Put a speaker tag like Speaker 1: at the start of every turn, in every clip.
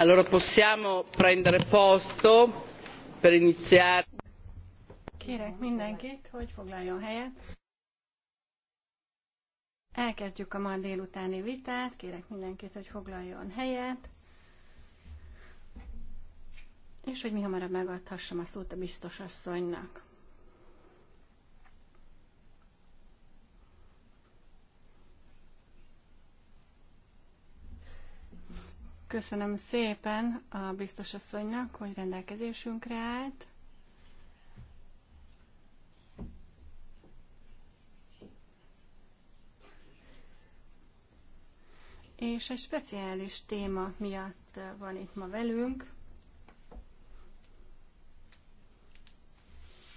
Speaker 1: Allora possiamo prendere posto per iniziare.
Speaker 2: Kérek mindenkit, hogy foglaljon helyet. Elkezdjük a ma délutáni vitát. Kérek mindenkit, hogy foglaljon helyet. És hogy mi hamarabb megadhassam a szót a biztos asszonynak. Köszönöm szépen a biztos asszonynak, hogy rendelkezésünkre állt. És egy speciális téma miatt van itt ma velünk.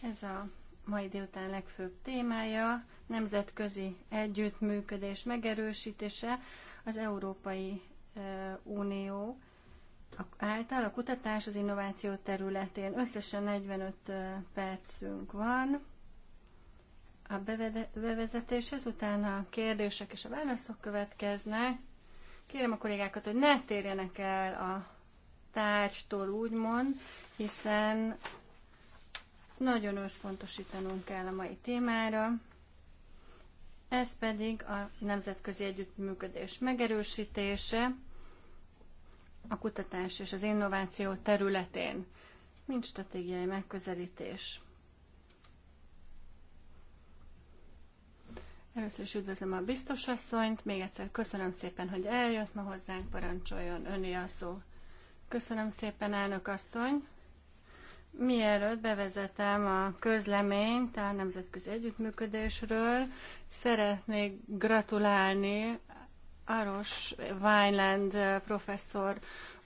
Speaker 2: Ez a mai délután legfőbb témája, nemzetközi együttműködés megerősítése az európai Unió által a kutatás az innováció területén. Összesen 45 percünk van a bevezetéshez, utána a kérdések és a válaszok következnek. Kérem a kollégákat, hogy ne térjenek el a tárgytól, úgymond, hiszen nagyon összpontosítanunk kell a mai témára ez pedig a nemzetközi együttműködés megerősítése a kutatás és az innováció területén, mint stratégiai megközelítés. Először is üdvözlöm a biztosasszonyt, még egyszer köszönöm szépen, hogy eljött ma hozzánk, parancsoljon öni a szó. Köszönöm szépen, elnök asszony! Mielőtt bevezetem a közleményt a nemzetközi együttműködésről, szeretnék gratulálni Aros Weinland professzor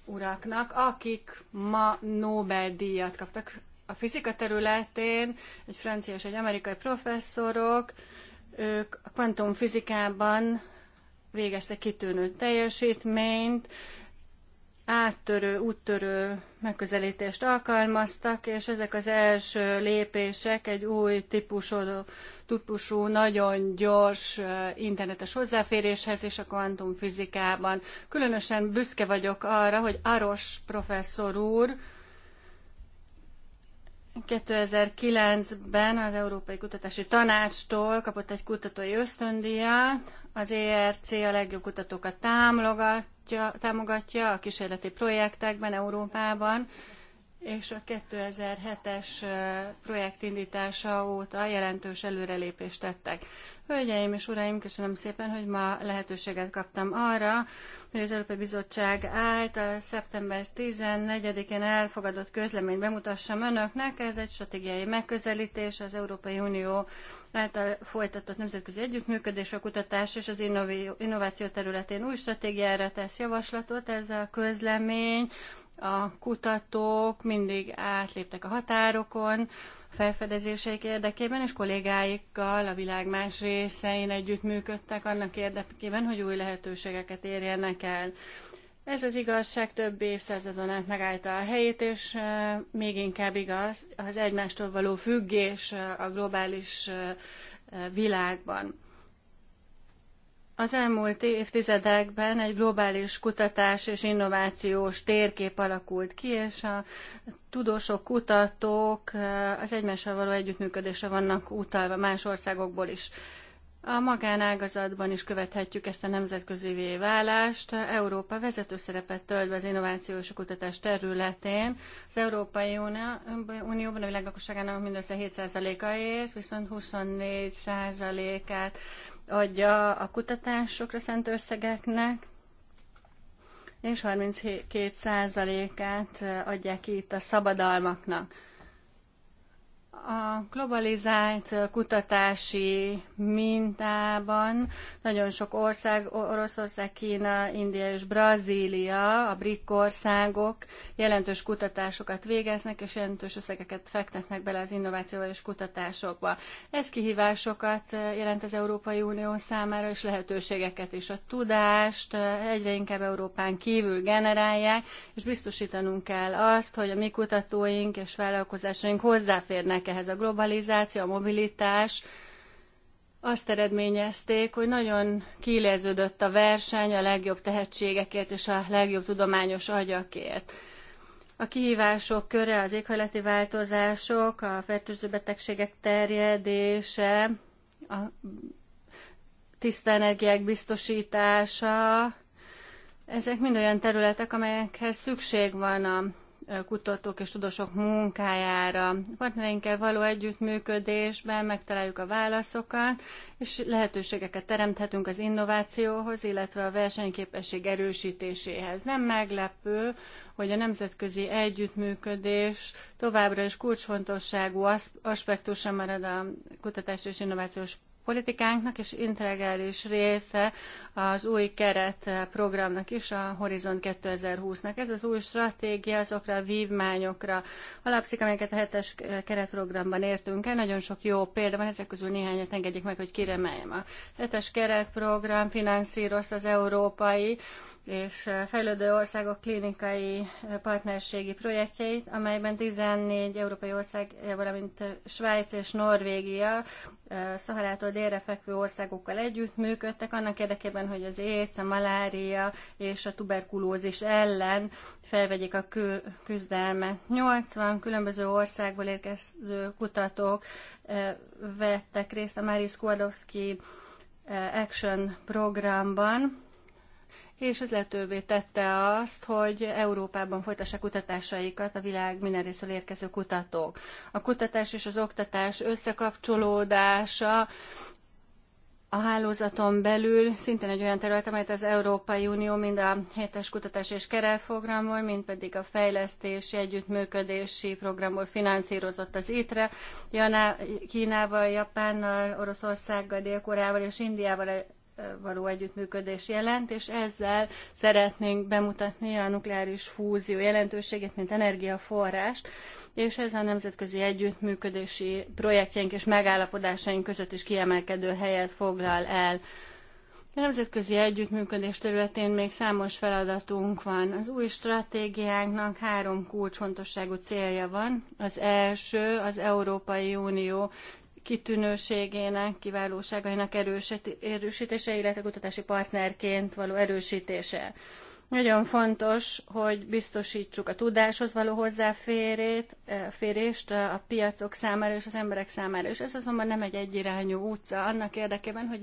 Speaker 2: uraknak, akik ma Nobel-díjat kaptak a fizika területén, egy francia és egy amerikai professzorok, ők a kvantumfizikában végeztek kitűnő teljesítményt, áttörő, úttörő megközelítést alkalmaztak, és ezek az első lépések egy új típusú, típusú nagyon gyors internetes hozzáféréshez és a kvantumfizikában. Különösen büszke vagyok arra, hogy Aros professzor úr 2009-ben az Európai Kutatási Tanácstól kapott egy kutatói ösztöndíjat, az ERC a legjobb kutatókat támogat, támogatja a kísérleti projektekben Európában, és a 2007-es projekt indítása óta jelentős előrelépést tettek. Hölgyeim és uraim, köszönöm szépen, hogy ma lehetőséget kaptam arra, hogy az Európai Bizottság által szeptember 14-én elfogadott közleményt bemutassam önöknek. Ez egy stratégiai megközelítés az Európai Unió által folytatott nemzetközi együttműködés, a kutatás és az innováció területén új stratégiára tesz javaslatot. Ez a közlemény a kutatók mindig átléptek a határokon, felfedezéseik érdekében, és kollégáikkal a világ más részein együttműködtek annak érdekében, hogy új lehetőségeket érjenek el. Ez az igazság több évszázadon át megállta a helyét, és még inkább igaz az egymástól való függés a globális világban. Az elmúlt évtizedekben egy globális kutatás és innovációs térkép alakult ki, és a tudósok, kutatók az egymással való együttműködésre vannak utalva más országokból is. A magánágazatban is követhetjük ezt a nemzetközi válást. Európa vezető szerepet tölt be az innováció és a kutatás területén. Az Európai Unióban a világlakosságának mindössze 7%-a ért, viszont 24%-át adja a kutatásokra szent összegeknek, és 32%-át adják ki itt a szabadalmaknak. A globalizált kutatási mintában nagyon sok ország, Oroszország, Kína, India és Brazília, a brik országok jelentős kutatásokat végeznek, és jelentős összegeket fektetnek bele az innovációval és kutatásokba. Ez kihívásokat jelent az Európai Unió számára, és lehetőségeket is. A tudást egyre inkább Európán kívül generálják, és biztosítanunk kell azt, hogy a mi kutatóink és vállalkozásaink hozzáférnek ehhez ehhez a globalizáció, a mobilitás azt eredményezték, hogy nagyon kiéleződött a verseny a legjobb tehetségekért és a legjobb tudományos agyakért. A kihívások köre, az éghajlati változások, a fertőző betegségek terjedése, a tiszta energiák biztosítása, ezek mind olyan területek, amelyekhez szükség van a kutatók és tudósok munkájára. Partnereinkkel való együttműködésben megtaláljuk a válaszokat, és lehetőségeket teremthetünk az innovációhoz, illetve a versenyképesség erősítéséhez. Nem meglepő, hogy a nemzetközi együttműködés továbbra is kulcsfontosságú aspektusa marad a kutatás és innovációs politikánknak, és integrális része az új keretprogramnak eh, is, a Horizon 2020-nak. Ez az új stratégia azokra a vívmányokra alapszik, amelyeket a hetes eh, keretprogramban értünk el. Nagyon sok jó példa van, ezek közül néhányat engedjék meg, hogy kiremeljem. A hetes keretprogram finanszírozta az európai és eh, fejlődő országok klinikai partnerségi projektjeit, amelyben 14 európai ország, valamint Svájc és Norvégia, Szaharától délre fekvő országokkal együtt működtek, annak érdekében, hogy az AIDS, a malária és a tuberkulózis ellen felvegyék a küzdelmet. 80 különböző országból érkező kutatók eh, vettek részt a Mári Skłodowski eh, Action programban, és ez lehetővé tette azt, hogy Európában folytassák kutatásaikat a világ minden részről érkező kutatók. A kutatás és az oktatás összekapcsolódása a hálózaton belül szintén egy olyan terület, amelyet az Európai Unió mind a hetes kutatás és keretprogramból, mind pedig a fejlesztési együttműködési programból finanszírozott az ITRE. Kínával, Japánnal, Oroszországgal, Dél-Koreával és Indiával való együttműködés jelent, és ezzel szeretnénk bemutatni a nukleáris fúzió jelentőségét, mint energiaforrást, és ez a nemzetközi együttműködési projektjeink és megállapodásaink között is kiemelkedő helyet foglal el. A nemzetközi együttműködés területén még számos feladatunk van. Az új stratégiánknak három kulcsfontosságú célja van. Az első az Európai Unió kitűnőségének, kiválóságainak erősítése, illetve kutatási partnerként való erősítése. Nagyon fontos, hogy biztosítsuk a tudáshoz való hozzáférést eh, eh, a piacok számára és az emberek számára. És ez azonban nem egy egyirányú utca annak érdekében, hogy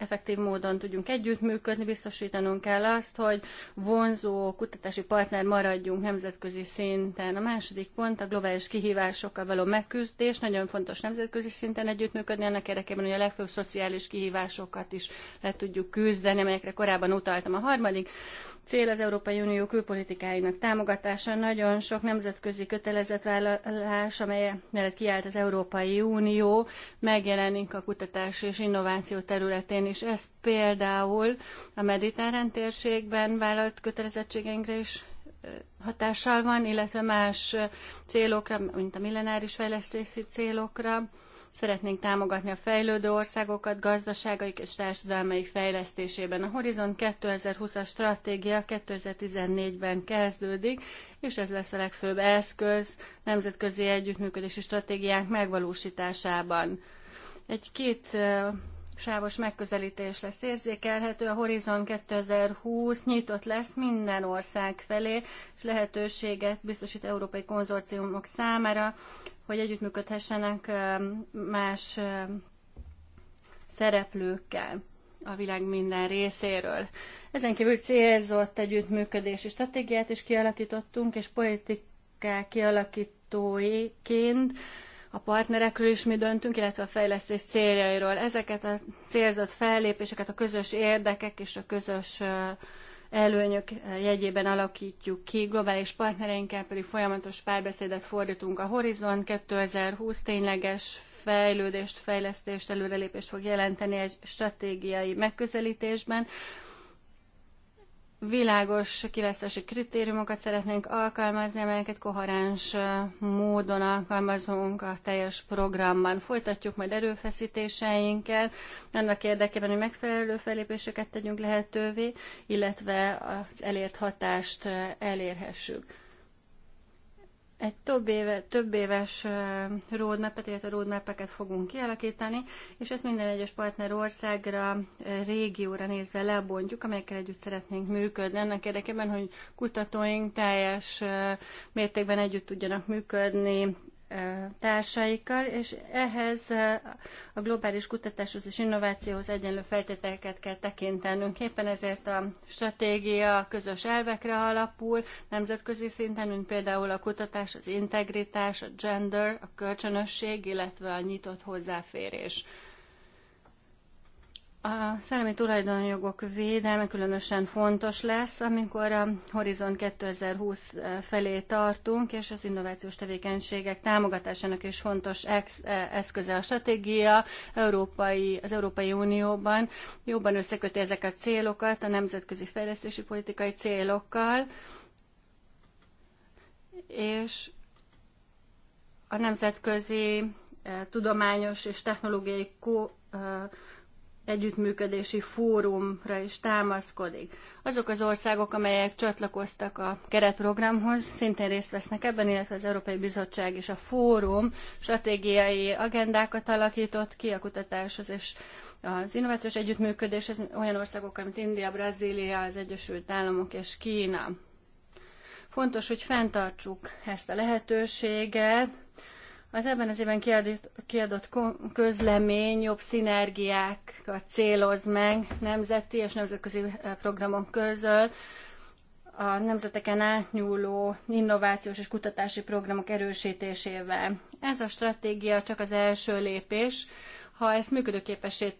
Speaker 2: effektív módon tudjunk együttműködni, biztosítanunk kell azt, hogy vonzó kutatási partner maradjunk nemzetközi szinten. A második pont a globális kihívásokkal való megküzdés. Nagyon fontos nemzetközi szinten együttműködni, annak érdekében, hogy a legfőbb szociális kihívásokat is le tudjuk küzdeni, amelyekre korábban utaltam. A harmadik cél az Európai Unió külpolitikáinak támogatása. Nagyon sok nemzetközi kötelezetvállalás, amelyet kiállt az Európai Unió, megjelenik a kutatás és innováció területén is. Ez például a mediterrán térségben vállalt kötelezettségeinkre is hatással van, illetve más célokra, mint a millenáris fejlesztési célokra Szeretnénk támogatni a fejlődő országokat gazdaságaik és társadalmaik fejlesztésében. A Horizon 2020-as stratégia 2014-ben kezdődik, és ez lesz a legfőbb eszköz nemzetközi együttműködési stratégiánk megvalósításában. Egy két sávos megközelítés lesz érzékelhető. A Horizon 2020 nyitott lesz minden ország felé, és lehetőséget biztosít európai konzorciumok számára, hogy együttműködhessenek más szereplőkkel a világ minden részéről. Ezen kívül célzott együttműködési stratégiát is kialakítottunk, és politiká kialakítóiként a partnerekről is mi döntünk, illetve a fejlesztés céljairól. Ezeket a célzott fellépéseket a közös érdekek és a közös előnyök jegyében alakítjuk ki, globális partnereinkkel pedig folyamatos párbeszédet fordítunk. A Horizon 2020 tényleges fejlődést, fejlesztést, előrelépést fog jelenteni egy stratégiai megközelítésben, Világos kiválasztási kritériumokat szeretnénk alkalmazni, amelyeket koherens módon alkalmazunk a teljes programban. Folytatjuk majd erőfeszítéseinket, annak érdekében, hogy megfelelő felépéseket tegyünk lehetővé, illetve az elért hatást elérhessük egy több, éve, több éves roadmap-et, illetve roadmap fogunk kialakítani, és ezt minden egyes partner országra, régióra nézve lebontjuk, amelyekkel együtt szeretnénk működni. Ennek érdekében, hogy kutatóink teljes mértékben együtt tudjanak működni társaikkal, és ehhez a globális kutatáshoz és innovációhoz egyenlő feltételeket kell tekintenünk. Éppen ezért a stratégia közös elvekre alapul, nemzetközi szinten, mint például a kutatás, az integritás, a gender, a kölcsönösség, illetve a nyitott hozzáférés. A szellemi tulajdonjogok védelme különösen fontos lesz, amikor a Horizon 2020 eh, felé tartunk, és az innovációs tevékenységek támogatásának is fontos eh, eszköze a stratégia. Európai, az Európai Unióban jobban összeköti ezek a célokat a nemzetközi fejlesztési politikai célokkal, és a nemzetközi eh, tudományos és technológiai ko, együttműködési fórumra is támaszkodik. Azok az országok, amelyek csatlakoztak a keretprogramhoz, szintén részt vesznek ebben, illetve az Európai Bizottság és a fórum stratégiai agendákat alakított ki a kutatáshoz és az innovációs együttműködés az olyan országok, mint India, Brazília, az Egyesült Államok és Kína. Fontos, hogy fenntartsuk ezt a lehetőséget, az ebben az évben kiadott, kiadott közlemény jobb szinergiákat céloz meg nemzeti és nemzetközi programok között, a nemzeteken átnyúló innovációs és kutatási programok erősítésével. Ez a stratégia csak az első lépés. Ha ezt működőképessé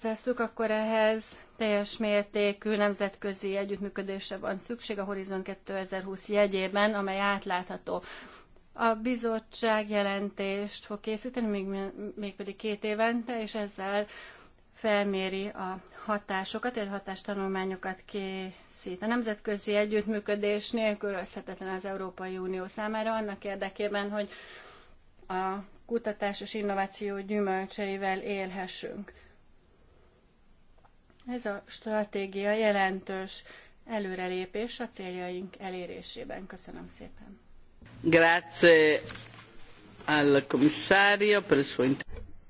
Speaker 2: tesszük, akkor ehhez teljes mértékű nemzetközi együttműködésre van szükség a Horizon 2020 jegyében, amely átlátható. A bizottság jelentést fog készíteni, még, pedig két évente, és ezzel felméri a hatásokat, egy hatástanulmányokat készít. A nemzetközi együttműködés nélkül összetetlen az Európai Unió számára annak érdekében, hogy a kutatás és innováció gyümölcseivel élhessünk. Ez a stratégia jelentős előrelépés a céljaink elérésében. Köszönöm szépen.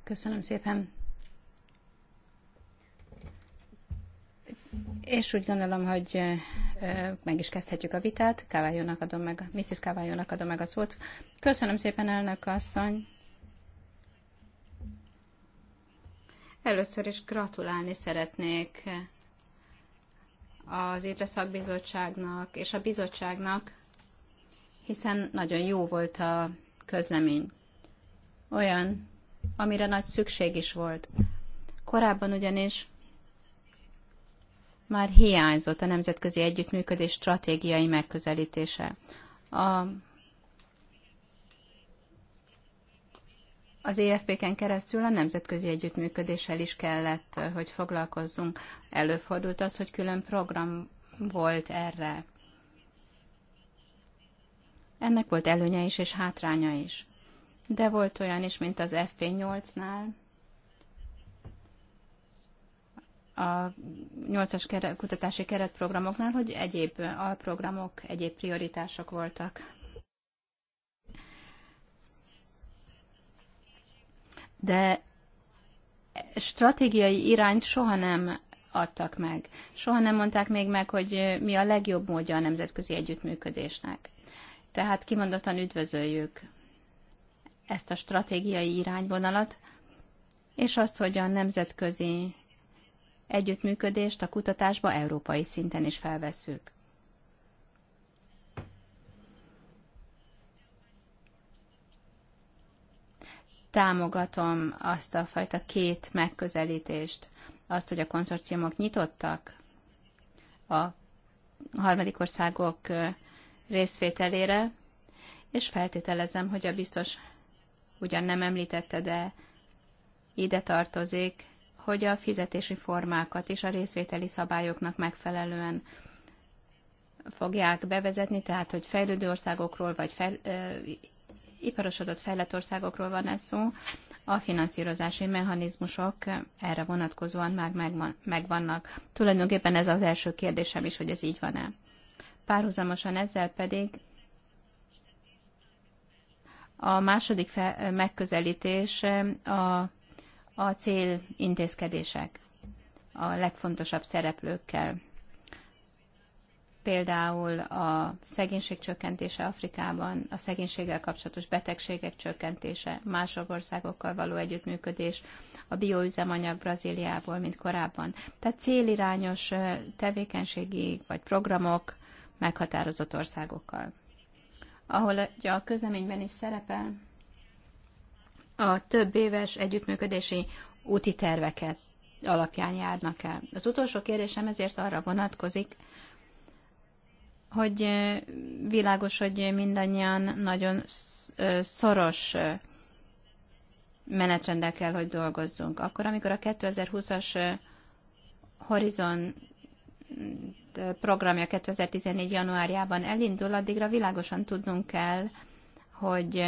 Speaker 1: Köszönöm szépen. És úgy gondolom, hogy meg is kezdhetjük a vitát. Kávályónak adom meg, Mrs. Kávályónak adom meg a szót. Köszönöm szépen, elnök asszony. Először is gratulálni szeretnék az Étre Szakbizottságnak és a bizottságnak hiszen nagyon jó volt a közlemény. Olyan, amire nagy szükség is volt. Korábban ugyanis már hiányzott a nemzetközi együttműködés stratégiai megközelítése. A, az EFP-ken keresztül a nemzetközi együttműködéssel is kellett, hogy foglalkozzunk. Előfordult az, hogy külön program volt erre. Ennek volt előnye is és hátránya is. De volt olyan is, mint az FP8-nál, a 8-as keret, kutatási keretprogramoknál, hogy egyéb alprogramok, egyéb prioritások voltak. De stratégiai irányt soha nem adtak meg. Soha nem mondták még meg, hogy mi a legjobb módja a nemzetközi együttműködésnek. Tehát kimondottan üdvözöljük ezt a stratégiai irányvonalat, és azt, hogy a nemzetközi együttműködést a kutatásba európai szinten is felvesszük. Támogatom azt a fajta két megközelítést, azt, hogy a konszorciumok nyitottak a harmadik országok részvételére, és feltételezem, hogy a biztos ugyan nem említette, de ide tartozik, hogy a fizetési formákat és a részvételi szabályoknak megfelelően fogják bevezetni, tehát hogy fejlődő országokról vagy fel, ö, iparosodott fejlett országokról van ez szó, a finanszírozási mechanizmusok erre vonatkozóan már megvannak. Tulajdonképpen ez az első kérdésem is, hogy ez így van-e. Párhuzamosan ezzel pedig a második fe- megközelítés a, a cél intézkedések a legfontosabb szereplőkkel. Például a szegénység csökkentése Afrikában, a szegénységgel kapcsolatos betegségek csökkentése, más országokkal való együttműködés, a bioüzemanyag Brazíliából, mint korábban. Tehát célirányos tevékenységi vagy programok, meghatározott országokkal. Ahol a közleményben is szerepel a több éves együttműködési úti terveket alapján járnak el. Az utolsó kérdésem ezért arra vonatkozik, hogy világos, hogy mindannyian nagyon szoros menetrendel kell, hogy dolgozzunk. Akkor, amikor a 2020-as horizon programja 2014. januárjában elindul, addigra világosan tudnunk kell, hogy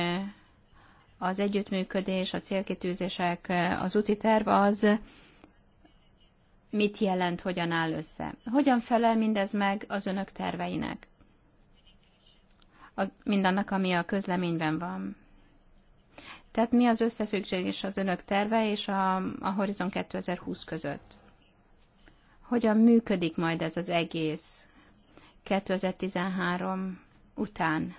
Speaker 1: az együttműködés, a célkitűzések, az úti terv az mit jelent, hogyan áll össze. Hogyan felel mindez meg az önök terveinek? Az, mindannak, ami a közleményben van. Tehát mi az összefüggés az önök terve és a, a Horizon 2020 között? hogyan működik majd ez az egész 2013 után,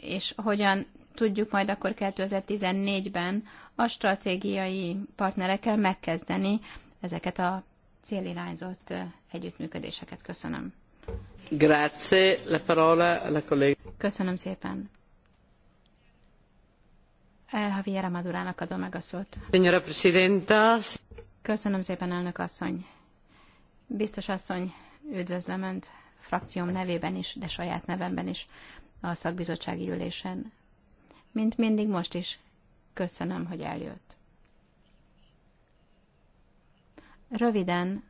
Speaker 1: és hogyan tudjuk majd akkor 2014-ben a stratégiai partnerekkel megkezdeni ezeket a célirányzott együttműködéseket. Köszönöm. Grazie, la parola alla collega. Köszönöm szépen. Eh, Javier Madurának adom meg a szót. Signora Presidenta, Köszönöm szépen, elnök asszony. Biztos asszony, üdvözlöm Önt frakcióm nevében is, de saját nevemben is a szakbizottsági ülésen. Mint mindig most is, köszönöm, hogy eljött. Röviden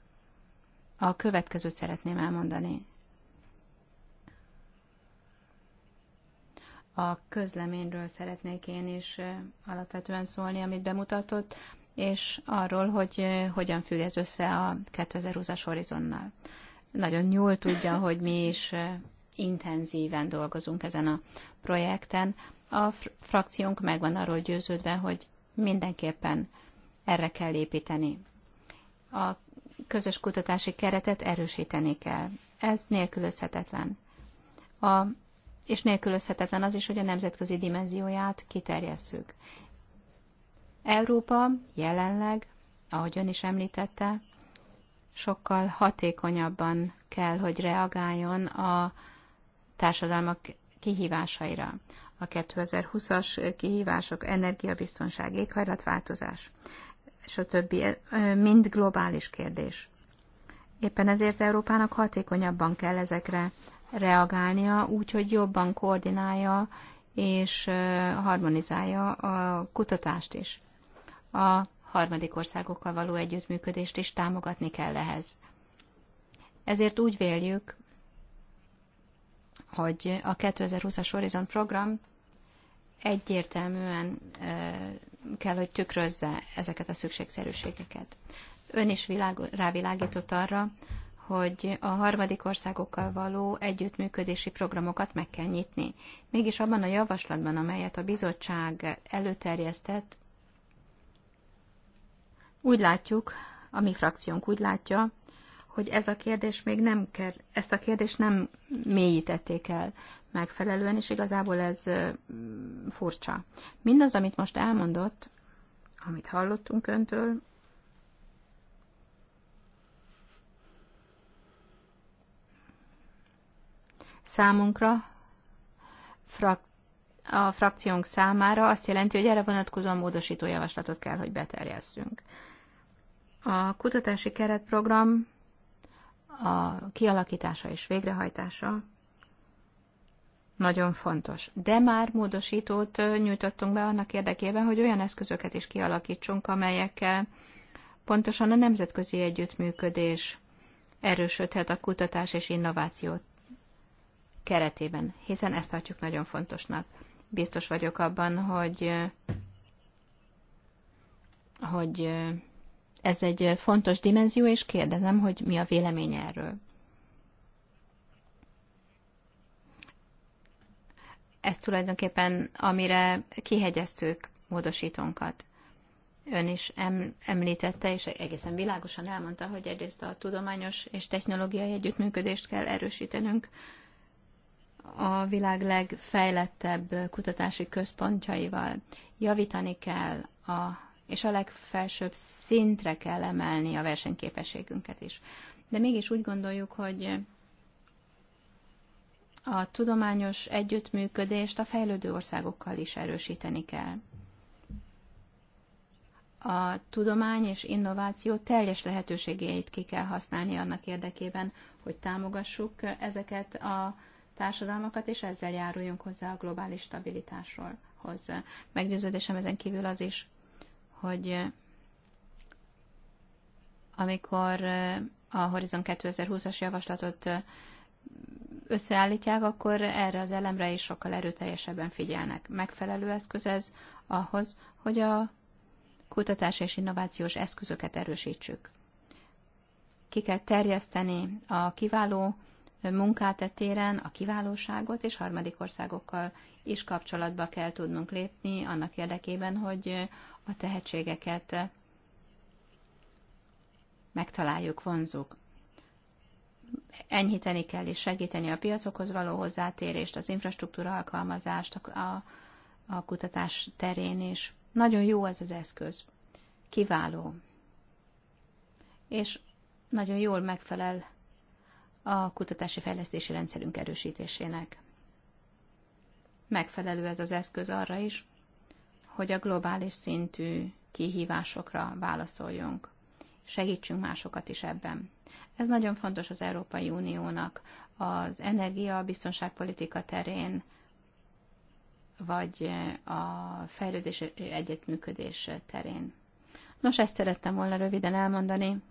Speaker 1: a következőt szeretném elmondani. A közleményről szeretnék én is eh, alapvetően szólni, amit bemutatott és arról, hogy hogyan függ ez össze a 2020-as horizonnal. Nagyon jól tudja, hogy mi is intenzíven dolgozunk ezen a projekten. A frakciónk meg van arról győződve, hogy mindenképpen erre kell építeni. A közös kutatási keretet erősíteni kell. Ez nélkülözhetetlen. A, és nélkülözhetetlen az is, hogy a nemzetközi dimenzióját kiterjesszük. Európa jelenleg, ahogy ön is említette, sokkal hatékonyabban kell, hogy reagáljon a társadalmak kihívásaira. A 2020-as kihívások, energiabiztonság, éghajlatváltozás, és a többi e, mind globális kérdés. Éppen ezért Európának hatékonyabban kell ezekre reagálnia, úgy, hogy jobban koordinálja és harmonizálja a kutatást is a harmadik országokkal való együttműködést is támogatni kell ehhez. Ezért úgy véljük, hogy a 2020-as Horizont program egyértelműen kell, hogy tükrözze ezeket a szükségszerűségeket. Ön is világ, rávilágított arra, hogy a harmadik országokkal való együttműködési programokat meg kell nyitni. Mégis abban a javaslatban, amelyet a bizottság előterjesztett, úgy látjuk, a mi frakciónk úgy látja, hogy ez a kérdés még nem ker, ezt a kérdést nem mélyítették el megfelelően, és igazából ez furcsa. Mindaz, amit most elmondott, amit hallottunk öntől, számunkra, frak, a frakciónk számára azt jelenti, hogy erre vonatkozóan módosító javaslatot kell, hogy beterjesszünk. A kutatási keretprogram a kialakítása és végrehajtása nagyon fontos. De már módosítót nyújtottunk be annak érdekében, hogy olyan eszközöket is kialakítsunk, amelyekkel pontosan a nemzetközi együttműködés erősödhet a kutatás és innováció keretében, hiszen ezt tartjuk nagyon fontosnak. Biztos vagyok abban, hogy hogy ez egy fontos dimenzió, és kérdezem, hogy mi a vélemény erről. Ez tulajdonképpen, amire kihegyeztük módosítónkat. Ön is említette, és egészen világosan elmondta, hogy egyrészt a tudományos és technológiai együttműködést kell erősítenünk, a világ legfejlettebb kutatási központjaival. Javítani kell a és a legfelsőbb szintre kell emelni a versenyképességünket is. De mégis úgy gondoljuk, hogy a tudományos együttműködést a fejlődő országokkal is erősíteni kell. A tudomány és innováció teljes lehetőségeit ki kell használni annak érdekében, hogy támogassuk ezeket a társadalmakat, és ezzel járuljunk hozzá a globális stabilitásról. Meggyőződésem ezen kívül az is, hogy eh, amikor eh, a Horizon 2020-as javaslatot eh, összeállítják, akkor erre az elemre is sokkal erőteljesebben figyelnek. Megfelelő eszköz ez ahhoz, hogy a kutatás és innovációs eszközöket erősítsük. Ki kell terjeszteni a kiváló munkát e téren, a kiválóságot, és harmadik országokkal is kapcsolatba kell tudnunk lépni annak érdekében, hogy a tehetségeket megtaláljuk, vonzuk. Enyhíteni kell és segíteni a piacokhoz való hozzátérést, az infrastruktúra alkalmazást a, a kutatás terén is. Nagyon jó ez az eszköz. Kiváló. És nagyon jól megfelel a kutatási fejlesztési rendszerünk erősítésének megfelelő ez az eszköz arra is, hogy a globális szintű kihívásokra válaszoljunk. Segítsünk másokat is ebben. Ez nagyon fontos az Európai Uniónak az energia, biztonságpolitika terén, vagy a fejlődés együttműködés terén. Nos, ezt szerettem volna röviden elmondani.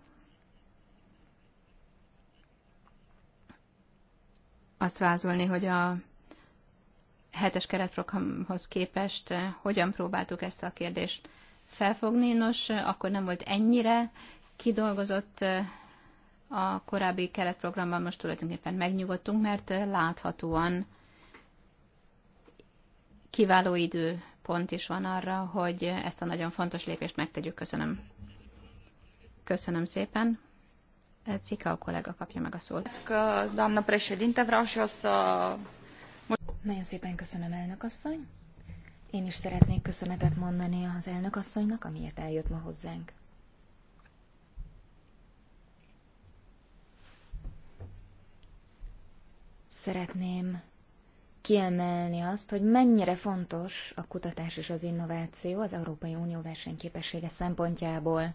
Speaker 1: Azt vázolni, hogy a hetes keretprogramhoz képest eh, hogyan próbáltuk ezt a kérdést felfogni. Nos, eh, akkor nem volt ennyire kidolgozott eh, a korábbi keretprogramban, most tulajdonképpen megnyugodtunk, mert láthatóan kiváló időpont is van arra, hogy ezt a nagyon fontos lépést megtegyük. Köszönöm. Köszönöm szépen. Cika a
Speaker 3: kollega kapja meg a szót. Doamna președinte, vreau și eu să nagyon szépen köszönöm, elnök asszony. Én is szeretnék köszönetet mondani az elnök asszonynak, amiért eljött ma hozzánk. Szeretném kiemelni azt, hogy mennyire fontos a kutatás és az innováció az Európai Unió versenyképessége szempontjából.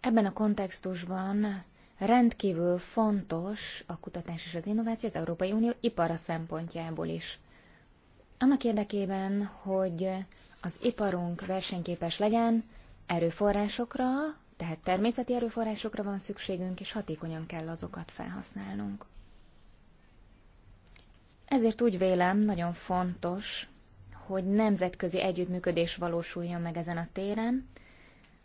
Speaker 3: Ebben a kontextusban rendkívül fontos a kutatás és az innováció az Európai Unió ipara szempontjából is. Annak érdekében, hogy az iparunk versenyképes legyen, erőforrásokra, tehát természeti erőforrásokra van szükségünk, és hatékonyan kell azokat felhasználnunk. Ezért úgy vélem, nagyon fontos, hogy nemzetközi együttműködés valósuljon meg ezen a téren,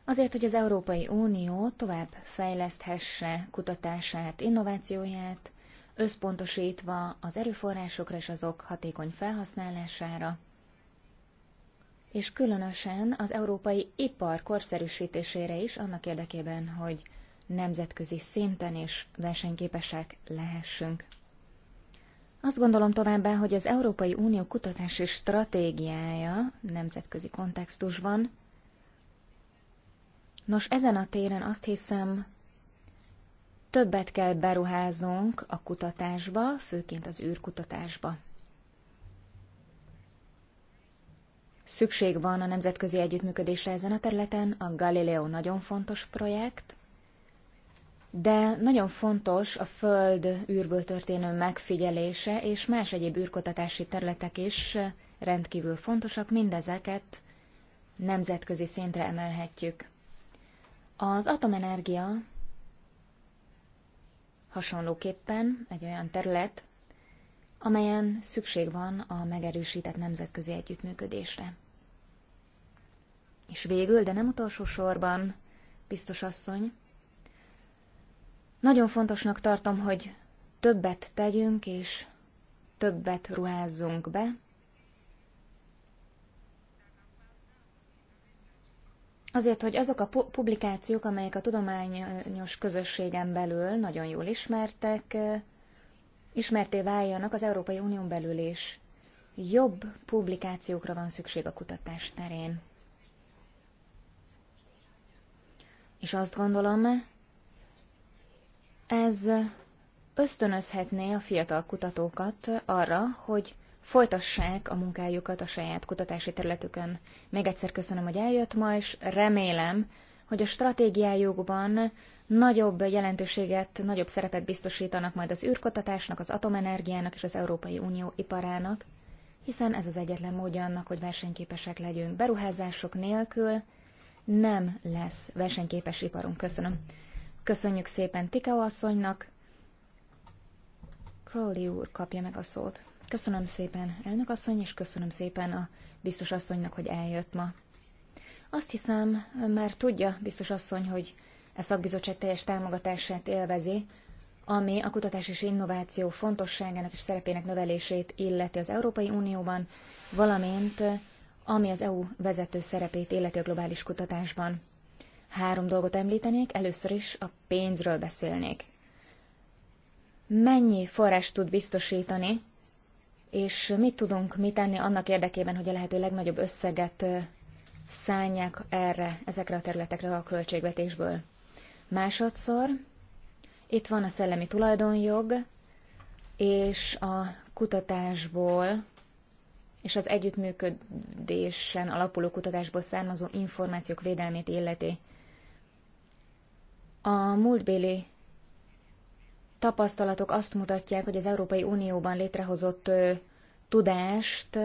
Speaker 3: Azért, hogy az Európai Unió tovább fejleszthesse kutatását, innovációját, összpontosítva az erőforrásokra és azok hatékony felhasználására, és különösen az európai ipar korszerűsítésére is annak érdekében, hogy nemzetközi szinten is versenyképesek lehessünk. Azt gondolom továbbá, hogy az Európai Unió kutatási stratégiája nemzetközi kontextusban Nos, ezen a téren azt hiszem, többet kell beruháznunk a kutatásba, főként az űrkutatásba. Szükség van a nemzetközi együttműködésre ezen a területen, a Galileo nagyon fontos projekt, de nagyon fontos a Föld űrből történő megfigyelése, és más egyéb űrkutatási területek is rendkívül fontosak, mindezeket nemzetközi szintre emelhetjük. Az atomenergia hasonlóképpen egy olyan terület, amelyen szükség van a megerősített nemzetközi együttműködésre. És végül, de nem utolsó sorban, biztos asszony, nagyon fontosnak tartom, hogy többet tegyünk és többet ruházzunk be Azért, hogy azok a publikációk, amelyek a tudományos közösségen belül nagyon jól ismertek, ismerté váljanak az Európai Unión belül is. Jobb publikációkra van szükség a kutatás terén. És azt gondolom, ez ösztönözhetné a fiatal kutatókat arra, hogy folytassák a munkájukat a saját kutatási területükön. Még egyszer köszönöm, hogy eljött ma, és remélem, hogy a stratégiájukban nagyobb jelentőséget, nagyobb szerepet biztosítanak majd az űrkutatásnak, az atomenergiának és az Európai Unió iparának, hiszen ez az egyetlen módja annak, hogy versenyképesek legyünk. Beruházások nélkül nem lesz versenyképes iparunk. Köszönöm. Köszönjük szépen Tikeo asszonynak. Crowley úr kapja meg a szót. Köszönöm szépen, elnök asszony, és köszönöm szépen a biztos asszonynak, hogy eljött ma. Azt hiszem, már tudja biztos asszony, hogy e szakbizottság teljes támogatását élvezi, ami a kutatás és innováció fontosságának és szerepének növelését illeti az Európai Unióban, valamint eh, ami az EU vezető szerepét illeti a globális kutatásban. Három dolgot említenék, először is a pénzről beszélnék. Mennyi forrás tud biztosítani és mit tudunk mi tenni annak érdekében, hogy a lehető legnagyobb összeget szállják erre, ezekre a területekre a költségvetésből. Másodszor itt van a szellemi tulajdonjog, és a kutatásból, és az együttműködésen alapuló kutatásból származó információk védelmét illeti. A múltbéli tapasztalatok azt mutatják, hogy az Európai Unióban létrehozott tudást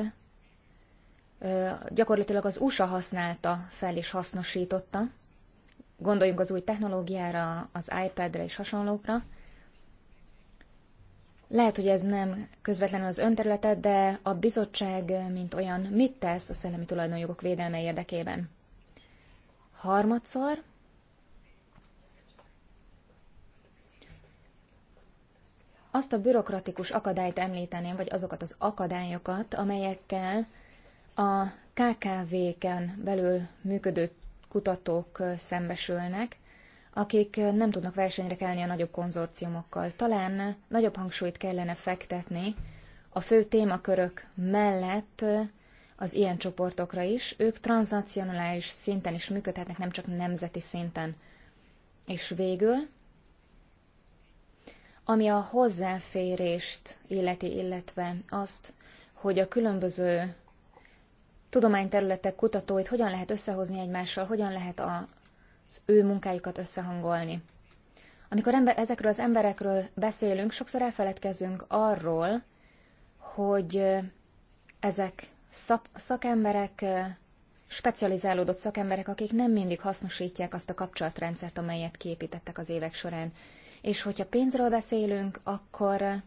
Speaker 3: gyakorlatilag az USA használta fel és hasznosította. Gondoljunk az új technológiára, az iPad-re és hasonlókra. Lehet, hogy ez nem közvetlenül az önterületet, de a bizottság, mint olyan, mit tesz a szellemi tulajdonjogok védelme érdekében? Harmadszor, Azt a bürokratikus akadályt említeném, vagy azokat az akadályokat, amelyekkel a KKV-ken belül működő kutatók szembesülnek, akik nem tudnak versenyre kelni a nagyobb konzorciumokkal. Talán nagyobb hangsúlyt kellene fektetni a fő témakörök mellett az ilyen csoportokra is. Ők transnacionális szinten is működhetnek, nem csak nemzeti szinten. És végül ami a hozzáférést illeti, illetve azt, hogy a különböző tudományterületek kutatóit hogyan lehet összehozni egymással, hogyan lehet az ő munkájukat összehangolni. Amikor ember, ezekről az emberekről beszélünk, sokszor elfeledkezünk arról, hogy ezek szak, szakemberek, specializálódott szakemberek, akik nem mindig hasznosítják azt a kapcsolatrendszert, amelyet képítettek az évek során és hogyha pénzről beszélünk, akkor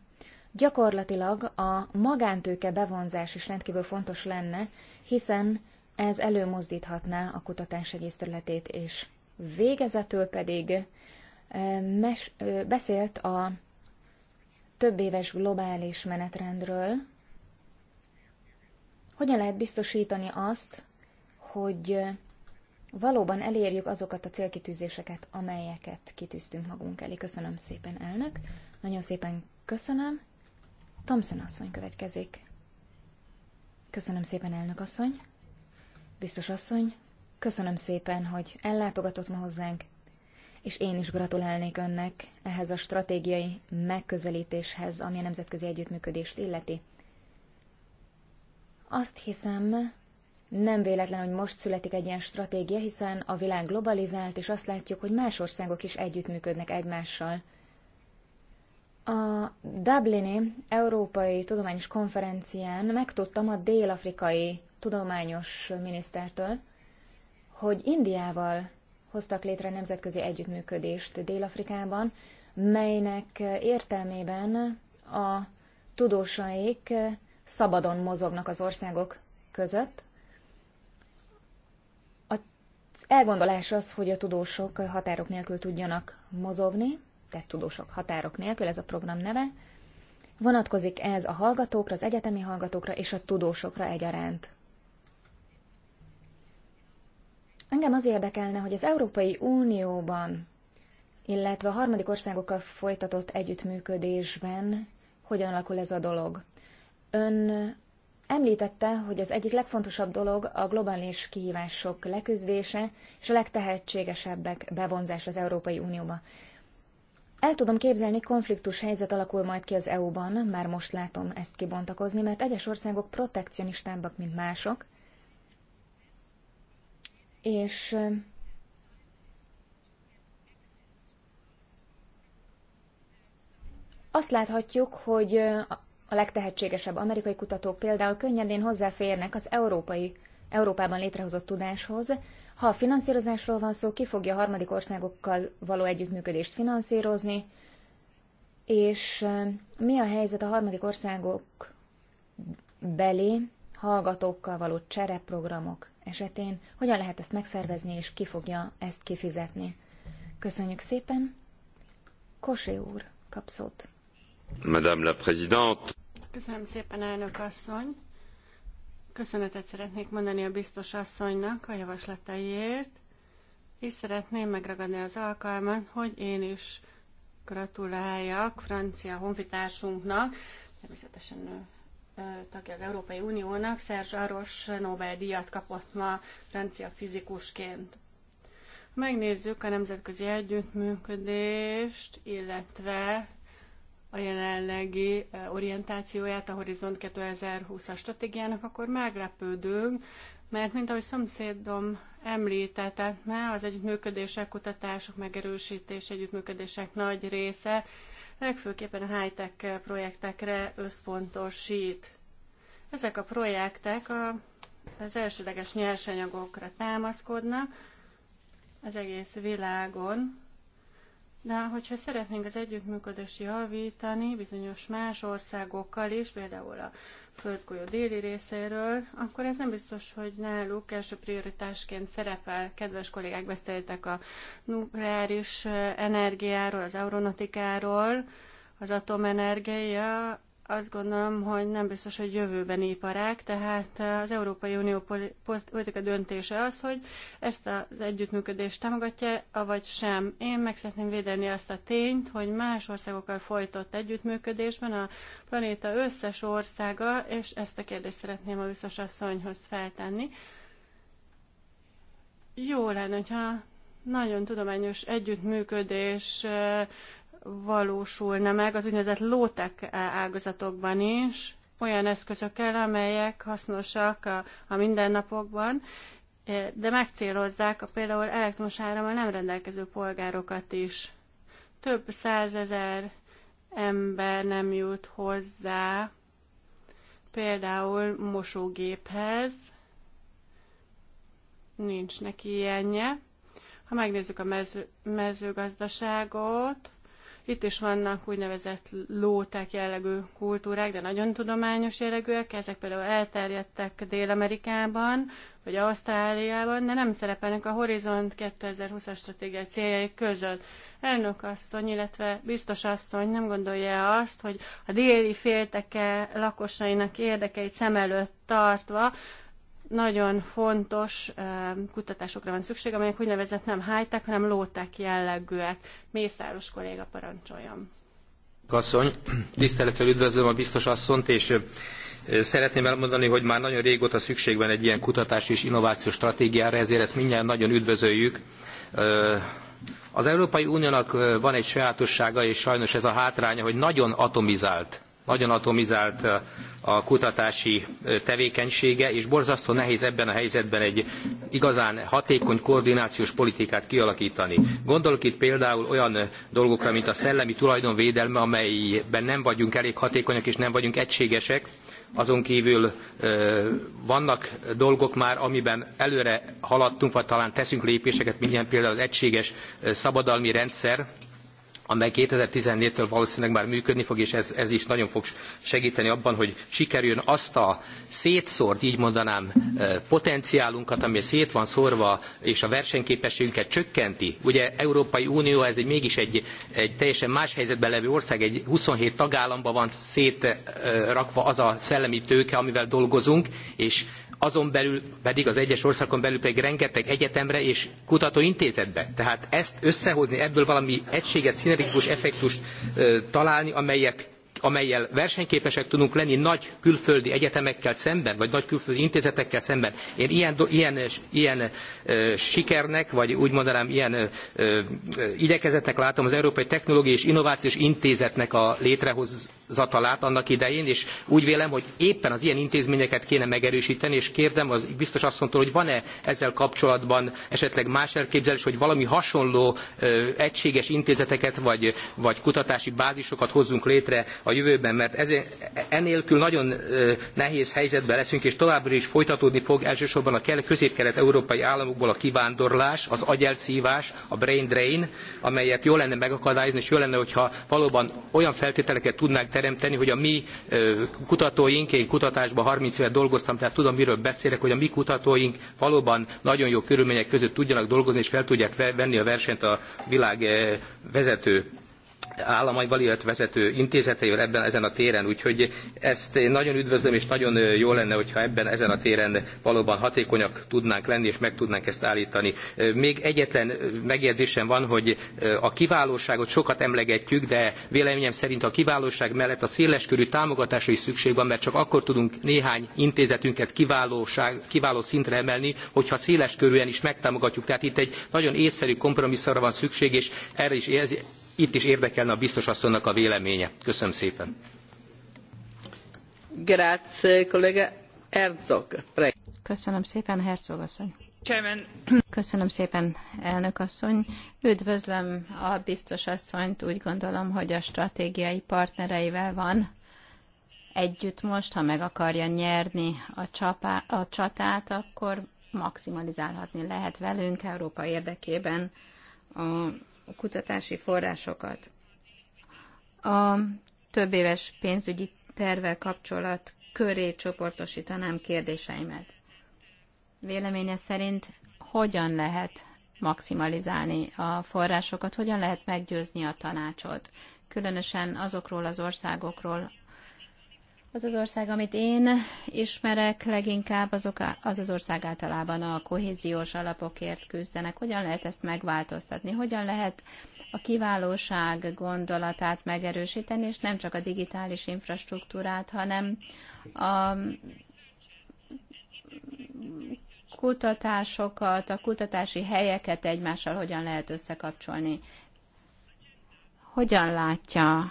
Speaker 3: gyakorlatilag a magántőke bevonzás is rendkívül fontos lenne, hiszen ez előmozdíthatná a kutatás egész területét, és végezetül pedig mes- beszélt a több éves globális menetrendről. Hogyan lehet biztosítani azt, hogy valóban elérjük azokat a célkitűzéseket, amelyeket kitűztünk magunk elé. Köszönöm szépen, elnök. Nagyon szépen köszönöm. Thompson asszony következik. Köszönöm szépen, elnök asszony. Biztos asszony, köszönöm szépen, hogy ellátogatott ma hozzánk, és én is gratulálnék önnek ehhez a stratégiai megközelítéshez, ami a nemzetközi együttműködést illeti. Azt hiszem, nem véletlen, hogy most születik egy ilyen stratégia, hiszen a világ globalizált, és azt látjuk, hogy más országok is együttműködnek egymással. A Dublini Európai Tudományos Konferencián megtudtam a dél-afrikai tudományos minisztertől, hogy Indiával hoztak létre nemzetközi együttműködést Dél-Afrikában, melynek értelmében a tudósaik szabadon mozognak az országok között, elgondolás az, hogy a tudósok határok nélkül tudjanak mozogni, tehát tudósok határok nélkül, ez a program neve. Vonatkozik ez a hallgatókra, az egyetemi hallgatókra és a tudósokra egyaránt. Engem az érdekelne, hogy az Európai Unióban, illetve a harmadik országokkal folytatott együttműködésben hogyan alakul ez a dolog. Ön Említette, hogy az egyik legfontosabb dolog a globális kihívások leküzdése és a legtehetségesebbek bevonzása az Európai Unióba. El tudom képzelni, konfliktus helyzet alakul majd ki az EU-ban, már most látom ezt kibontakozni, mert egyes országok protekcionistábbak, mint mások, és azt láthatjuk, hogy a legtehetségesebb amerikai kutatók például könnyedén hozzáférnek az európai, Európában létrehozott tudáshoz. Ha a finanszírozásról van szó, ki fogja a harmadik országokkal való együttműködést finanszírozni, és mi a helyzet a harmadik országok belé hallgatókkal való csereprogramok esetén, hogyan lehet ezt megszervezni, és ki fogja ezt kifizetni. Köszönjük szépen! Kosé úr, kap szót.
Speaker 4: Madame la Présidente.
Speaker 2: Köszönöm szépen, elnök asszony. Köszönetet szeretnék mondani a biztos asszonynak a javaslataiért, és szeretném megragadni az alkalmat, hogy én is gratuláljak francia honfitársunknak, természetesen ő tagja az Európai Uniónak, Szerzs Aros Nobel-díjat kapott ma francia fizikusként. Megnézzük a nemzetközi együttműködést, illetve a jelenlegi eh, orientációját a Horizont 2020-as stratégiának, akkor meglepődünk, mert mint ahogy szomszédom említette, már az együttműködések, kutatások, megerősítés, együttműködések nagy része legfőképpen a high-tech projektekre összpontosít. Ezek a projektek a, az elsődleges nyersanyagokra támaszkodnak az egész világon, de hogyha szeretnénk az együttműködést javítani bizonyos más országokkal is, például a földgolyó déli részéről, akkor ez nem biztos, hogy náluk első prioritásként szerepel. Kedves kollégák beszéltek a nukleáris eh, energiáról, az aeronautikáról, az atomenergia, azt gondolom, hogy nem biztos, hogy jövőben iparák, tehát az Európai Unió politika döntése az, hogy ezt az együttműködést támogatja, avagy sem. Én meg szeretném védeni azt a tényt, hogy más országokkal folytott együttműködésben a planéta összes országa, és ezt a kérdést szeretném a biztos asszonyhoz feltenni. Jó lenne, hogyha nagyon tudományos együttműködés valósulna meg az úgynevezett lótek ágazatokban is, olyan eszközökkel, amelyek hasznosak a, a mindennapokban, eh, de megcélozzák a például elektromos árammal nem rendelkező polgárokat is. Több százezer ember nem jut hozzá például mosógéphez, nincs neki ilyenje. Ha megnézzük a mező, mezőgazdaságot, itt is vannak úgynevezett lóták jellegű kultúrák, de nagyon tudományos jellegűek. Ezek például elterjedtek Dél-Amerikában, vagy Ausztráliában, de nem szerepelnek a Horizont 2020-as stratégiai céljai között. Elnök asszony, illetve biztos asszony nem gondolja azt, hogy a déli félteke lakosainak érdekeit szem előtt tartva nagyon fontos kutatásokra van szükség, amelyek úgynevezett nem high hanem low-tech jellegűek. Mészáros kolléga parancsoljon.
Speaker 4: Asszony, tisztelettel üdvözlöm a biztos asszont, és Szeretném elmondani, hogy már nagyon régóta szükség van egy ilyen kutatás és innovációs stratégiára, ezért ezt mindjárt nagyon üdvözöljük. Az Európai Uniónak van egy sajátossága, és sajnos ez a hátránya, hogy nagyon atomizált nagyon atomizált a kutatási tevékenysége, és borzasztó nehéz ebben a helyzetben egy igazán hatékony koordinációs politikát kialakítani. Gondolok itt például olyan dolgokra, mint a szellemi tulajdonvédelme, amelyben nem vagyunk elég hatékonyak és nem vagyunk egységesek, azon kívül vannak dolgok már, amiben előre haladtunk, vagy talán teszünk lépéseket, mint ilyen például az egységes szabadalmi rendszer, amely 2014-től valószínűleg már működni fog, és ez, ez is nagyon fog segíteni abban, hogy sikerüljön azt a szétszórt, így mondanám, eh, potenciálunkat, ami szét van szórva, és a versenyképességünket csökkenti. Ugye Európai Unió, ez egy, mégis egy, egy teljesen más helyzetben levő ország, egy 27 tagállamban van szétrakva az a szellemi tőke, amivel dolgozunk, és azon belül pedig az egyes országon belül pedig rengeteg egyetemre és kutatóintézetbe. Tehát ezt összehozni, ebből valami egységes, szinergikus effektust ö, találni, amelyet amelyel versenyképesek tudunk lenni nagy külföldi egyetemekkel szemben, vagy nagy külföldi intézetekkel szemben. Én ilyen, ilyen, ilyen sikernek, vagy úgy mondanám, ilyen igyekezetnek látom az Európai Technológiai és Innovációs Intézetnek a létrehozatalát annak idején, és úgy vélem, hogy éppen az ilyen intézményeket kéne megerősíteni, és kérdem az biztos asszonytól, hogy van-e ezzel kapcsolatban esetleg más elképzelés, hogy valami hasonló egységes intézeteket, vagy, vagy kutatási bázisokat hozzunk létre a jövőben, mert ez, enélkül nagyon nehéz helyzetben leszünk, és továbbra is folytatódni fog elsősorban a közép-kelet-európai államokból a kivándorlás, az agyelszívás, a brain drain, amelyet jó lenne megakadályozni, és jó lenne, hogyha valóban olyan feltételeket tudnánk teremteni, hogy a mi kutatóink, én kutatásban 30 évet dolgoztam, tehát tudom, miről beszélek, hogy a mi kutatóink valóban nagyon jó körülmények között tudjanak dolgozni, és fel tudják venni a versenyt a világ vezető államaival, illetve vezető intézeteivel ebben ezen a téren, úgyhogy ezt én nagyon üdvözlöm, és nagyon jó lenne, hogyha ebben ezen a téren valóban hatékonyak tudnánk lenni, és meg tudnánk ezt állítani. Még egyetlen megjegyzésem van, hogy a kiválóságot sokat emlegetjük, de véleményem szerint a kiválóság mellett a széleskörű támogatásra is szükség van, mert csak akkor tudunk néhány intézetünket kiválóság, kiváló szintre emelni, hogyha széleskörűen is megtámogatjuk. Tehát itt egy nagyon észszerű kompromisszumra van szükség, és erre is itt is érdekelne a biztos asszonynak a véleménye. Köszönöm szépen.
Speaker 1: Grazie, kollega Herzog. Köszönöm szépen, Herzog asszony. Köszönöm szépen, elnök asszony. Üdvözlöm a biztos asszonyt. Úgy gondolom, hogy a stratégiai partnereivel van együtt most, ha meg akarja nyerni a, csapá, a csatát, akkor maximalizálhatni lehet velünk Európa érdekében a kutatási forrásokat. A több éves pénzügyi tervel kapcsolat köré csoportosítanám kérdéseimet. Véleménye szerint hogyan lehet maximalizálni a forrásokat, hogyan lehet meggyőzni a tanácsot, különösen azokról az országokról, az az ország, amit én ismerek, leginkább azok, az az ország általában a kohéziós alapokért küzdenek. Hogyan lehet ezt megváltoztatni? Hogyan lehet a kiválóság gondolatát megerősíteni, és nem csak a digitális infrastruktúrát, hanem a kutatásokat, a kutatási helyeket egymással hogyan lehet összekapcsolni. Hogyan látja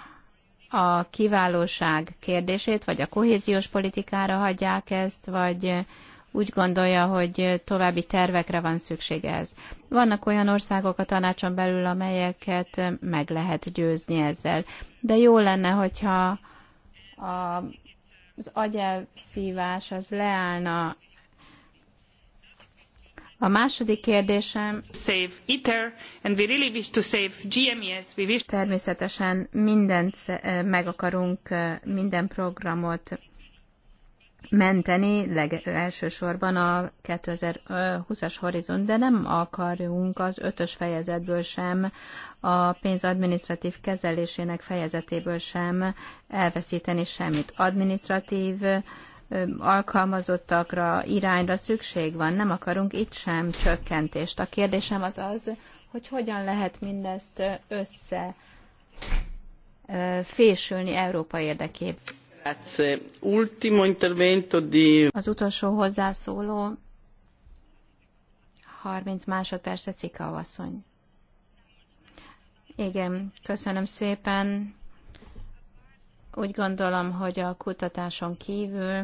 Speaker 1: a kiválóság kérdését, vagy a kohéziós politikára hagyják ezt, vagy úgy gondolja, hogy további tervekre van szükség ez. Vannak olyan országok a tanácson belül, amelyeket meg lehet győzni ezzel. De jó lenne, hogyha a, az agyelszívás az leállna a második kérdésem save ITER, and we really wish to save GMES. We wish... Természetesen mindent eh, meg akarunk, eh, minden programot menteni, leg, elsősorban a 2020-as horizont, de nem akarunk az ötös fejezetből sem, a pénz kezelésének fejezetéből sem elveszíteni semmit. Adminisztratív alkalmazottakra, irányra szükség van, nem akarunk itt sem csökkentést. A kérdésem az az, hogy hogyan lehet mindezt össze fésülni Európa érdekében. Az utolsó hozzászóló 30 másodperce Cika asszony. Igen, köszönöm szépen. Úgy gondolom, hogy a kutatáson kívül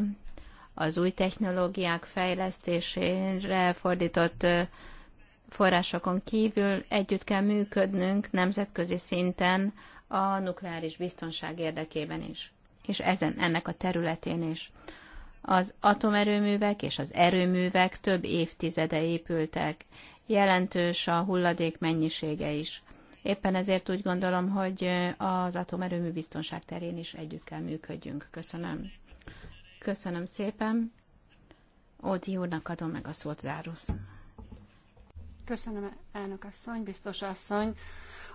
Speaker 1: az új technológiák fejlesztésére fordított forrásokon kívül együtt kell működnünk nemzetközi szinten a nukleáris biztonság érdekében is, és ezen, ennek a területén is. Az atomerőművek és az erőművek több évtizede épültek, jelentős a hulladék mennyisége is. Éppen ezért úgy gondolom, hogy az atomerőmű biztonság terén is együtt kell működjünk. Köszönöm. Köszönöm szépen. Ódi úrnak adom meg a szót, Zárusz. Köszönöm, elnök asszony, biztos asszony.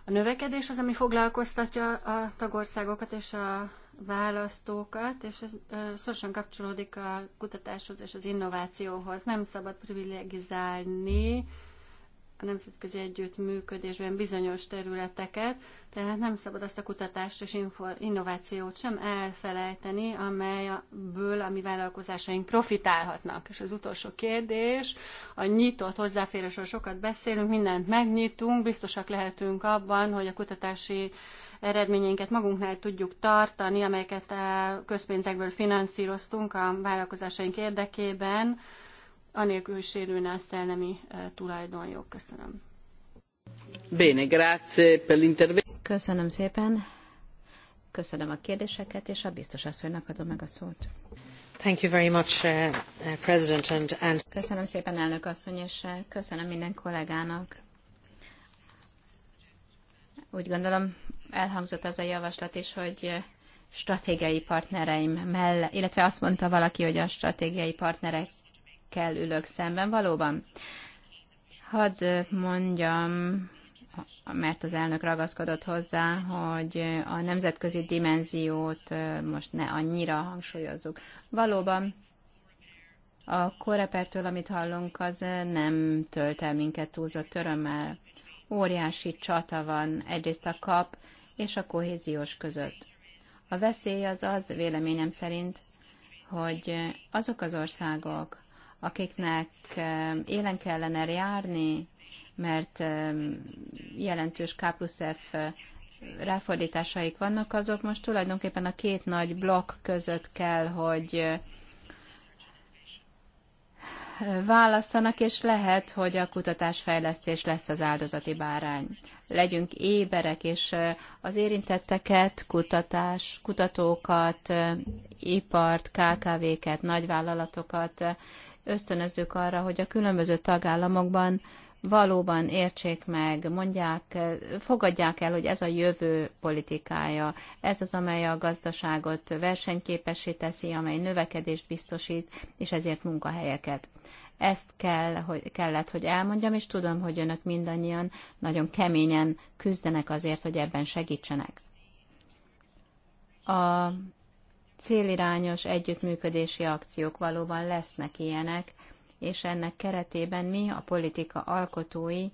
Speaker 2: A növekedés az, ami foglalkoztatja a tagországokat és a választókat, és ez szorosan kapcsolódik a kutatáshoz és az innovációhoz. Nem szabad privilegizálni a nemzetközi együttműködésben bizonyos területeket, tehát nem szabad azt a kutatást és innovációt sem elfelejteni, amelyből a mi vállalkozásaink profitálhatnak. És az utolsó kérdés, a nyitott hozzáférésről sokat beszélünk, mindent megnyitunk, biztosak lehetünk abban, hogy a kutatási eredményeinket magunknál tudjuk tartani, amelyeket a eh, közpénzekből finanszíroztunk a vállalkozásaink érdekében, anélkül, hogy sérülne a szellemi tulajdonjog. Köszönöm.
Speaker 1: Bene, grazie per l'intervento. Köszönöm szépen. Köszönöm a kérdéseket, és a biztos asszonynak adom meg a szót. Thank you very much, uh, uh President, and, and... Köszönöm szépen, elnök asszony, és uh, köszönöm minden kollégának. Úgy gondolom, elhangzott az a javaslat is, hogy uh, stratégiai partnereim mellett, illetve azt mondta valaki, hogy a stratégiai partnerek akikkel ülök szemben valóban. Hadd mondjam, mert az elnök ragaszkodott hozzá, hogy a nemzetközi dimenziót most ne annyira hangsúlyozzuk. Valóban a korepertől, amit hallunk, az nem tölt el minket túlzott örömmel. Óriási csata van egyrészt a kap és a kohéziós között. A veszély az az, véleményem szerint, hogy azok az országok, akiknek élen kellene járni, mert jelentős K plusz F ráfordításaik vannak, azok most tulajdonképpen a két nagy blokk között kell, hogy válasszanak, és lehet, hogy a kutatásfejlesztés lesz az áldozati bárány. Legyünk éberek, és az érintetteket, kutatás, kutatókat, ipart, KKV-ket, nagyvállalatokat ösztönözzük arra, hogy a különböző tagállamokban valóban értsék meg, mondják, fogadják el, hogy ez a jövő politikája, ez az, amely a gazdaságot versenyképessé teszi, amely növekedést biztosít, és ezért munkahelyeket. Ezt kell, hogy, kellett, hogy elmondjam, és tudom, hogy önök mindannyian nagyon keményen küzdenek azért, hogy ebben segítsenek. A célirányos együttműködési akciók valóban lesznek ilyenek, és ennek keretében mi, a politika alkotói,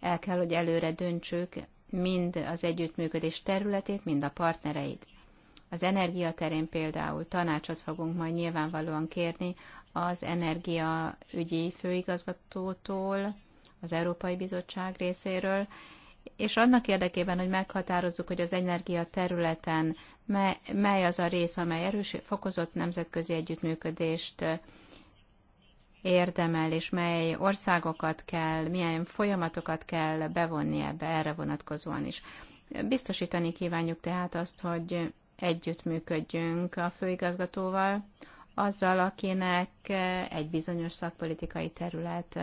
Speaker 1: el kell, hogy előre döntsük mind az együttműködés területét, mind a partnereit. Az energia terén például tanácsot fogunk majd nyilvánvalóan kérni az energiaügyi főigazgatótól, az Európai Bizottság részéről, és annak érdekében, hogy meghatározzuk, hogy az energia területen mely az a rész, amely erős, fokozott nemzetközi együttműködést érdemel, és mely országokat kell, milyen folyamatokat kell bevonni ebbe erre vonatkozóan is. Biztosítani kívánjuk tehát azt, hogy együttműködjünk a főigazgatóval, azzal, akinek egy bizonyos szakpolitikai terület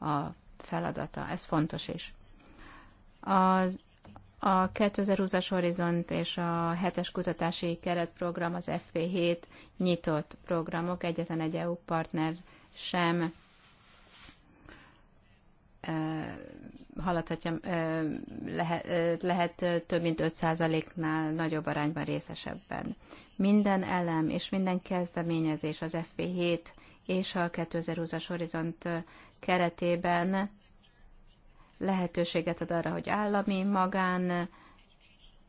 Speaker 1: a feladata. Ez fontos is. Az, a 2020-as Horizont és a 7-es kutatási keretprogram, az FP7 nyitott programok, egyetlen egy EU partner sem haladhatja, lehet, lehet több mint 5%-nál nagyobb arányban részesebben. Minden elem és minden kezdeményezés az FP7 és a 2020-as horizont keretében lehetőséget ad arra, hogy állami, magán,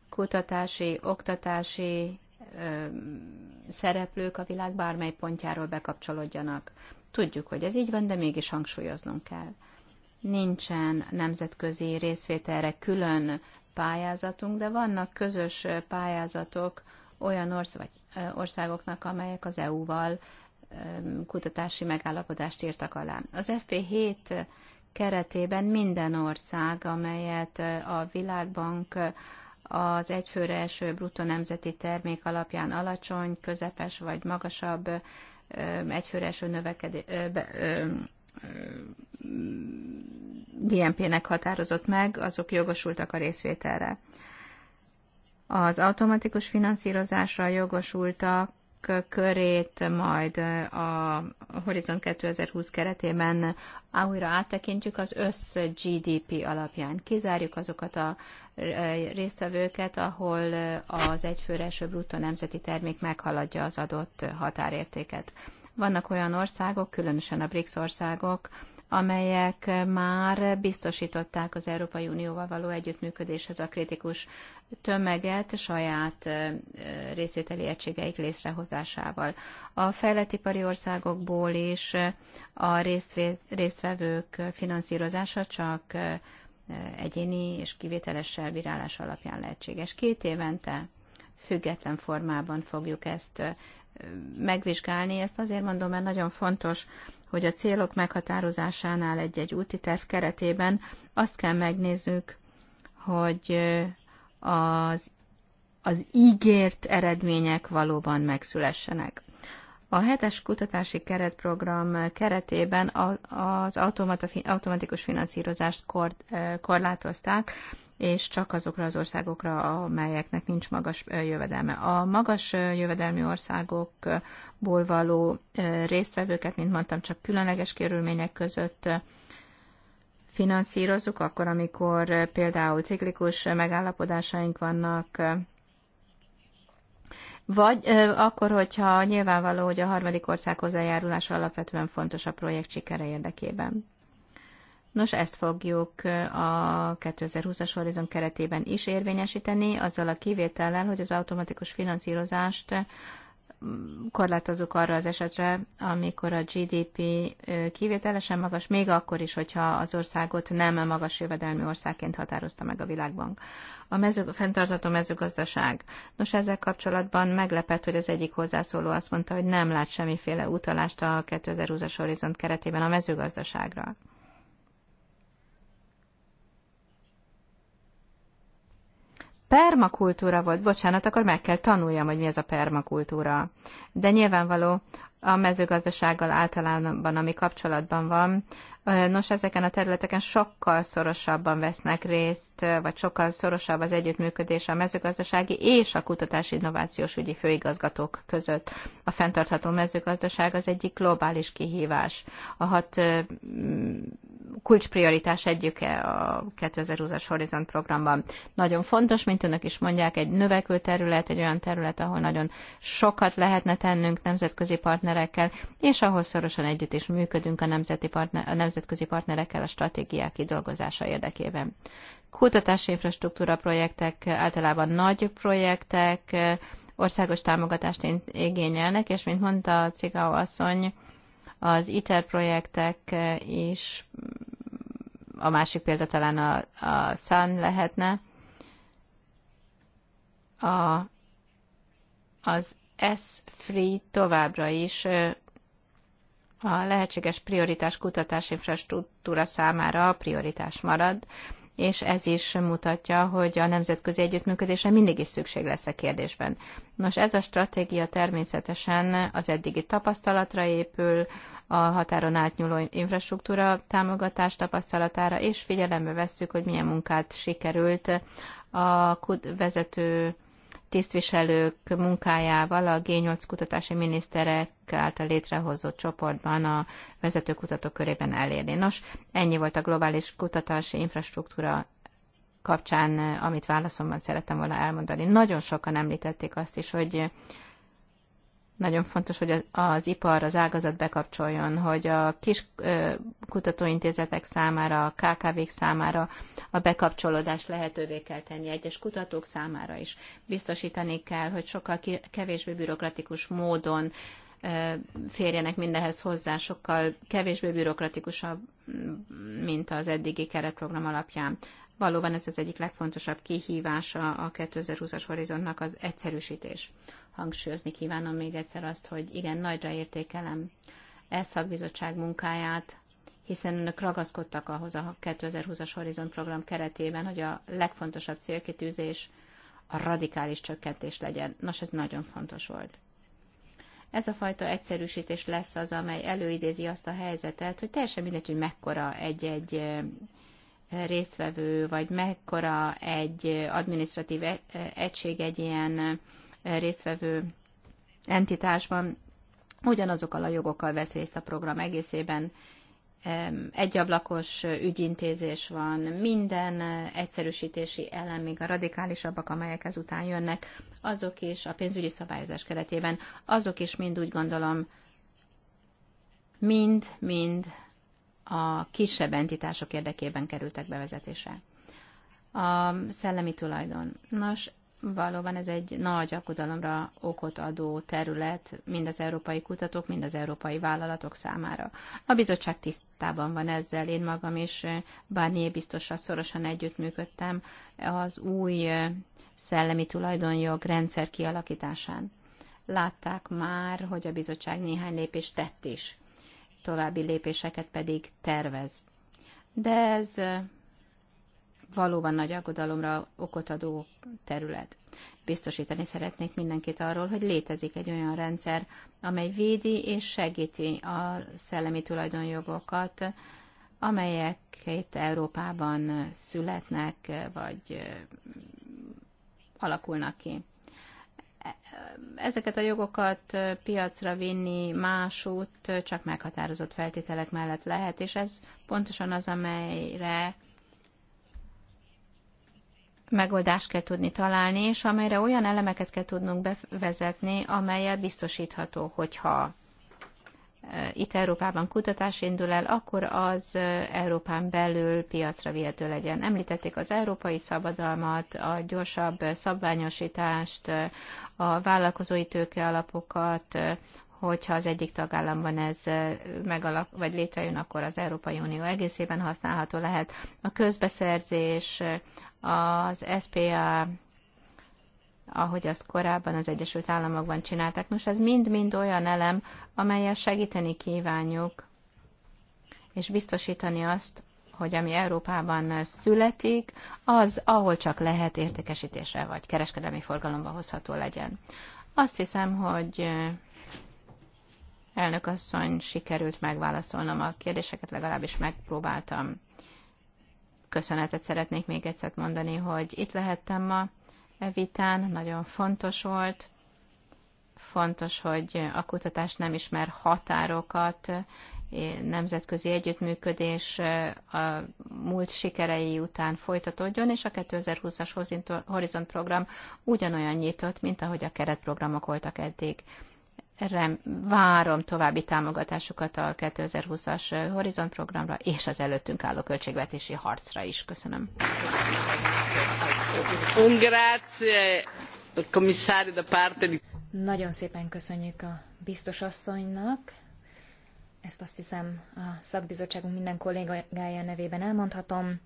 Speaker 1: kutatási, oktatási ö, szereplők a világ bármely pontjáról bekapcsolódjanak. Tudjuk, hogy ez így van, de mégis hangsúlyoznunk kell. Nincsen nemzetközi részvételre külön pályázatunk, de vannak közös pályázatok olyan orsz- vagy országoknak, amelyek az EU-val kutatási megállapodást írtak alá. Az FP7 keretében minden ország, amelyet a Világbank az egyfőre eső bruttó nemzeti termék alapján alacsony, közepes vagy magasabb egyfőre eső DNP-nek határozott meg, azok jogosultak a részvételre. Az automatikus finanszírozásra jogosultak körét majd a Horizon 2020 keretében újra áttekintjük az össz GDP alapján. Kizárjuk azokat a résztvevőket, ahol az egyfőre eső bruttó nemzeti termék meghaladja az adott határértéket. Vannak olyan országok, különösen a BRICS országok, amelyek már biztosították az Európai Unióval való együttműködéshez a kritikus tömeget saját részvételi egységeik létrehozásával. A fejlettipari országokból is a résztvevők finanszírozása csak egyéni és kivételes elbírálás alapján lehetséges. Két évente független formában fogjuk ezt megvizsgálni. Ezt azért mondom, mert nagyon fontos, hogy a célok meghatározásánál egy-egy úti terv keretében azt kell megnézzük, hogy az, az ígért eredmények valóban megszülessenek. A hetes kutatási keretprogram keretében az automatikus finanszírozást kor, korlátozták és csak azokra az országokra, amelyeknek nincs magas jövedelme. A magas jövedelmi országokból való résztvevőket, mint mondtam, csak különleges körülmények között finanszírozzuk, akkor, amikor például ciklikus megállapodásaink vannak, vagy ö, akkor, hogyha nyilvánvaló, hogy a harmadik ország hozzájárulása alapvetően fontos a projekt sikere érdekében. Nos, ezt fogjuk a 2020-as horizon keretében is érvényesíteni, azzal a kivétellel, hogy az automatikus finanszírozást korlátozunk arra az esetre, amikor a GDP kivételesen magas, még akkor is, hogyha az országot nem magas jövedelmi országként határozta meg a világbank. A mező, fenntartató mezőgazdaság. Nos, ezzel kapcsolatban meglepett, hogy az egyik hozzászóló azt mondta, hogy nem lát semmiféle utalást a 2020-as horizont keretében a mezőgazdaságra. permakultúra volt, bocsánat, akkor meg kell tanuljam, hogy mi ez a permakultúra. De nyilvánvaló, a mezőgazdasággal általában, ami kapcsolatban van. Nos, ezeken a területeken sokkal szorosabban vesznek részt, vagy sokkal szorosabb az együttműködés a mezőgazdasági és a kutatási innovációs ügyi főigazgatók között. A fenntartható mezőgazdaság az egyik globális kihívás. A hat kulcsprioritás egyike a 2020-as Horizont programban. Nagyon fontos, mint önök is mondják, egy növekvő terület, egy olyan terület, ahol nagyon sokat lehetne tennünk nemzetközi partnerekkel, és ahol szorosan együtt is működünk a, nemzeti partner, a nemzetközi partnerekkel a stratégiák kidolgozása érdekében. Kutatási infrastruktúra projektek általában nagy projektek, országos támogatást igényelnek, és mint mondta Cigao asszony, az ITER projektek eh, is, a másik példa talán a, a Sun lehetne, a, az S-Free továbbra is eh, a lehetséges prioritás kutatás infrastruktúra számára a prioritás marad, és ez is mutatja, hogy a nemzetközi együttműködésre mindig is szükség lesz a kérdésben. Nos, ez a stratégia természetesen az eddigi tapasztalatra épül, a határon átnyúló infrastruktúra támogatás tapasztalatára, és figyelembe vesszük, hogy milyen munkát sikerült a vezető tisztviselők munkájával a G8 kutatási miniszterek által létrehozott csoportban a vezető kutatók körében elérni. Nos, ennyi volt a globális kutatási infrastruktúra kapcsán, amit válaszomban szerettem volna elmondani. Nagyon sokan említették azt is, hogy nagyon fontos, hogy az ipar, az ágazat bekapcsoljon, hogy a kis kutatóintézetek számára, a KKV-k számára a bekapcsolódást lehetővé kell tenni, egyes kutatók számára is. Biztosítani kell, hogy sokkal kevésbé bürokratikus módon férjenek mindehez hozzá, sokkal kevésbé bürokratikusabb, mint az eddigi keretprogram alapján. Valóban ez az egyik legfontosabb kihívása a 2020-as horizontnak az egyszerűsítés hangsúlyozni kívánom még egyszer azt, hogy igen, nagyra értékelem e szakbizottság munkáját, hiszen önök ragaszkodtak ahhoz a 2020-as Horizont program keretében, hogy a legfontosabb célkitűzés a radikális csökkentés legyen. Nos, ez nagyon fontos volt. Ez a fajta egyszerűsítés lesz az, amely előidézi azt a helyzetet, hogy teljesen mindegy, hogy mekkora egy-egy résztvevő, vagy mekkora egy administratív e, egység egy ilyen résztvevő entitásban ugyanazokkal a jogokkal vesz részt a program egészében. Egyablakos ügyintézés van, minden egyszerűsítési elem, még a radikálisabbak, amelyek ezután jönnek, azok is a pénzügyi szabályozás keretében, azok is mind úgy gondolom, mind-mind a kisebb entitások érdekében kerültek bevezetésre. A szellemi tulajdon. Nos, valóban ez egy nagy akudalomra okot adó terület mind az európai kutatók, mind az európai vállalatok számára. A bizottság tisztában van ezzel, én magam is eh, Barnier biztosan szorosan együttműködtem az új eh, szellemi tulajdonjog rendszer kialakításán. Látták már, hogy a bizottság néhány lépést tett is, további lépéseket pedig tervez. De ez eh, valóban nagy aggodalomra okot adó terület. Biztosítani szeretnék mindenkit arról, hogy létezik egy olyan rendszer, amely védi és segíti a szellemi tulajdonjogokat, amelyek itt Európában születnek, vagy alakulnak ki. Ezeket a jogokat piacra vinni másút csak meghatározott feltételek mellett lehet, és ez pontosan az, amelyre megoldást kell tudni találni, és amelyre olyan elemeket kell tudnunk bevezetni, amelyel biztosítható, hogyha itt Európában kutatás indul el, akkor az Európán belül piacra vihető legyen. Említették az európai szabadalmat, a gyorsabb szabványosítást, a vállalkozói tőke alapokat, hogyha az egyik tagállamban ez megalak, vagy létrejön, akkor az Európai Unió egészében használható lehet. A közbeszerzés, az SPA, ahogy azt korábban az Egyesült Államokban csinálták. Nos, ez mind-mind olyan elem, amelyel segíteni kívánjuk, és biztosítani azt, hogy ami Európában születik, az, ahol csak lehet értékesítésre vagy kereskedelmi forgalomba hozható legyen. Azt hiszem, hogy elnök asszony sikerült megválaszolnom a kérdéseket, legalábbis megpróbáltam köszönetet szeretnék még egyszer mondani, hogy itt lehettem ma e vitán, nagyon fontos volt. Fontos, hogy a kutatás nem ismer határokat, nemzetközi együttműködés e, a múlt sikerei után folytatódjon, és a 2020-as Horizont program ugyanolyan nyitott, mint ahogy a keretprogramok voltak eddig erre várom további támogatásokat a 2020-as Horizont programra és az előttünk álló költségvetési harcra is. Köszönöm.
Speaker 3: Nagyon szépen köszönjük a biztos asszonynak. Ezt azt hiszem a szakbizottságunk minden kollégája nevében elmondhatom.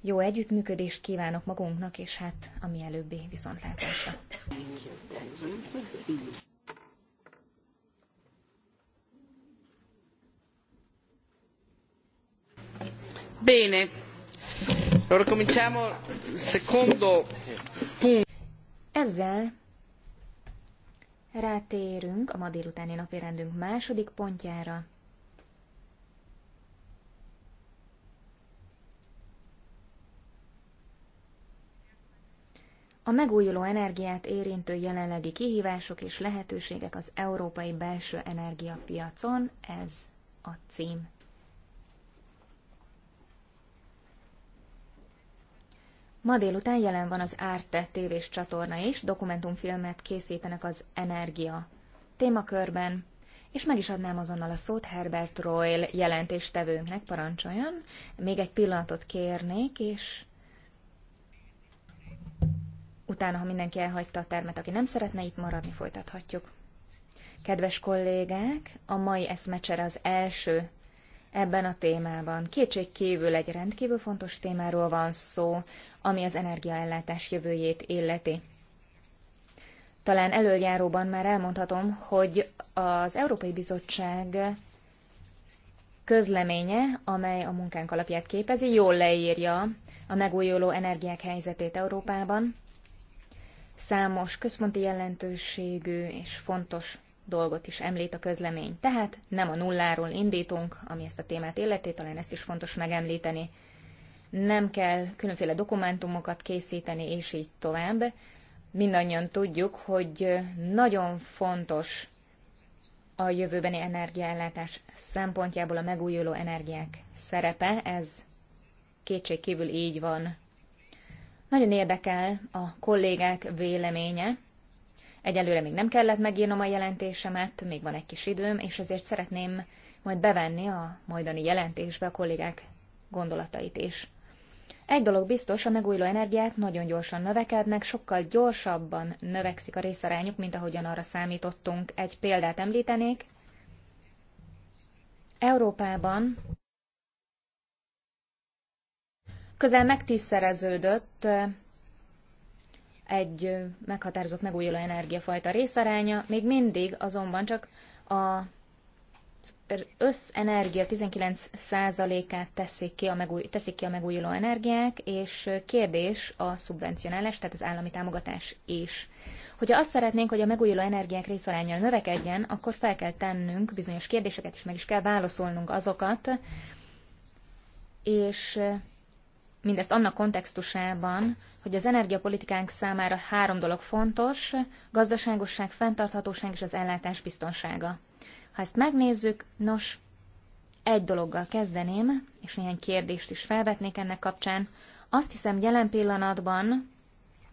Speaker 3: Jó együttműködést kívánok magunknak, és hát a mielőbbi viszontlátásra.
Speaker 1: Bene, allora cominciamo il
Speaker 5: secondo
Speaker 3: punto. Ezzel rátérünk a ma délutáni napirendünk második pontjára. A megújuló energiát érintő jelenlegi kihívások és lehetőségek az európai belső energiapiacon, ez a cím. Ma délután jelen van az Árte tévés csatorna is, dokumentumfilmet készítenek az Energia témakörben, és meg is adnám azonnal a szót Herbert Royal jelentéstevőnknek, parancsoljon. Még egy pillanatot kérnék, és utána, ha mindenki elhagyta a termet, aki nem szeretne itt maradni, folytathatjuk. Kedves kollégák, a mai eszmecsere az első ebben a témában. Kétség kívül egy rendkívül fontos témáról van szó, ami az energiaellátás jövőjét illeti. Talán előjáróban már elmondhatom, hogy az Európai Bizottság közleménye, amely a munkánk alapját képezi, jól leírja a megújuló energiák helyzetét Európában. Számos központi jelentőségű és fontos dolgot is említ a közlemény. Tehát nem a nulláról indítunk, ami ezt a témát illeti, talán ezt is fontos megemlíteni. Nem kell különféle dokumentumokat készíteni, és így tovább. Mindannyian tudjuk, hogy nagyon fontos a jövőbeni energiaellátás szempontjából a megújuló energiák szerepe, ez kétségkívül így van. Nagyon érdekel a kollégák véleménye, Egyelőre még nem kellett megírnom a jelentésemet, még van egy kis időm, és ezért szeretném majd bevenni a majdani jelentésbe a kollégák gondolatait is. Egy dolog biztos, a megújuló energiák nagyon gyorsan növekednek, sokkal gyorsabban növekszik a részarányuk, mint ahogyan arra számítottunk. Egy példát említenék. Európában közel megtízszereződött egy meghatározott megújuló energiafajta részaránya, még mindig azonban csak a összenergia 19%-át teszik ki, a megúj, teszik ki a megújuló energiák, és kérdés a szubvencionálás, tehát az állami támogatás is. Hogyha azt szeretnénk, hogy a megújuló energiák részaránya növekedjen, akkor fel kell tennünk bizonyos kérdéseket, és meg is kell válaszolnunk azokat, és Mindezt annak kontextusában, hogy az energiapolitikánk számára három dolog fontos, gazdaságosság, fenntarthatóság és az ellátás biztonsága. Ha ezt megnézzük, nos, egy dologgal kezdeném, és néhány kérdést is felvetnék ennek kapcsán. Azt hiszem, jelen pillanatban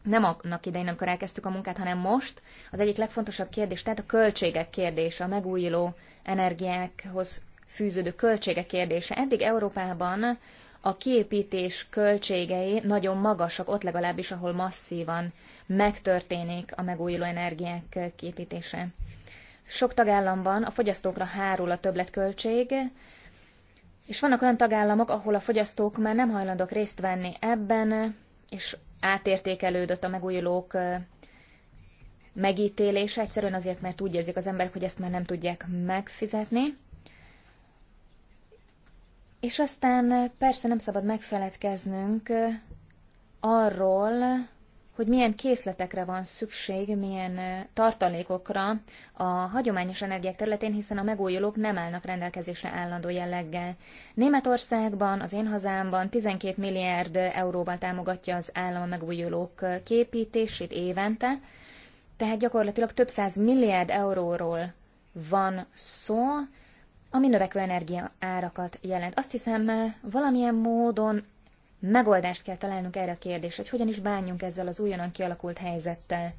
Speaker 3: nem annak idején, amikor elkezdtük a munkát, hanem most, az egyik legfontosabb kérdés, tehát a költségek kérdése, a megújuló energiákhoz fűződő költségek kérdése. Eddig Európában a kiépítés költségei nagyon magasak, ott legalábbis, ahol masszívan megtörténik a megújuló energiák kiépítése. Sok tagállamban a fogyasztókra hárul a többletköltség, és vannak olyan tagállamok, ahol a fogyasztók már nem hajlandók részt venni ebben, és átértékelődött a megújulók megítélése, egyszerűen azért, mert úgy érzik az emberek, hogy ezt már nem tudják megfizetni. És aztán eh, persze nem szabad megfeledkeznünk eh, arról, hogy milyen készletekre van szükség, milyen eh, tartalékokra a hagyományos energiák területén, hiszen a megújulók nem állnak rendelkezésre állandó jelleggel. Németországban, az én hazámban 12 milliárd euróval támogatja az állam a megújulók képítését évente, tehát gyakorlatilag több száz milliárd euróról van szó, ami növekvő energia árakat jelent. Azt hiszem, eh, valamilyen módon megoldást kell találnunk erre a kérdésre, hogy hogyan is bánjunk ezzel az újonnan kialakult helyzettel.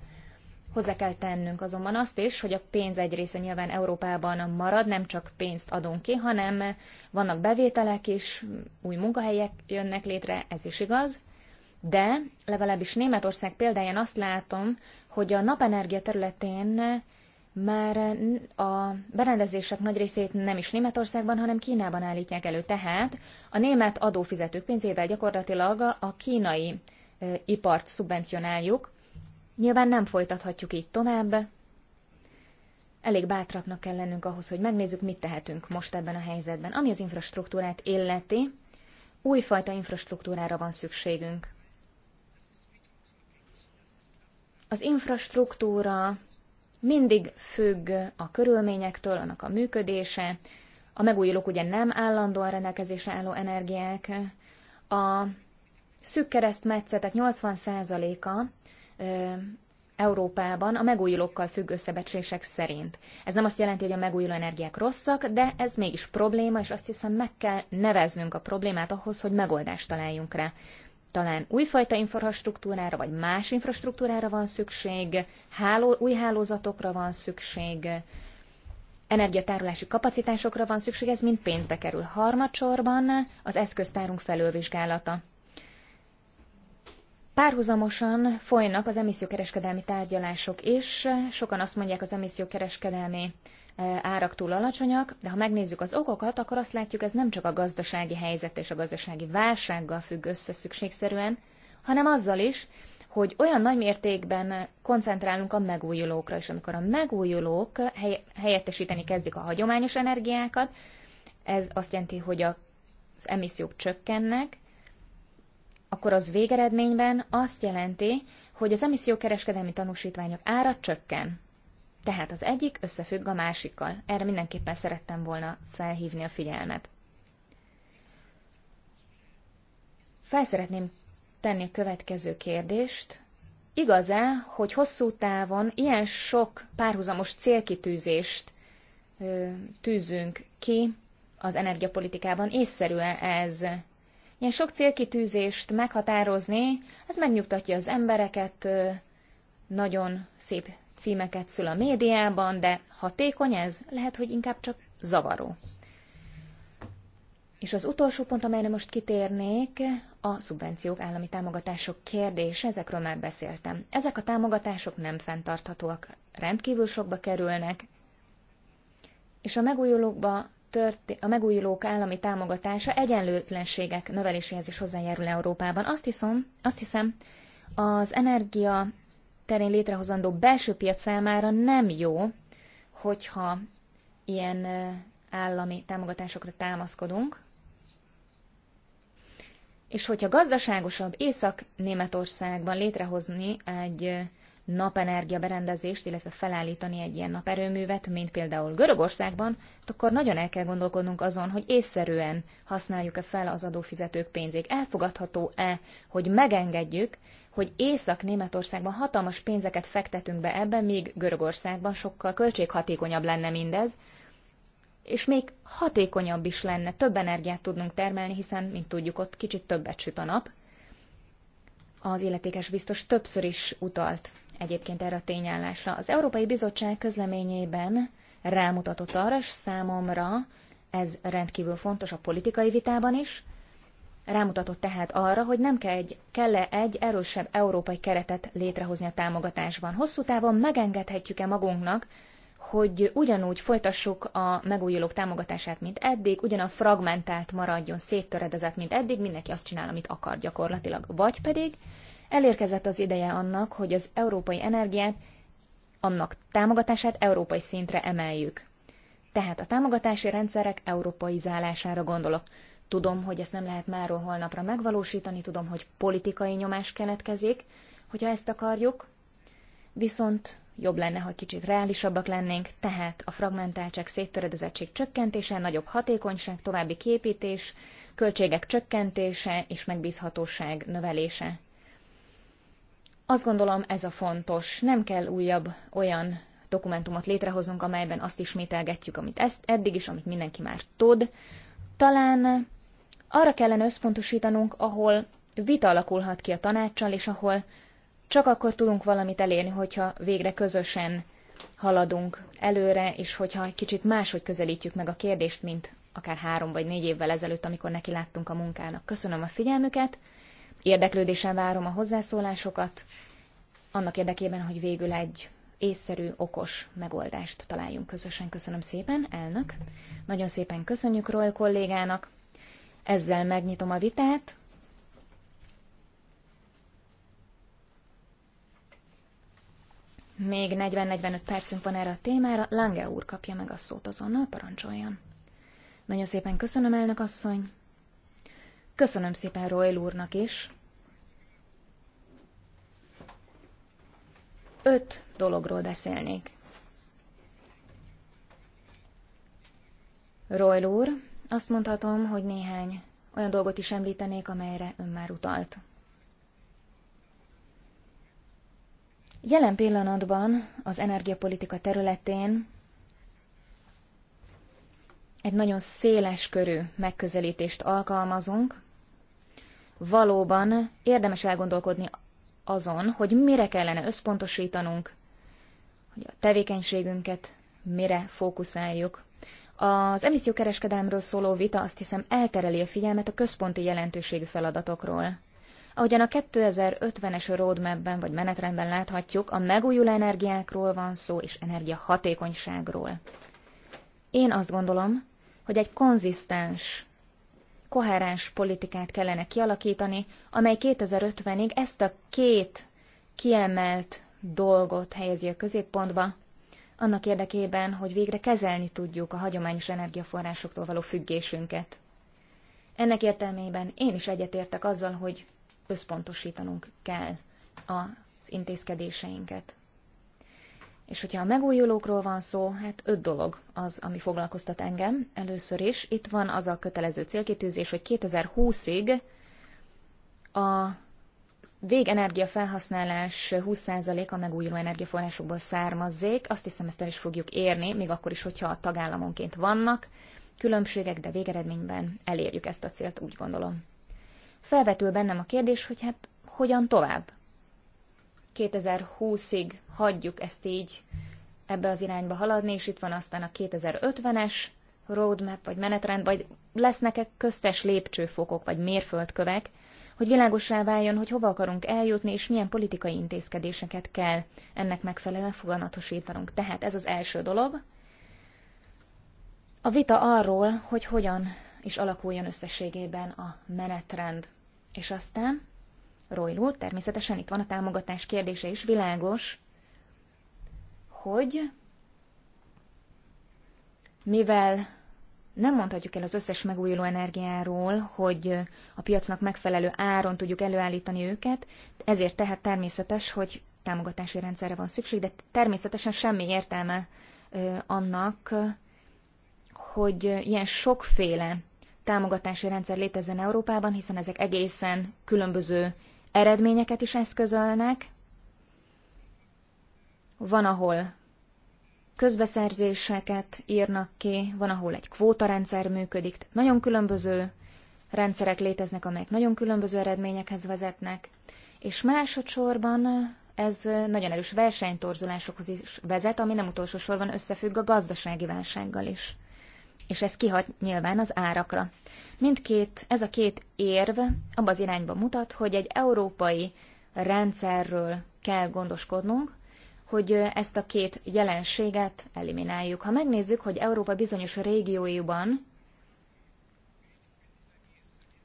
Speaker 3: Hozzá kell tennünk azonban azt is, hogy a pénz egy része nyilván Európában marad, nem csak pénzt adunk ki, hanem eh, vannak bevételek is, új munkahelyek jönnek létre, ez is igaz. De legalábbis Németország példáján azt látom, hogy a napenergia területén eh, már a berendezések nagy részét nem is Németországban, hanem Kínában állítják elő. Tehát a német adófizetők pénzével gyakorlatilag a kínai ipart szubvencionáljuk. Nyilván nem folytathatjuk így tovább. Elég bátraknak kell lennünk ahhoz, hogy megnézzük, mit tehetünk most ebben a helyzetben. Ami az infrastruktúrát illeti, újfajta infrastruktúrára van szükségünk. Az infrastruktúra mindig függ a körülményektől, annak a működése, a megújulók ugye nem állandóan rendelkezésre álló energiák, a szűk keresztmetszetek 80%-a Európában a megújulókkal függ összebecsések szerint. Ez nem azt jelenti, hogy a megújuló energiák rosszak, de ez mégis probléma, és azt hiszem meg kell neveznünk a problémát ahhoz, hogy megoldást találjunk rá talán újfajta infrastruktúrára, vagy más infrastruktúrára van szükség, háló, új hálózatokra van szükség, energiatárolási kapacitásokra van szükség, ez mind pénzbe kerül. Harmadsorban az eszköztárunk felülvizsgálata. Párhuzamosan folynak az emissziókereskedelmi tárgyalások is. Sokan azt mondják, az emissziókereskedelmi Eh, árak túl alacsonyak, de ha megnézzük az okokat, akkor azt látjuk, ez nem csak a gazdasági helyzet és a gazdasági válsággal függ össze szükségszerűen, hanem azzal is, hogy olyan nagy mértékben koncentrálunk a megújulókra, és amikor a megújulók helyettesíteni kezdik a hagyományos energiákat, ez azt jelenti, hogy az emissziók csökkennek, akkor az végeredményben azt jelenti, hogy az emissziókereskedelmi tanúsítványok ára csökken. Tehát az egyik összefügg a másikkal. Erre mindenképpen szerettem volna felhívni a figyelmet. Felszeretném tenni a következő kérdést. Igaz-e, hogy hosszú távon ilyen sok párhuzamos célkitűzést ö, tűzünk ki az energiapolitikában? Észszerű-e ez? Ilyen sok célkitűzést meghatározni, ez megnyugtatja az embereket, ö, nagyon szép címeket szül a médiában, de hatékony ez? Lehet, hogy inkább csak zavaró. És az utolsó pont, amelyre most kitérnék, a szubvenciók, állami támogatások kérdése, ezekről már beszéltem. Ezek a támogatások nem fenntarthatóak, rendkívül sokba kerülnek, és a megújulókba a megújulók állami támogatása egyenlőtlenségek növeléséhez is hozzájárul Európában. Azt hiszem, azt hiszem az energia terén létrehozandó belső piac számára nem jó, hogyha ilyen állami támogatásokra támaszkodunk, és hogyha gazdaságosabb Észak-Németországban létrehozni egy napenergia berendezést, illetve felállítani egy ilyen naperőművet, mint például Görögországban, akkor nagyon el kell gondolkodnunk azon, hogy észszerűen használjuk-e fel az adófizetők pénzét. Elfogadható-e, hogy megengedjük, hogy Észak-Németországban hatalmas pénzeket fektetünk be ebben míg Görögországban sokkal költséghatékonyabb lenne mindez, és még hatékonyabb is lenne, több energiát tudnunk termelni, hiszen, mint tudjuk, ott kicsit többet süt a nap. Az életékes biztos többször is utalt egyébként erre a tényállásra. Az Európai Bizottság közleményében rámutatott arra, és számomra ez rendkívül fontos a politikai vitában is, Rámutatott tehát arra, hogy nem kell egy, kell-e egy erősebb európai keretet létrehozni a támogatásban. Hosszú távon megengedhetjük-e magunknak, hogy ugyanúgy folytassuk a megújulók támogatását, mint eddig, ugyan fragmentált maradjon, széttöredezett, mint eddig, mindenki azt csinál, amit akar gyakorlatilag. Vagy pedig elérkezett az ideje annak, hogy az európai energiát, annak támogatását európai szintre emeljük. Tehát a támogatási rendszerek európai zálására gondolok. Tudom, hogy ezt nem lehet máról holnapra megvalósítani, tudom, hogy politikai nyomás keletkezik, hogyha ezt akarjuk, viszont jobb lenne, ha kicsit reálisabbak lennénk, tehát a fragmentáltság, széttöredezettség csökkentése, nagyobb hatékonyság, további képítés, költségek csökkentése és megbízhatóság növelése. Azt gondolom, ez a fontos. Nem kell újabb olyan dokumentumot létrehozunk, amelyben azt ismételgetjük, amit ezt eddig is, amit mindenki már tud. Talán arra kellene összpontosítanunk, ahol vita alakulhat ki a tanácssal, és ahol csak akkor tudunk valamit elérni, hogyha végre közösen haladunk előre, és hogyha egy kicsit máshogy közelítjük meg a kérdést, mint akár három vagy négy évvel ezelőtt, amikor neki láttunk a munkának. Köszönöm a figyelmüket, Érdeklődésen várom a hozzászólásokat, annak érdekében, hogy végül egy észszerű, okos megoldást találjunk közösen. Köszönöm szépen, elnök. Nagyon szépen köszönjük Roy kollégának. Ezzel megnyitom a vitát. Még 40-45 percünk van erre a témára. Lange úr kapja meg a szót azonnal, parancsoljon. Nagyon szépen köszönöm, elnök asszony. Köszönöm szépen Royl úrnak is. Öt dologról beszélnék. Royl úr, azt mondhatom, hogy néhány olyan dolgot is említenék, amelyre ön már utalt. Jelen pillanatban az energiapolitika területén egy nagyon széles körű megközelítést alkalmazunk. Valóban érdemes elgondolkodni azon, hogy mire kellene összpontosítanunk, hogy a tevékenységünket mire fókuszáljuk. Az emissziókereskedelmről szóló vita azt hiszem eltereli a figyelmet a központi jelentőségű feladatokról. Ahogyan a 2050-es roadmapben vagy menetrendben láthatjuk, a megújuló energiákról van szó és energiahatékonyságról. Én azt gondolom, hogy egy konzisztens, koherens politikát kellene kialakítani, amely 2050-ig ezt a két kiemelt dolgot helyezi a középpontba, annak érdekében, hogy végre kezelni tudjuk a hagyományos energiaforrásoktól való függésünket. Ennek értelmében én is egyetértek azzal, hogy összpontosítanunk kell az intézkedéseinket. És hogyha a megújulókról van szó, hát öt dolog az, ami foglalkoztat engem. Először is itt van az a kötelező célkitűzés, hogy 2020-ig a végenergia felhasználás 20% a megújuló energiaforrásokból származzék. Azt hiszem, ezt el is fogjuk érni, még akkor is, hogyha a tagállamonként vannak különbségek, de végeredményben elérjük ezt a célt, úgy gondolom. Felvetül bennem a kérdés, hogy hát hogyan tovább? 2020-ig hagyjuk ezt így ebbe az irányba haladni, és itt van aztán a 2050-es roadmap, vagy menetrend, vagy lesznek-e köztes lépcsőfokok, vagy mérföldkövek, hogy világosá váljon, hogy hova akarunk eljutni, és milyen politikai intézkedéseket kell ennek megfelelően foganatosítanunk. Tehát ez az első dolog. A vita arról, hogy hogyan is alakuljon összességében a menetrend. És aztán, Rojlul, természetesen itt van a támogatás kérdése is, világos, hogy mivel nem mondhatjuk el az összes megújuló energiáról, hogy a piacnak megfelelő áron tudjuk előállítani őket, ezért tehát természetes, hogy támogatási rendszerre van szükség, de természetesen semmi értelme annak, hogy ilyen sokféle támogatási rendszer létezzen Európában, hiszen ezek egészen különböző eredményeket is eszközölnek. Van, ahol közbeszerzéseket írnak ki, van, ahol egy kvótarendszer működik. Nagyon különböző rendszerek léteznek, amelyek nagyon különböző eredményekhez vezetnek, és másodszorban ez nagyon erős versenytorzulásokhoz is vezet, ami nem utolsó sorban összefügg a gazdasági válsággal is. És ez kihat nyilván az árakra. Mindkét, ez a két érv abban az irányba mutat, hogy egy európai rendszerről kell gondoskodnunk, hogy ezt a két jelenséget elimináljuk. Ha megnézzük, hogy Európa bizonyos régióiban,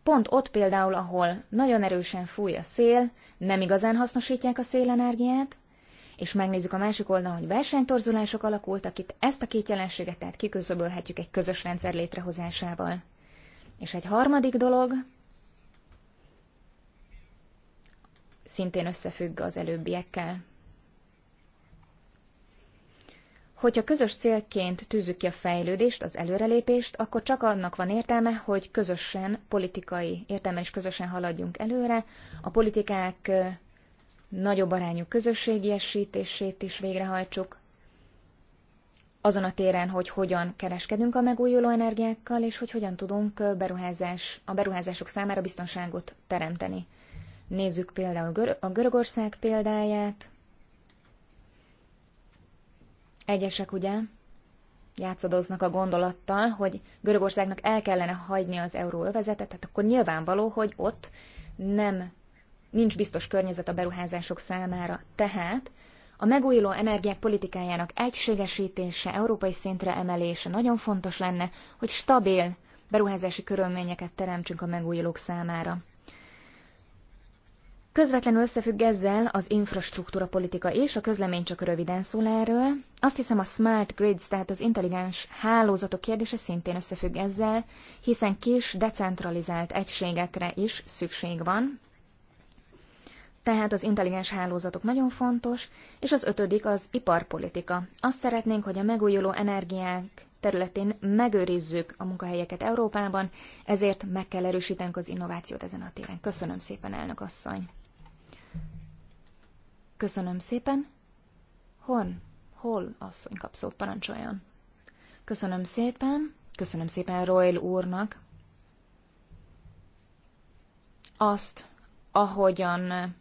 Speaker 3: pont ott például, ahol nagyon erősen fúj a szél, nem igazán hasznosítják a szélenergiát, és megnézzük a másik oldalon, hogy versenytorzulások alakultak itt, ezt a két jelenséget tehát kiközöbölhetjük egy közös rendszer létrehozásával. És egy harmadik dolog, szintén összefügg az előbbiekkel. Hogyha közös célként tűzzük ki a fejlődést, az előrelépést, akkor csak annak van értelme, hogy közösen, politikai értelme is közösen haladjunk előre, a politikák nagyobb arányú közösségiesítését is végrehajtsuk, azon a téren, hogy hogyan kereskedünk a megújuló energiákkal, és hogy hogyan tudunk beruházás, a beruházások számára biztonságot teremteni. Nézzük például a Görögország példáját, Egyesek ugye játszadoznak a gondolattal, hogy Görögországnak el kellene hagyni az euróövezetet, tehát akkor nyilvánvaló, hogy ott nem nincs biztos környezet a beruházások számára. Tehát a megújuló energiák politikájának egységesítése, európai szintre emelése nagyon fontos lenne, hogy stabil beruházási körülményeket teremtsünk a megújulók számára. Közvetlenül összefügg ezzel az infrastruktúra politika és a közlemény csak röviden szól erről. Azt hiszem a smart grids, tehát az intelligens hálózatok kérdése szintén összefügg ezzel, hiszen kis, decentralizált egységekre is szükség van. Tehát az intelligens hálózatok nagyon fontos, és az ötödik az iparpolitika. Azt szeretnénk, hogy a megújuló energiák területén megőrizzük a munkahelyeket Európában, ezért meg kell erősítenünk az innovációt ezen a téren. Köszönöm szépen, elnök asszony! Köszönöm szépen. Horn, hol asszony kapszót parancsoljon. Köszönöm szépen. Köszönöm szépen Royal úrnak. Azt, ahogyan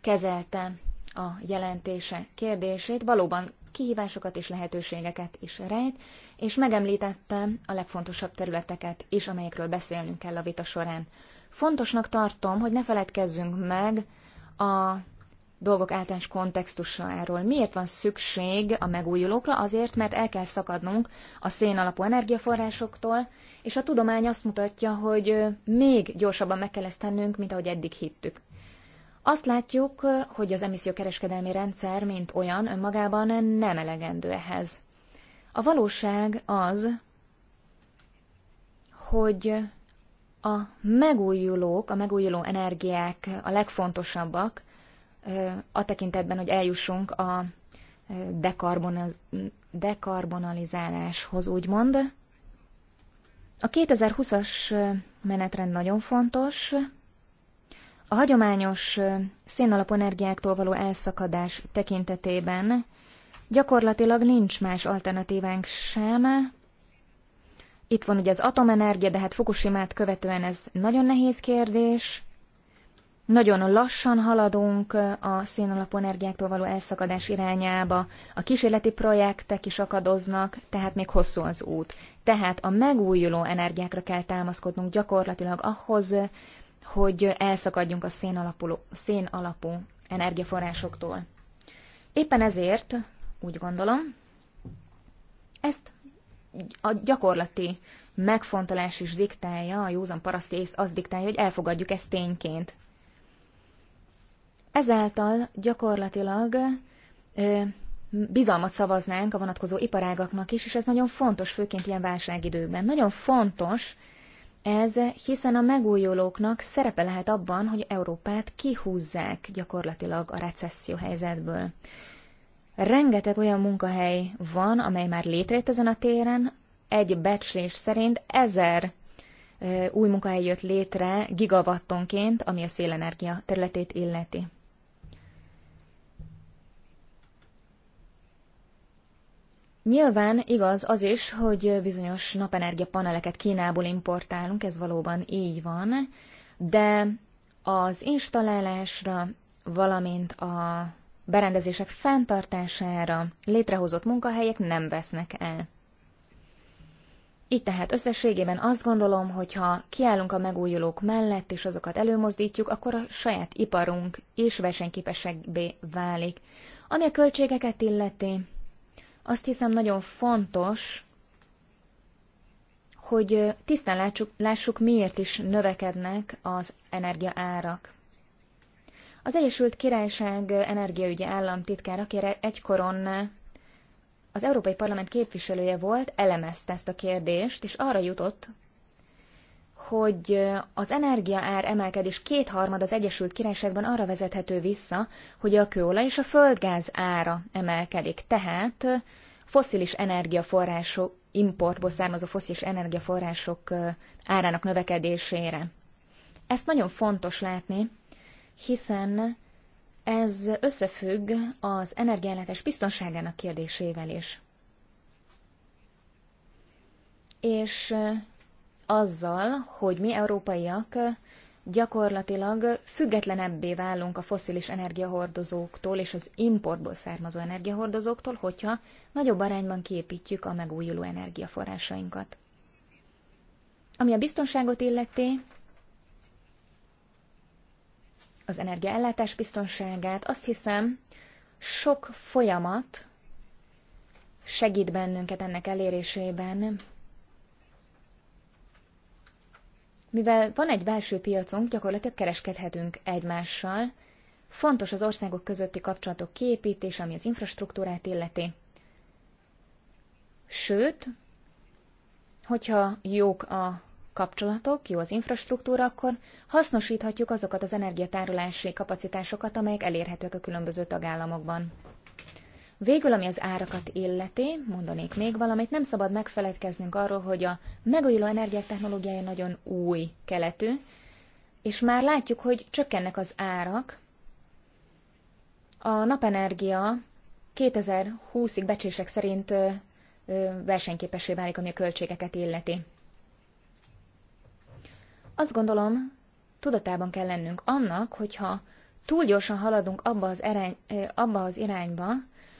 Speaker 3: kezelte a jelentése kérdését, valóban kihívásokat és lehetőségeket is rejt, és megemlítette a legfontosabb területeket is, amelyekről beszélnünk kell a vita során. Fontosnak tartom, hogy ne feledkezzünk meg a dolgok általános kontextusáról. Miért van szükség a megújulókra? Azért, mert el kell szakadnunk a szén alapú energiaforrásoktól, és a tudomány azt mutatja, hogy még gyorsabban meg kell ezt tennünk, mint ahogy eddig hittük. Azt látjuk, hogy az emissziókereskedelmi rendszer, mint olyan, önmagában nem elegendő ehhez. A valóság az, hogy a megújulók, a megújuló energiák a legfontosabbak, a tekintetben, hogy eljussunk a dekarbonalizáláshoz, úgymond. A 2020-as menetrend nagyon fontos. A hagyományos szénalapú energiáktól való elszakadás tekintetében gyakorlatilag nincs más alternatívánk sem. Itt van ugye az atomenergia, de hát Fukushimát követően ez nagyon nehéz kérdés. Nagyon lassan haladunk a színalapú energiáktól való elszakadás irányába, a kísérleti projektek is akadoznak, tehát még hosszú az út. Tehát a megújuló energiákra kell támaszkodnunk gyakorlatilag ahhoz, hogy elszakadjunk a szén alapú, szén alapú energiaforrásoktól. Éppen ezért úgy gondolom, ezt a gyakorlati megfontolás is diktálja, a józan paraszti ész azt diktálja, hogy elfogadjuk ezt tényként. Ezáltal gyakorlatilag bizalmat szavaznánk a vonatkozó iparágaknak is, és ez nagyon fontos, főként ilyen válságidőkben. Nagyon fontos ez, hiszen a megújulóknak szerepe lehet abban, hogy Európát kihúzzák gyakorlatilag a recesszió helyzetből. Rengeteg olyan munkahely van, amely már létrejött ezen a téren, egy becslés szerint ezer új munkahely jött létre gigawattonként, ami a szélenergia területét illeti. Nyilván igaz az is, hogy bizonyos napenergia paneleket Kínából importálunk, ez valóban így van, de az installálásra, valamint a berendezések fenntartására létrehozott munkahelyek nem vesznek el. Így tehát összességében azt gondolom, hogy ha kiállunk a megújulók mellett és azokat előmozdítjuk, akkor a saját iparunk is versenyképesebbé válik. Ami a költségeket illeti, azt hiszem nagyon fontos, hogy tisztán lássuk, lássuk miért is növekednek az energiaárak. Az Egyesült Királyság energiaügyi államtitkára, aki egykoron az Európai Parlament képviselője volt, elemezte ezt a kérdést, és arra jutott, hogy az energiaár emelkedés kétharmad az Egyesült Királyságban arra vezethető vissza, hogy a kőolaj és a földgáz ára emelkedik. Tehát foszilis energiaforrások, importból származó foszilis energiaforrások árának növekedésére. Ezt nagyon fontos látni, hiszen ez összefügg az energiállátás biztonságának kérdésével is. És azzal, hogy mi európaiak gyakorlatilag függetlenebbé válunk a foszilis energiahordozóktól és az importból származó energiahordozóktól, hogyha nagyobb arányban kiépítjük a megújuló energiaforrásainkat. Ami a biztonságot illeti, az energiaellátás biztonságát, azt hiszem, sok folyamat segít bennünket ennek elérésében, Mivel van egy belső piacunk, gyakorlatilag kereskedhetünk egymással. Fontos az országok közötti kapcsolatok kiépítése, ami az infrastruktúrát illeti. Sőt, hogyha jók a kapcsolatok, jó az infrastruktúra, akkor hasznosíthatjuk azokat az energiatárolási kapacitásokat, amelyek elérhetőek a különböző tagállamokban. Végül, ami az árakat illeti, mondanék még valamit, nem szabad megfeledkeznünk arról, hogy a megújuló energiák technológiája nagyon új keletű, és már látjuk, hogy csökkennek az árak. A napenergia 2020-ig becsések szerint versenyképessé válik, ami a költségeket illeti. Azt gondolom, tudatában kell lennünk annak, hogyha túl gyorsan haladunk abba az, erány, abba az irányba,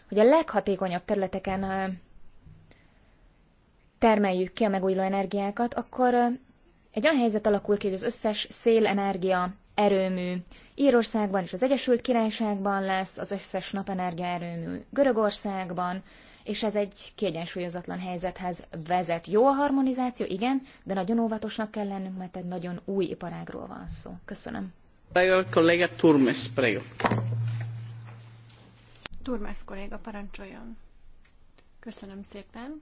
Speaker 3: hogy a leghatékonyabb területeken termeljük ki a megújuló energiákat, akkor egy olyan helyzet alakul ki, hogy az összes szélenergia erőmű Írországban és az Egyesült Királyságban lesz, az összes napenergia erőmű Görögországban, és ez egy kiegyensúlyozatlan helyzethez vezet. Jó a harmonizáció, igen, de nagyon óvatosnak kell lennünk, mert egy nagyon új iparágról van szó. Köszönöm.
Speaker 1: Kollega Turmes, prego.
Speaker 3: Turmász kolléga,
Speaker 2: parancsoljon. Köszönöm szépen.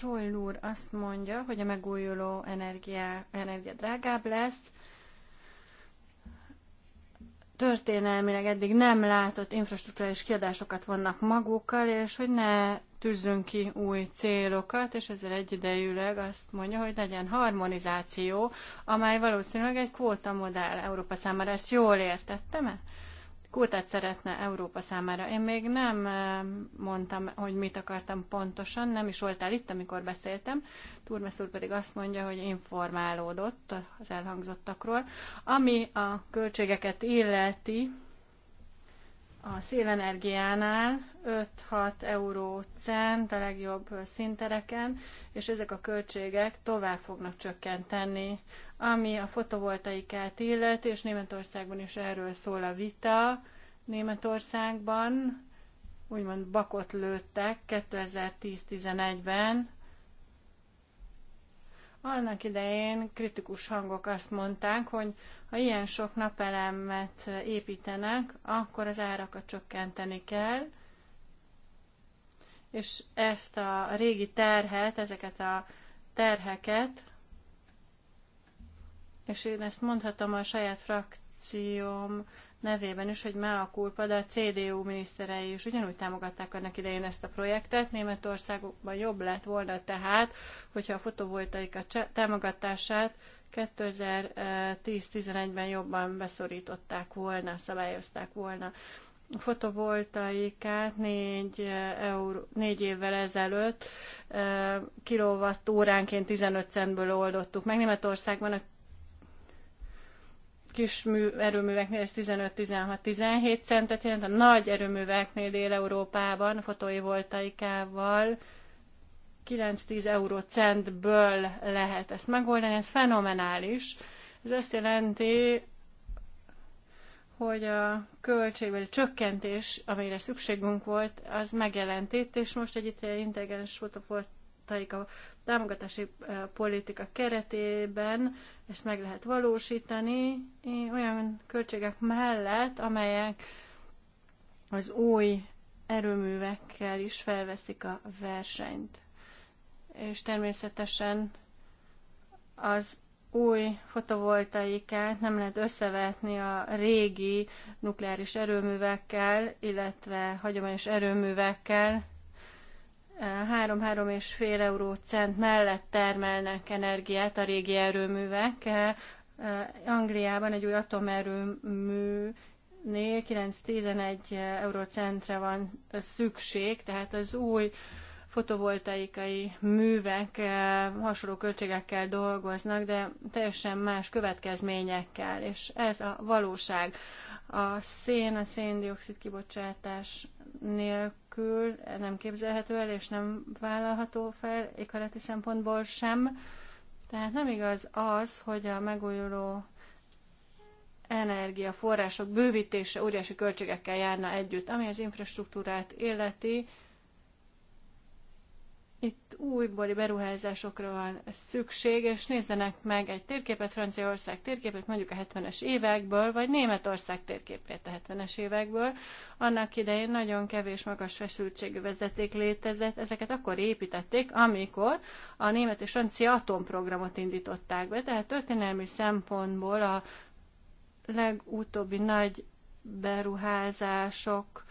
Speaker 2: Roll úr azt mondja, hogy a megújuló energia, energia drágább lesz. Történelmileg eddig nem látott infrastruktúrális kiadásokat vannak magukkal, és hogy ne tűzzünk ki új célokat, és ezzel egyidejűleg azt mondja, hogy legyen harmonizáció, amely valószínűleg egy kvóta modell Európa számára. Ezt jól értettem-e? kultát szeretne Európa számára. Én még nem eh, mondtam, hogy mit akartam pontosan, nem is voltál itt, amikor beszéltem. Turmes úr pedig azt mondja, hogy informálódott az elhangzottakról. Ami a költségeket illeti, a szélenergiánál 5-6 euró cent a legjobb szintereken, és ezek a költségek tovább fognak csökkenteni, ami a fotovoltaikát illet, és Németországban is erről szól a vita. Németországban úgymond bakot lőttek 2010-11-ben, annak idején kritikus hangok azt mondták, hogy ha ilyen sok napelemet építenek, akkor az árakat csökkenteni kell, és ezt a régi terhet, ezeket a terheket, és én ezt mondhatom a saját frakcióm nevében is, hogy Mea Kulpa, de a CDU miniszterei is ugyanúgy támogatták annak idején ezt a projektet. Németországban jobb lett volna tehát, hogyha a fotovoltaika támogatását 2010-11-ben jobban beszorították volna, szabályozták volna. A fotovoltaikát négy, eh, euró, négy évvel ezelőtt eh, óránként 15 centből oldottuk meg. Németországban a kis mű, erőműveknél ez 15-16-17 centet jelent, a nagy erőműveknél Dél-Európában voltaikával 9-10 euró centből lehet ezt megoldani, ez fenomenális. Ez azt jelenti, hogy a költségbeli csökkentés, amire szükségünk volt, az megjelent itt, és most egy intelligens fotovoltaika támogatási politika keretében ezt meg lehet valósítani olyan költségek mellett, amelyek az új erőművekkel is felveszik a versenyt. És természetesen az új fotovoltaikát nem lehet összevetni a régi nukleáris erőművekkel, illetve hagyományos erőművekkel, 3-3 és fél euró cent mellett termelnek energiát a régi erőművek. Eh, eh, Angliában egy új atomerőmű 9-11 eurocentre van szükség, tehát az új fotovoltaikai művek eh, hasonló költségekkel dolgoznak, de teljesen más következményekkel, és ez a valóság. A szén, a széndiokszid kibocsátás nélkül nélkül nem képzelhető el, és nem vállalható fel éghajlati szempontból sem. Tehát nem igaz az, hogy a megújuló energiaforrások bővítése óriási költségekkel járna együtt, ami az infrastruktúrát illeti, itt újbóli beruházásokra van szükség, és nézzenek meg egy térképet, Franciaország térképet, mondjuk a 70-es évekből, vagy Németország térképét a 70-es évekből. Annak idején nagyon kevés magas feszültségű vezeték létezett, ezeket akkor építették, amikor a német és francia atomprogramot indították be, tehát történelmi szempontból a legutóbbi nagy beruházások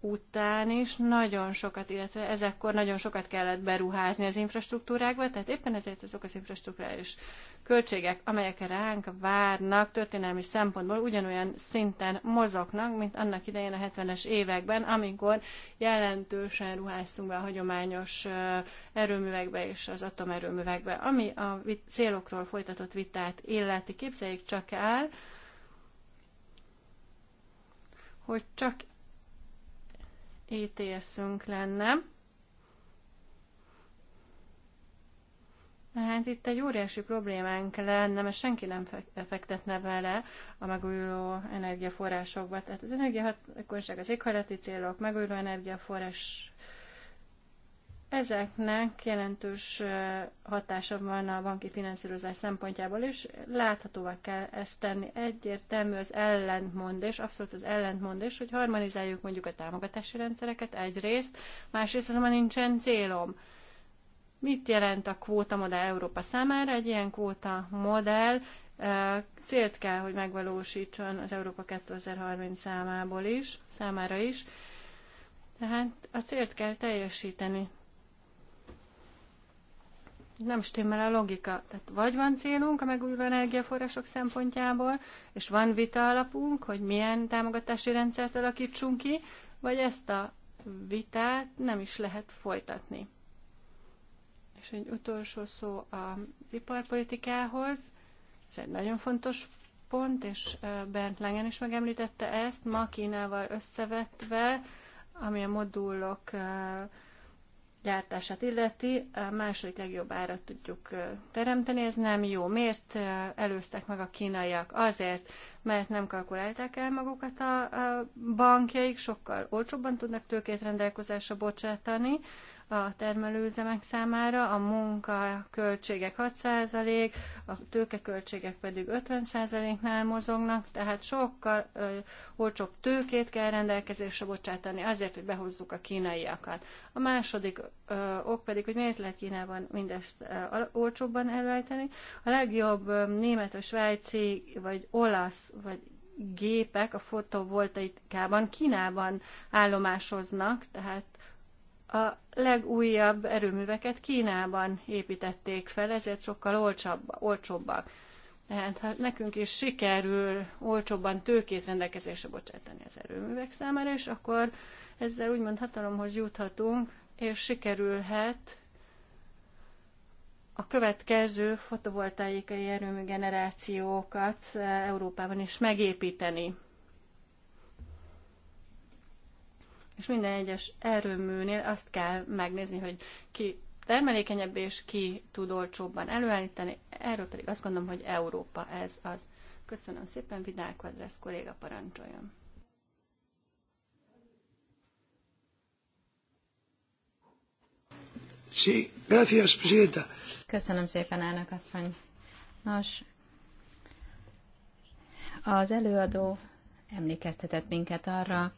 Speaker 2: után is nagyon sokat, illetve ezekkor nagyon sokat kellett beruházni az infrastruktúrákba, tehát éppen ezért azok az infrastruktúrális költségek, amelyek ránk várnak történelmi szempontból ugyanolyan szinten mozognak, mint annak idején a 70-es években, amikor jelentősen ruháztunk be a hagyományos erőművekbe és az atomerőművekbe. Ami a célokról folytatott vitát illeti, képzeljék csak el, hogy csak ETS-ünk lenne. Hát itt egy óriási problémánk lenne, mert senki nem fektetne bele a megújuló energiaforrásokba. Tehát az energiahatékonyság, az éghajlati célok, megújuló energiaforrás Ezeknek jelentős hatása van a banki finanszírozás szempontjából és Láthatóvá kell ezt tenni. Egyértelmű az ellentmondás, abszolút az ellentmondás, hogy harmonizáljuk mondjuk a támogatási rendszereket egyrészt, másrészt azonban nincsen célom. Mit jelent a kvóta modell Európa számára? Egy ilyen kvóta modell célt kell, hogy megvalósítson az Európa 2030 számából is, számára is. Tehát a célt kell teljesíteni nem stimmel a logika. Tehát vagy van célunk a megújuló energiaforrások szempontjából, és van vita alapunk, hogy milyen támogatási rendszert alakítsunk ki, vagy ezt a vitát nem is lehet folytatni. És egy utolsó szó az iparpolitikához. Ez egy nagyon fontos pont, és Bernd Langen is megemlítette ezt, ma Kínával összevetve, ami a modulok gyártását illeti, a második legjobb árat tudjuk teremteni, ez nem jó. Miért előztek meg a kínaiak? Azért, mert nem kalkulálták el magukat a, bankjaik, sokkal olcsóbban tudnak tőkét rendelkozásra bocsátani, a termelőüzemek számára, a munka költségek 6%, a tőkeköltségek pedig 50%-nál mozognak, tehát sokkal ö, olcsóbb tőkét kell rendelkezésre bocsátani azért, hogy behozzuk a kínaiakat. A második ö, ok pedig, hogy miért lehet Kínában mindezt ö, olcsóbban előállítani. A legjobb ö, német, a svájci, vagy olasz, vagy gépek a fotovoltaikában Kínában állomásoznak, tehát a legújabb erőműveket Kínában építették fel, ezért sokkal olcsabb, olcsóbbak. Tehát ha hát nekünk is sikerül olcsóbban tőkét rendelkezésre bocsátani az erőművek számára, és akkor ezzel úgymond hatalomhoz juthatunk, és sikerülhet a következő fotovoltaikai erőmű generációkat eh, Európában is megépíteni. és minden egyes erőműnél azt kell megnézni, hogy ki termelékenyebb és ki tud olcsóbban előállítani, erről pedig azt gondolom, hogy Európa ez az. Köszönöm szépen, Vidál Kvadrász kolléga parancsoljon.
Speaker 1: Köszönöm szépen, elnök asszony. Nos, az előadó emlékeztetett minket arra,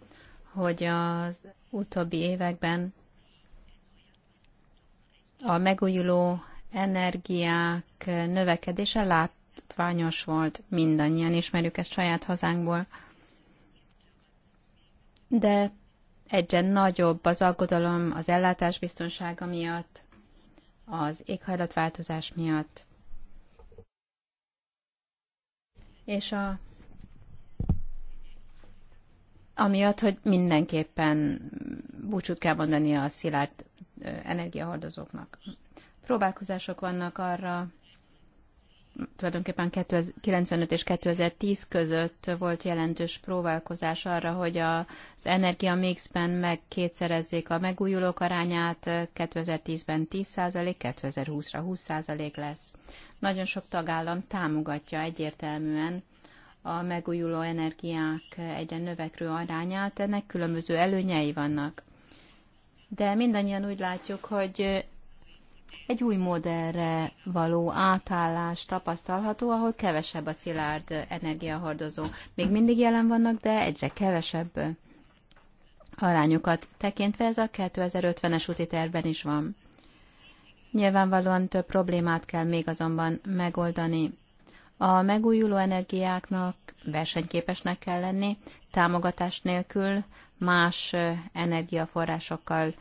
Speaker 1: hogy az utóbbi években a megújuló energiák növekedése látványos volt, mindannyian ismerjük ezt saját hazánkból. De egyre nagyobb az aggodalom az ellátás biztonsága miatt, az éghajlatváltozás miatt, és a amiatt, hogy mindenképpen búcsút kell mondani a szilárd energiahordozóknak. Próbálkozások vannak arra, tulajdonképpen 1995 és 2010 között volt jelentős próbálkozás arra, hogy az energia mixben meg kétszerezzék a megújulók arányát, 2010-ben 10%, 2020-ra 20% lesz. Nagyon sok tagállam támogatja egyértelműen a megújuló energiák egyre növekvő arányát, ennek különböző előnyei vannak. De mindannyian úgy látjuk, hogy egy új modellre való átállás tapasztalható, ahol kevesebb a szilárd energiahordozó. Még mindig jelen vannak, de egyre kevesebb arányokat tekintve ez a 2050-es úti tervben is van. Nyilvánvalóan több problémát kell még azonban megoldani. A megújuló energiáknak versenyképesnek kell lenni, támogatás nélkül más energiaforrásokkal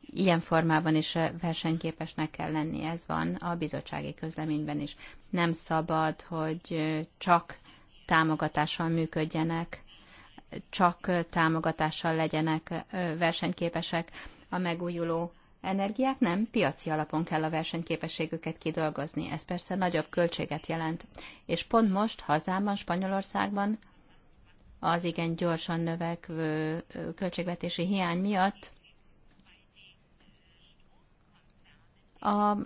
Speaker 1: ilyen formában is versenyképesnek kell lenni. Ez van a bizottsági közleményben is. Nem szabad, hogy csak támogatással működjenek, csak támogatással legyenek versenyképesek a megújuló energiák, nem, piaci alapon kell a versenyképességüket kidolgozni. Ez persze nagyobb költséget jelent. És pont most hazámban, Spanyolországban az igen gyorsan növekvő költségvetési hiány miatt a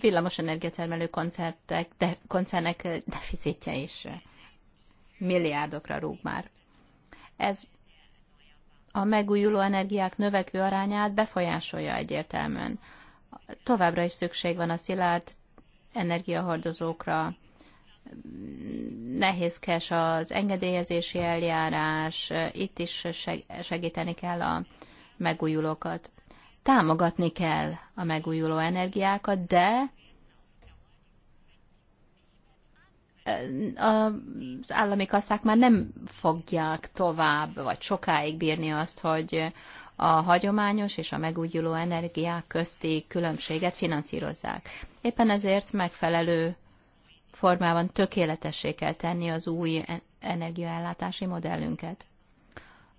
Speaker 1: villamos energiatermelő koncertek, de, koncernek deficitje is milliárdokra rúg már. Ez a megújuló energiák növekvő arányát befolyásolja egyértelműen. Továbbra is szükség van a szilárd energiahordozókra, nehézkes az engedélyezési eljárás, itt is segíteni kell a megújulókat. Támogatni kell a megújuló energiákat, de az állami kasszák már nem fogják tovább, vagy sokáig bírni azt, hogy a hagyományos és a megújuló energiák közti különbséget finanszírozzák. Éppen ezért megfelelő formában tökéletessé kell tenni az új energiaellátási modellünket.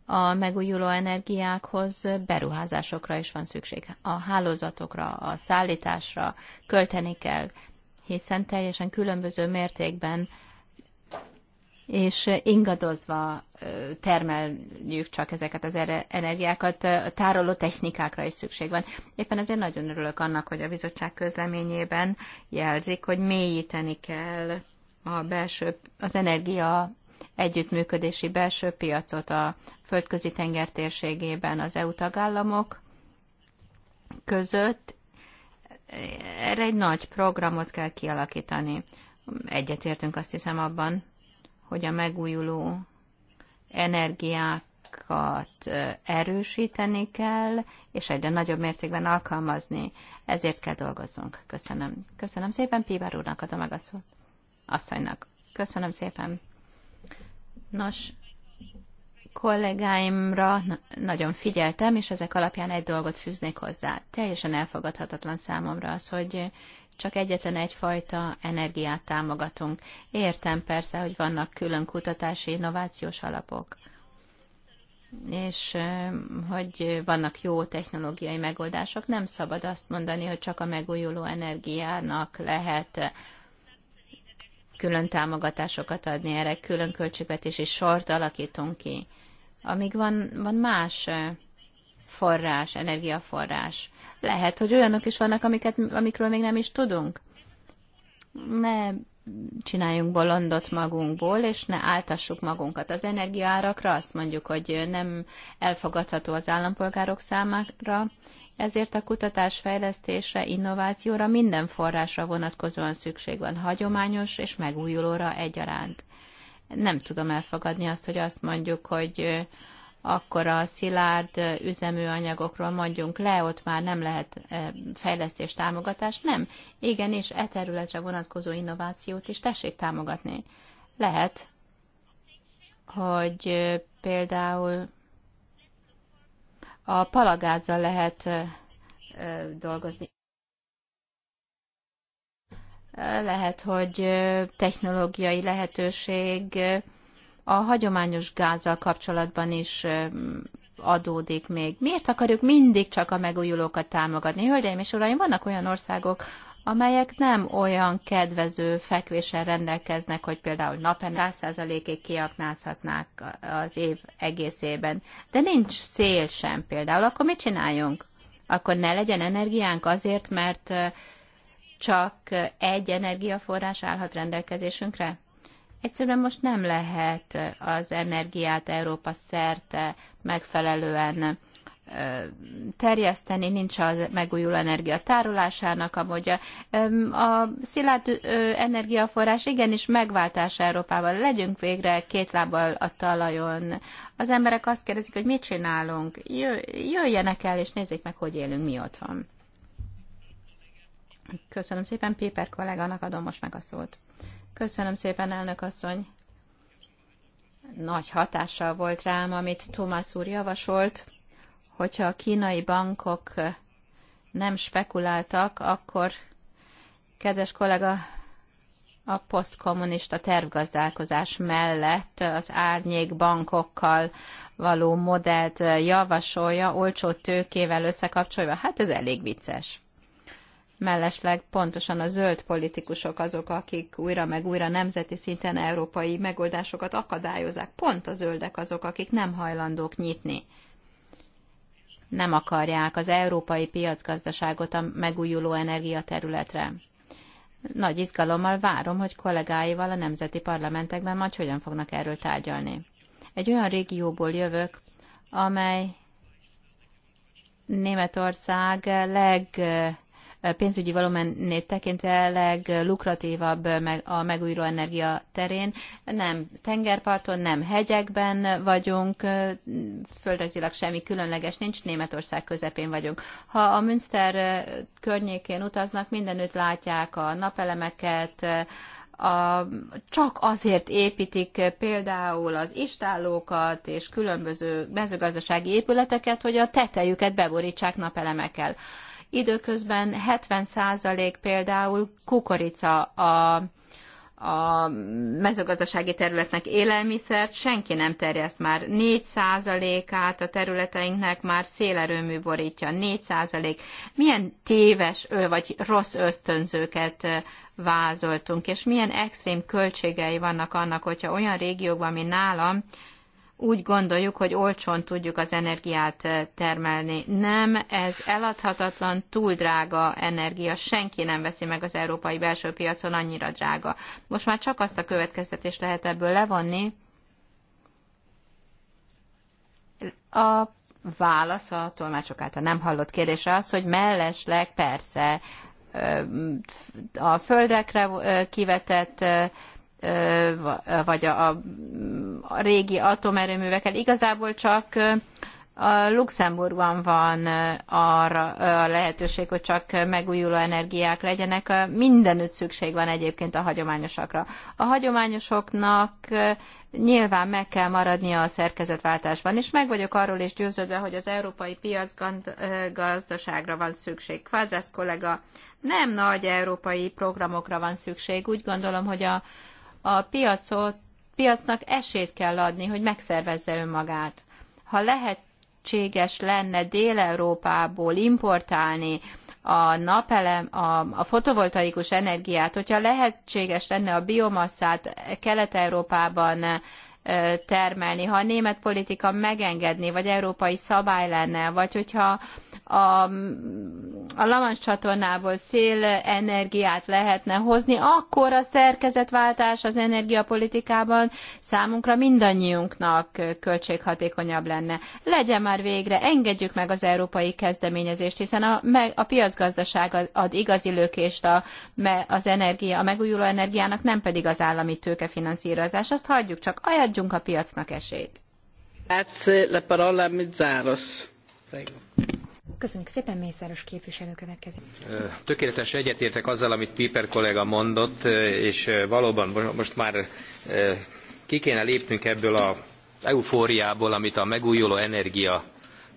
Speaker 1: A megújuló energiákhoz beruházásokra is van szükség. A hálózatokra, a szállításra költeni kell, hiszen teljesen különböző mértékben és ingadozva termeljük csak ezeket az energiákat, tároló technikákra is szükség van. Éppen ezért nagyon örülök annak, hogy a bizottság közleményében jelzik, hogy mélyíteni kell a belső, az energia együttműködési belső piacot a földközi tenger térségében az EU tagállamok között, erre egy nagy programot kell kialakítani. Egyetértünk azt hiszem abban, hogy a megújuló energiákat erősíteni kell, és egyre nagyobb mértékben alkalmazni. Ezért kell dolgozzunk. Köszönöm. Köszönöm szépen, Pívár úrnak adom meg a szót. Asszonynak. Köszönöm szépen. Nos, kollégáimra nagyon figyeltem, és ezek alapján egy dolgot fűznék hozzá. Teljesen elfogadhatatlan számomra az, hogy csak egyetlen egyfajta energiát támogatunk. Értem persze, hogy vannak külön kutatási innovációs alapok, és hogy vannak jó technológiai megoldások. Nem szabad azt mondani, hogy csak a megújuló energiának lehet külön támogatásokat adni erre, külön költségvetési sort alakítunk ki amíg van, van más forrás, energiaforrás. Lehet, hogy olyanok is vannak, amiket, amikről még nem is tudunk. Ne csináljunk bolondot magunkból, és ne áltassuk magunkat az energiaárakra. Azt mondjuk, hogy nem elfogadható az állampolgárok számára, ezért a kutatás fejlesztésre, innovációra minden forrásra vonatkozóan szükség van, hagyományos és megújulóra egyaránt nem tudom elfogadni azt, hogy azt mondjuk, hogy akkor a szilárd üzeműanyagokról mondjunk le, ott már nem lehet fejlesztés támogatás. Nem. Igen, és e területre vonatkozó innovációt is tessék támogatni. Lehet, hogy például a palagázzal lehet dolgozni lehet, hogy technológiai lehetőség a hagyományos gázzal kapcsolatban is adódik még. Miért akarjuk mindig csak a megújulókat támogatni? Hölgyeim és uraim, vannak olyan országok, amelyek nem olyan kedvező fekvéssel rendelkeznek, hogy például napen 100%-ig kiaknázhatnák az év egészében. De nincs szél sem például, akkor mit csináljunk? Akkor ne legyen energiánk azért, mert csak egy energiaforrás állhat rendelkezésünkre? Egyszerűen most nem lehet az energiát Európa szerte megfelelően terjeszteni, nincs az megújuló energia tárolásának a módja. A szilárd energiaforrás igenis megváltás Európával. Legyünk végre két lábbal a talajon. Az emberek azt kérdezik, hogy mit csinálunk. Jöjjenek el, és nézzék meg, hogy élünk mi otthon. Köszönöm szépen, Péper kollégának adom most meg a szót. Köszönöm szépen, elnök asszony. Nagy hatással volt rám, amit Thomas úr javasolt, hogyha a kínai bankok nem spekuláltak, akkor, kedves kollega, a posztkommunista tervgazdálkozás mellett az árnyék bankokkal való modellt javasolja, olcsó tőkével összekapcsolva. Hát ez elég vicces. Mellesleg pontosan a zöld politikusok azok, akik újra meg újra nemzeti szinten európai megoldásokat akadályozzák. Pont a zöldek azok, akik nem hajlandók nyitni. Nem akarják az európai piacgazdaságot a megújuló energiaterületre. Nagy izgalommal várom, hogy kollégáival a nemzeti parlamentekben majd hogyan fognak erről tárgyalni. Egy olyan régióból jövök, amely Németország leg pénzügyi valomennét tekintve leglukratívabb a megújuló energia terén. Nem tengerparton, nem hegyekben vagyunk, földrajzilag semmi különleges nincs, Németország közepén vagyunk. Ha a Münster környékén utaznak, mindenütt látják a napelemeket, a, csak azért építik például az istállókat és különböző mezőgazdasági épületeket, hogy a tetejüket beborítsák napelemekkel. Időközben 70% például kukorica a, a mezőgazdasági területnek élelmiszert senki nem terjeszt már. 4%-át a területeinknek már szélerőmű borítja. 4%. Milyen téves vagy rossz ösztönzőket vázoltunk, és milyen extrém költségei vannak annak, hogyha olyan régiókban, mint nálam, úgy gondoljuk, hogy olcsón tudjuk az energiát eh, termelni. Nem, ez eladhatatlan, túl drága energia. Senki nem veszi meg az európai belső piacon, annyira drága. Most már csak azt a következtetést lehet ebből levonni. A válasz a tolmácsok által nem hallott kérdésre az, hogy mellesleg persze a földekre kivetett vagy a, a régi atomerőművekkel. Igazából csak a Luxemburgban van arra a lehetőség, hogy csak megújuló energiák legyenek. Mindenütt szükség van egyébként a hagyományosakra. A hagyományosoknak nyilván meg kell maradnia a szerkezetváltásban, és meg vagyok arról is győződve, hogy az európai piac gazdaságra van szükség. Kvadrász kollega, nem nagy európai programokra van szükség. Úgy gondolom, hogy a a piacot, piacnak esélyt kell adni, hogy megszervezze önmagát. Ha lehetséges lenne Dél-Európából importálni a napelem, a, a fotovoltaikus energiát, hogyha lehetséges lenne a biomasszát Kelet-Európában termelni. Ha a német politika megengedné, vagy európai szabály lenne, vagy hogyha a, a Lavans csatornából szél energiát lehetne hozni, akkor a szerkezetváltás az energiapolitikában számunkra mindannyiunknak költséghatékonyabb lenne. Legyen már végre, engedjük meg az európai kezdeményezést, hiszen a, a piacgazdaság ad igazi lökést a, az energia, a megújuló energiának, nem pedig az állami tőkefinanszírozás. Azt hagyjuk csak, ajadjuk adjunk a piacnak esélyt.
Speaker 3: Köszönjük szépen, Mészáros képviselő következik.
Speaker 4: Tökéletes egyetértek azzal, amit Piper kollega mondott, és valóban most már ki kéne lépnünk ebből a eufóriából, amit a megújuló energia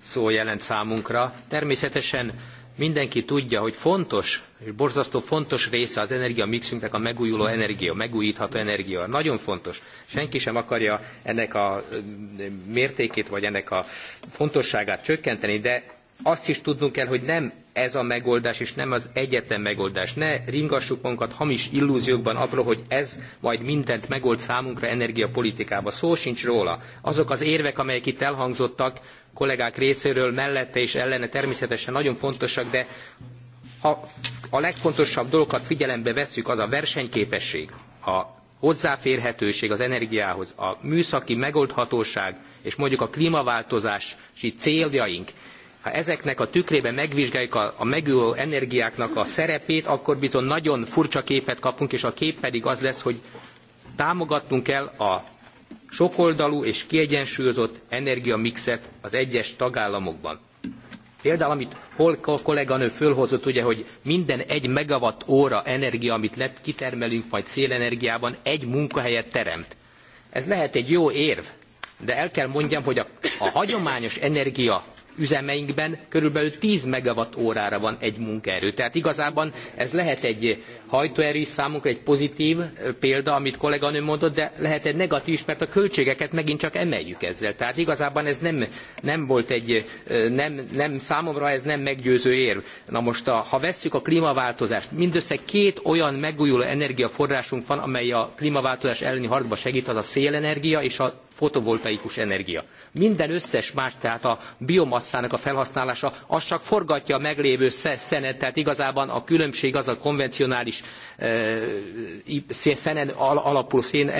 Speaker 4: szó jelent számunkra. Természetesen mindenki tudja, hogy fontos, és borzasztó fontos része az energiamixünknek a megújuló energia, megújítható energia. Nagyon fontos. Senki sem akarja ennek a mértékét, vagy ennek a fontosságát csökkenteni, de azt is tudnunk kell, hogy nem ez a megoldás, és nem az egyetlen megoldás. Ne ringassuk magunkat hamis illúziókban arról, hogy ez majd mindent megold számunkra energiapolitikába. Szó sincs róla. Azok az érvek, amelyek itt elhangzottak, kollégák részéről mellette és ellene természetesen nagyon fontosak, de ha a legfontosabb dolgokat figyelembe vesszük, az a versenyképesség, a hozzáférhetőség az energiához, a műszaki megoldhatóság és mondjuk a klímaváltozási céljaink, ha ezeknek a tükrében megvizsgáljuk a, a megújuló energiáknak a szerepét, akkor bizony nagyon furcsa képet kapunk, és a kép pedig az lesz, hogy támogatnunk kell a sokoldalú és kiegyensúlyozott energiamixet az egyes tagállamokban. Például, amit hol kolléganő fölhozott, ugye, hogy minden egy megawatt óra energia, amit lett, kitermelünk majd szélenergiában, egy munkahelyet teremt. Ez lehet egy jó érv, de el kell mondjam, hogy a, a hagyományos energia üzemeinkben körülbelül 10 megawatt órára van egy munkaerő. Tehát igazában ez lehet egy hajtóerő számunkra, egy pozitív példa, amit kolléganő mondott, de lehet egy negatív is, mert a költségeket megint csak emeljük ezzel. Tehát igazában ez nem, nem volt egy, nem, nem, számomra ez nem meggyőző érv. Na most, a, ha vesszük a klímaváltozást, mindössze két olyan megújuló energiaforrásunk van, amely a klímaváltozás elleni harcba segít, az a szélenergia és a fotovoltaikus energia. Minden összes más, tehát a biomasszának a felhasználása, az csak forgatja a meglévő szenet, tehát igazában a különbség az a konvencionális eh, szenen alapuló, szén,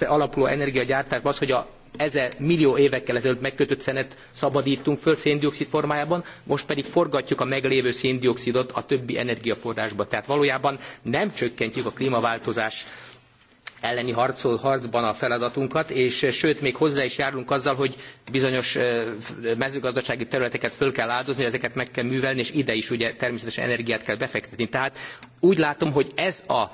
Speaker 4: alapuló energiagyártásban az, hogy a ezer millió évekkel ezelőtt megkötött szenet szabadítunk föl széndiokszid formájában, most pedig forgatjuk a meglévő széndiokszidot a többi energiaforrásba. Tehát valójában nem csökkentjük a klímaváltozás elleni harcol, harcban a feladatunkat, és eh, sőt, még hozzá is járulunk azzal, hogy bizonyos eh, mezőgazdasági területeket föl kell áldozni, hogy ezeket meg kell művelni, és ide is ugye természetesen energiát kell befektetni. Tehát úgy látom, hogy ez a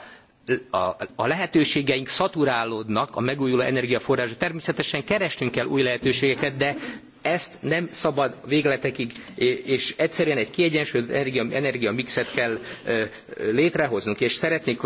Speaker 4: a, a lehetőségeink szaturálódnak a megújuló energiaforrások. Természetesen keresnünk kell új lehetőségeket, de ezt nem szabad végletekig, és egyszerűen egy kiegyensúlyozott energiamixet energia mixet kell létrehoznunk, és szeretnék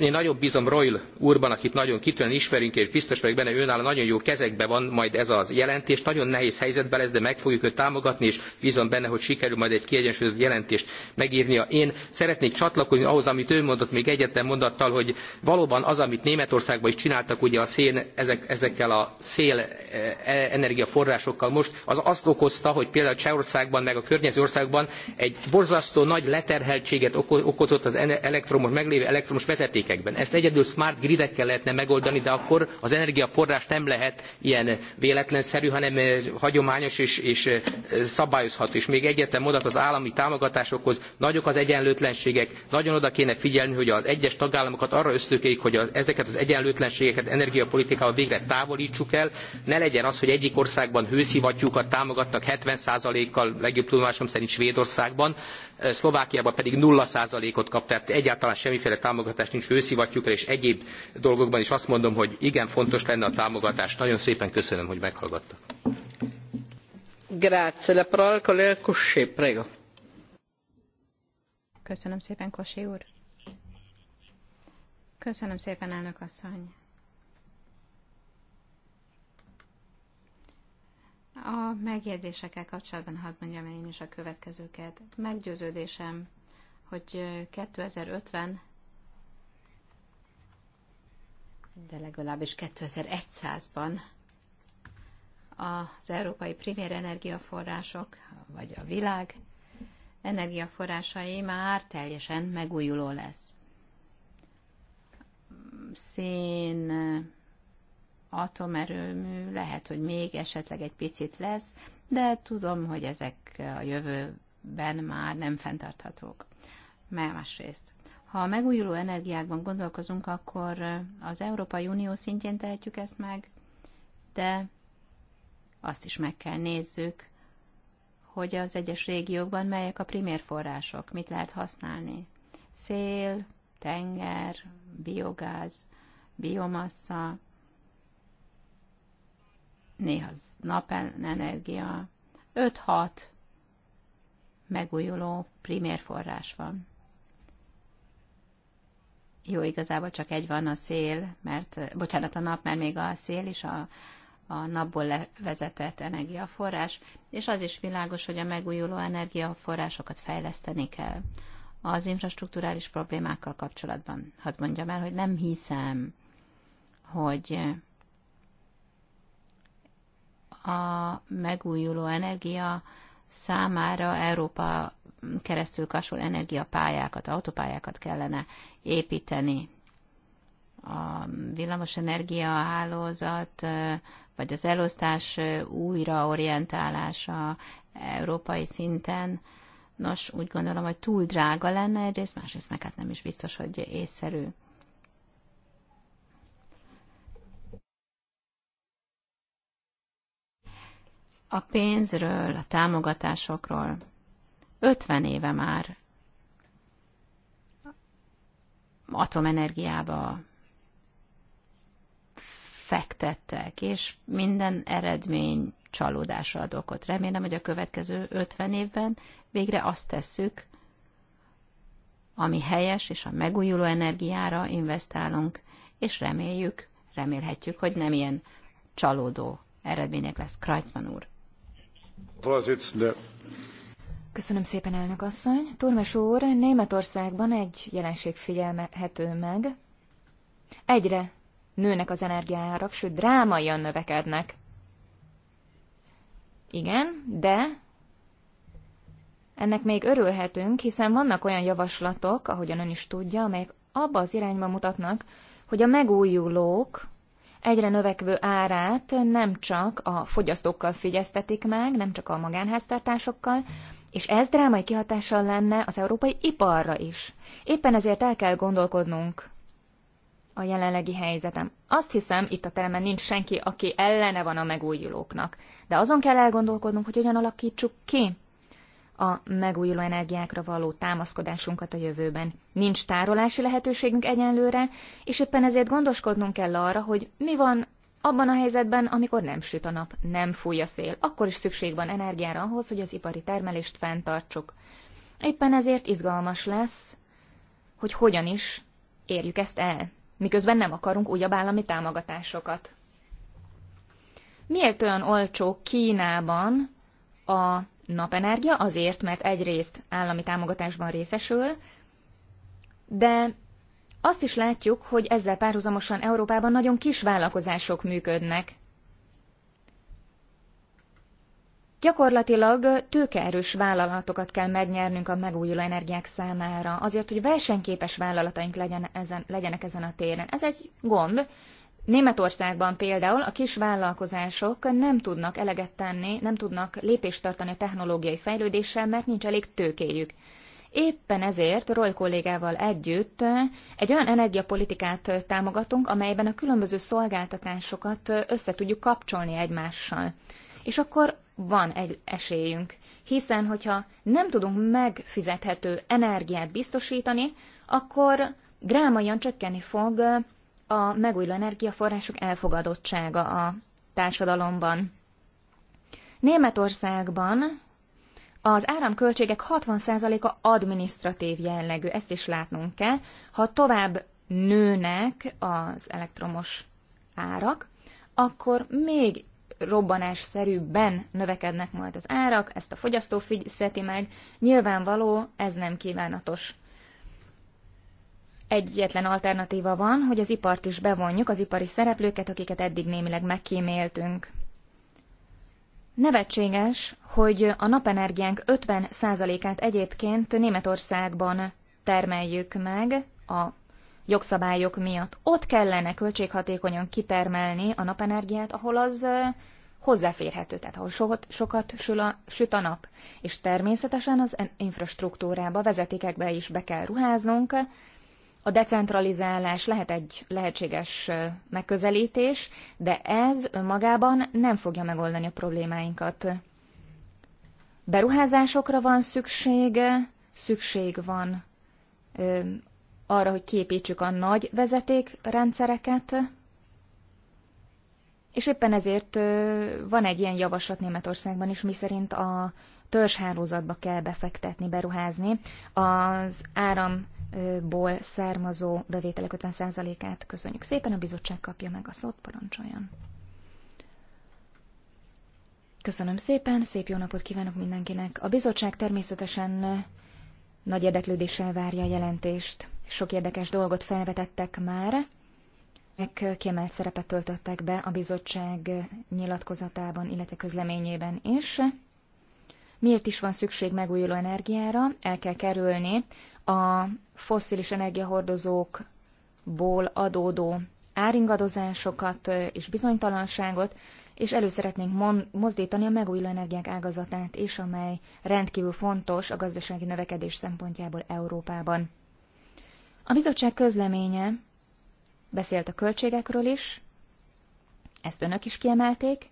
Speaker 4: én nagyon bízom Royl úrban, akit nagyon kitűnően ismerünk, és biztos vagyok benne, őnála nagyon jó kezekben van majd ez az jelentés. Nagyon nehéz helyzetben lesz, de meg fogjuk őt támogatni, és bízom benne, hogy sikerül majd egy kiegyensúlyozott jelentést megírnia. Én szeretnék csatlakozni ahhoz, amit ő mondott még egyetlen mondattal, hogy valóban az, amit Németországban is csináltak, ugye a szén, ezek, ezekkel a szél e, energiaforrásokkal most, az azt okozta, hogy például Csehországban, meg a környező országban egy borzasztó nagy leterheltséget okozott az elektromos, meglévő elektromos vezeték termékekben. Ezt egyedül smart gridekkel lehetne megoldani, de akkor az energiaforrás nem lehet ilyen véletlenszerű, hanem hagyományos és, és szabályozható. És még egyetlen mondat az állami támogatásokhoz. Nagyok az egyenlőtlenségek, nagyon oda kéne figyelni, hogy az egyes tagállamokat arra ösztökéljük, hogy ezeket az egyenlőtlenségeket energiapolitikával végre távolítsuk el. Ne legyen az, hogy egyik országban hőszivattyúkat támogatnak 70%-kal, legjobb tudomásom szerint Svédországban, Szlovákiában pedig 0%-ot kap, tehát egyáltalán semmiféle támogatás nincs kőszivattyúkra és egyéb dolgokban is azt mondom, hogy igen fontos lenne a támogatás. Nagyon szépen köszönöm, hogy meghallgatta.
Speaker 1: Grazie. La parola collega Cossé, prego. Köszönöm szépen, Kossé úr. Köszönöm szépen, elnök asszony. A megjegyzésekkel kapcsolatban hadd mondjam én is a következőket. Meggyőződésem, hogy 2050 de legalábbis 2100-ban az európai primér energiaforrások, vagy a világ energiaforrásai már teljesen megújuló lesz. Szén, atomerőmű, lehet, hogy még esetleg egy picit lesz, de tudom, hogy ezek a jövőben már nem fenntarthatók. Mert másrészt ha a megújuló energiákban gondolkozunk, akkor az Európai Unió szintjén tehetjük ezt meg, de azt is meg kell nézzük, hogy az egyes régiókban melyek a primér források, mit lehet használni. Szél, tenger, biogáz, biomassa, néha napenergia, 5-6 megújuló primér forrás van. Jó, igazából csak egy van a szél, mert, bocsánat, a nap, mert még a szél is a, a napból levezetett energiaforrás, és az is világos, hogy a megújuló energiaforrásokat fejleszteni kell. Az infrastruktúrális problémákkal kapcsolatban, hadd mondjam el, hogy nem hiszem, hogy a megújuló energia számára Európa keresztül kasul energiapályákat, autópályákat kellene építeni. A villamosenergia hálózat, vagy az elosztás újraorientálása európai szinten, nos, úgy gondolom, hogy túl drága lenne egyrészt, másrészt meg hát nem is biztos, hogy észszerű. A pénzről, a támogatásokról 50 éve már atomenergiába fektettek, és minden eredmény csalódásra ad okot. Remélem, hogy a következő 50 évben végre azt tesszük, ami helyes, és a megújuló energiára investálunk, és reméljük, remélhetjük, hogy nem ilyen csalódó eredmények lesz. Kreitzmann úr.
Speaker 3: Köszönöm szépen, elnök asszony. Turmes úr, Németországban egy jelenség figyelhető meg. Egyre nőnek az energiaárak, sőt drámaian növekednek. Igen, de ennek még örülhetünk, hiszen vannak olyan javaslatok, ahogyan ön is tudja, amelyek abba az irányba mutatnak, hogy a megújulók egyre növekvő árát nem csak a fogyasztókkal figyeztetik meg, nem csak a magánháztartásokkal, és ez drámai kihatással lenne az európai iparra is. Éppen ezért el kell gondolkodnunk a jelenlegi helyzetem. Azt hiszem, itt a teremben nincs senki, aki ellene van a megújulóknak. De azon kell elgondolkodnunk, hogy hogyan alakítsuk ki a megújuló energiákra való támaszkodásunkat a jövőben. Nincs tárolási lehetőségünk egyenlőre, és éppen ezért gondoskodnunk kell arra, hogy mi van abban a helyzetben, amikor nem süt a nap, nem fúj a szél, akkor is szükség van energiára ahhoz, hogy az ipari termelést fenntartsuk. Éppen ezért izgalmas lesz, hogy hogyan is érjük ezt el, miközben nem akarunk újabb állami támogatásokat. Miért olyan olcsó Kínában a napenergia? Azért, mert egyrészt állami támogatásban részesül, de azt is látjuk, hogy ezzel párhuzamosan Európában nagyon kis vállalkozások működnek. Gyakorlatilag tőkeerős vállalatokat kell megnyernünk a megújuló energiák számára, azért, hogy versenyképes vállalataink legyen ezen, legyenek ezen a téren. Ez egy gond. Németországban például a kis vállalkozások nem tudnak eleget tenni, nem tudnak lépést tartani a technológiai fejlődéssel, mert nincs elég tőkéjük. Éppen ezért Roy kollégával együtt egy olyan energiapolitikát támogatunk, amelyben a különböző szolgáltatásokat össze tudjuk kapcsolni egymással. És akkor van egy esélyünk, hiszen hogyha nem tudunk megfizethető energiát biztosítani, akkor drámaian csökkenni fog a megújuló energiaforrások elfogadottsága a társadalomban. Németországban az áramköltségek 60%-a adminisztratív jellegű, ezt is látnunk kell. Ha tovább nőnek az elektromos árak, akkor még robbanásszerűbben növekednek majd az árak, ezt a fogyasztó fizeti meg. Nyilvánvaló, ez nem kívánatos. Egyetlen alternatíva van, hogy az ipart is bevonjuk, az ipari szereplőket, akiket eddig némileg megkíméltünk. Nevetséges, hogy a napenergiánk 50%-át egyébként Németországban termeljük meg a jogszabályok miatt. Ott kellene költséghatékonyan kitermelni a napenergiát, ahol az hozzáférhető, tehát ahol sokat, sokat sül a, süt a nap. És természetesen az infrastruktúrába, vezetékekbe is be kell ruháznunk, a decentralizálás lehet egy lehetséges megközelítés, de ez önmagában nem fogja megoldani a problémáinkat. Beruházásokra van szükség, szükség van ö, arra, hogy képítsük a nagy vezetékrendszereket, és éppen ezért ö, van egy ilyen javaslat Németországban is, miszerint a törzshálózatba kell befektetni, beruházni. Az áram ból származó bevételek 50%-át köszönjük szépen, a bizottság kapja meg a szót, parancsoljon. Köszönöm szépen, szép jó napot kívánok mindenkinek. A bizottság természetesen nagy érdeklődéssel várja a jelentést. Sok érdekes dolgot felvetettek már, meg kiemelt szerepet töltöttek be a bizottság nyilatkozatában, illetve közleményében is. Miért is van szükség megújuló energiára? El kell kerülni a fosszilis energiahordozókból adódó áringadozásokat és bizonytalanságot, és elő szeretnénk mozdítani a megújuló energiák ágazatát is, amely rendkívül fontos a gazdasági növekedés szempontjából Európában. A bizottság közleménye beszélt a költségekről is, ezt önök is kiemelték,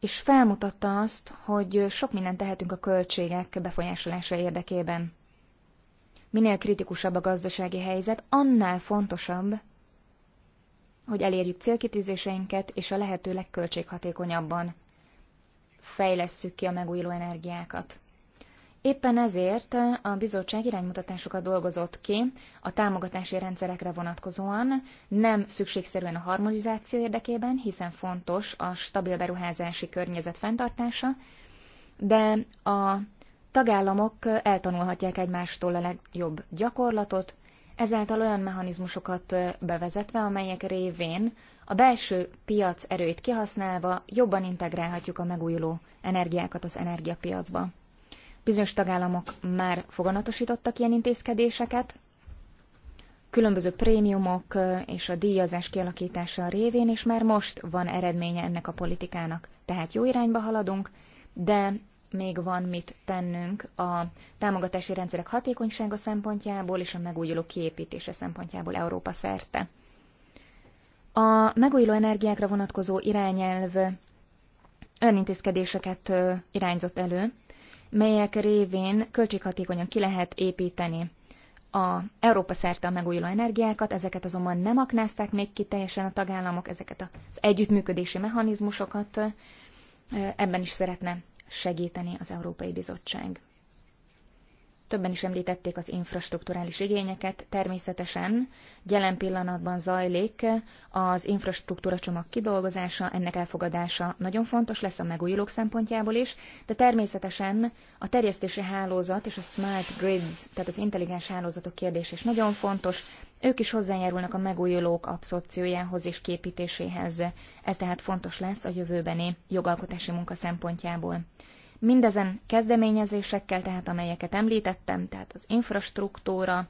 Speaker 3: és felmutatta azt, hogy sok mindent tehetünk a költségek befolyásolása érdekében minél kritikusabb a gazdasági helyzet, annál fontosabb, hogy elérjük célkitűzéseinket, és a lehető legköltséghatékonyabban fejlesszük ki a megújuló energiákat. Éppen ezért a bizottság iránymutatásokat dolgozott ki a támogatási rendszerekre vonatkozóan, nem szükségszerűen a harmonizáció érdekében, hiszen fontos a stabil beruházási környezet fenntartása, de a tagállamok eltanulhatják egymástól a legjobb gyakorlatot, ezáltal olyan mechanizmusokat bevezetve, amelyek révén a belső piac erőit kihasználva jobban integrálhatjuk a megújuló energiákat az energiapiacba. Bizonyos tagállamok már foganatosítottak ilyen intézkedéseket, különböző prémiumok és a díjazás kialakítása révén, és már most van eredménye ennek a politikának. Tehát jó irányba haladunk, de még van mit tennünk a támogatási rendszerek hatékonysága szempontjából és a megújuló kiépítése szempontjából Európa szerte. A megújuló energiákra vonatkozó irányelv önintézkedéseket irányzott elő, melyek révén költséghatékonyan ki lehet építeni a Európa szerte a megújuló energiákat, ezeket azonban nem aknázták még ki teljesen a tagállamok, ezeket az együttműködési mechanizmusokat, ebben is szeretne segíteni az Európai Bizottság. Többen is említették az infrastruktúrális igényeket. Természetesen jelen pillanatban zajlik az infrastruktúra csomag kidolgozása, ennek elfogadása nagyon fontos lesz a megújulók szempontjából is, de természetesen a terjesztési hálózat és a smart grids, tehát az intelligens hálózatok kérdése is nagyon fontos, ők is hozzájárulnak a megújulók abszorpciójához és képítéséhez, ez tehát fontos lesz a jövőbeni jogalkotási munka szempontjából. Mindezen kezdeményezésekkel, tehát amelyeket említettem, tehát az infrastruktúra,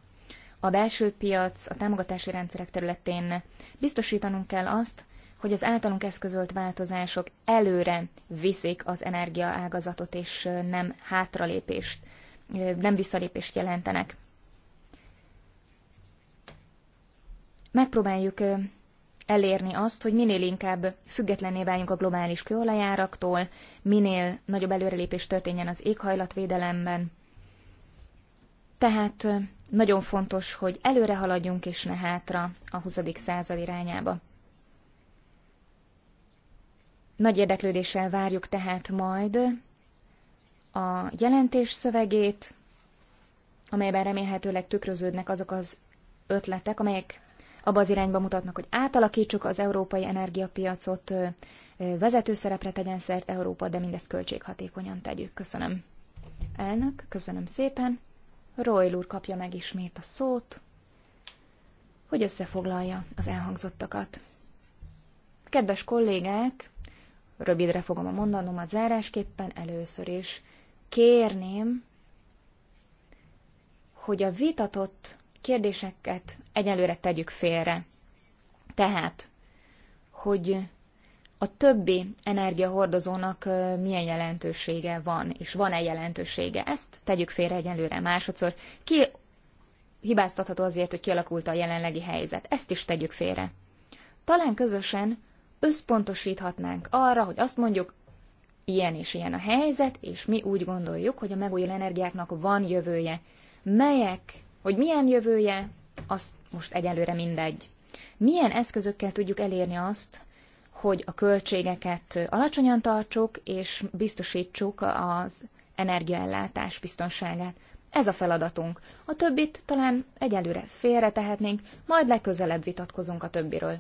Speaker 3: a belső piac, a támogatási rendszerek területén biztosítanunk kell azt, hogy az általunk eszközölt változások előre viszik az energiaágazatot, és nem hátralépést, nem visszalépést jelentenek. megpróbáljuk elérni azt, hogy minél inkább függetlenné váljunk a globális kőolajáraktól, minél nagyobb előrelépés történjen az éghajlatvédelemben. Tehát nagyon fontos, hogy előre haladjunk és ne hátra a 20. század irányába. Nagy érdeklődéssel várjuk tehát majd a jelentés szövegét, amelyben remélhetőleg tükröződnek azok az ötletek, amelyek abba az irányba mutatnak, hogy átalakítsuk az európai energiapiacot, vezető szerepre tegyen szert Európa, de mindezt költséghatékonyan tegyük. Köszönöm. Elnök, köszönöm szépen. Royl úr kapja meg ismét a szót, hogy összefoglalja az elhangzottakat. Kedves kollégák, rövidre fogom a mondanomat zárásképpen először is. Kérném, hogy a vitatott kérdéseket egyelőre tegyük félre. Tehát, hogy a többi energiahordozónak milyen jelentősége van, és van-e jelentősége. Ezt tegyük félre egyelőre másodszor. Ki hibáztatható azért, hogy kialakult a jelenlegi helyzet? Ezt is tegyük félre. Talán közösen összpontosíthatnánk arra, hogy azt mondjuk, ilyen és ilyen a helyzet, és mi úgy gondoljuk, hogy a megújuló energiáknak van jövője. Melyek hogy milyen jövője, azt most egyelőre mindegy. Milyen eszközökkel tudjuk elérni azt, hogy a költségeket alacsonyan tartsuk, és biztosítsuk az energiaellátás biztonságát. Ez a feladatunk. A többit talán egyelőre félre tehetnénk, majd legközelebb vitatkozunk a többiről.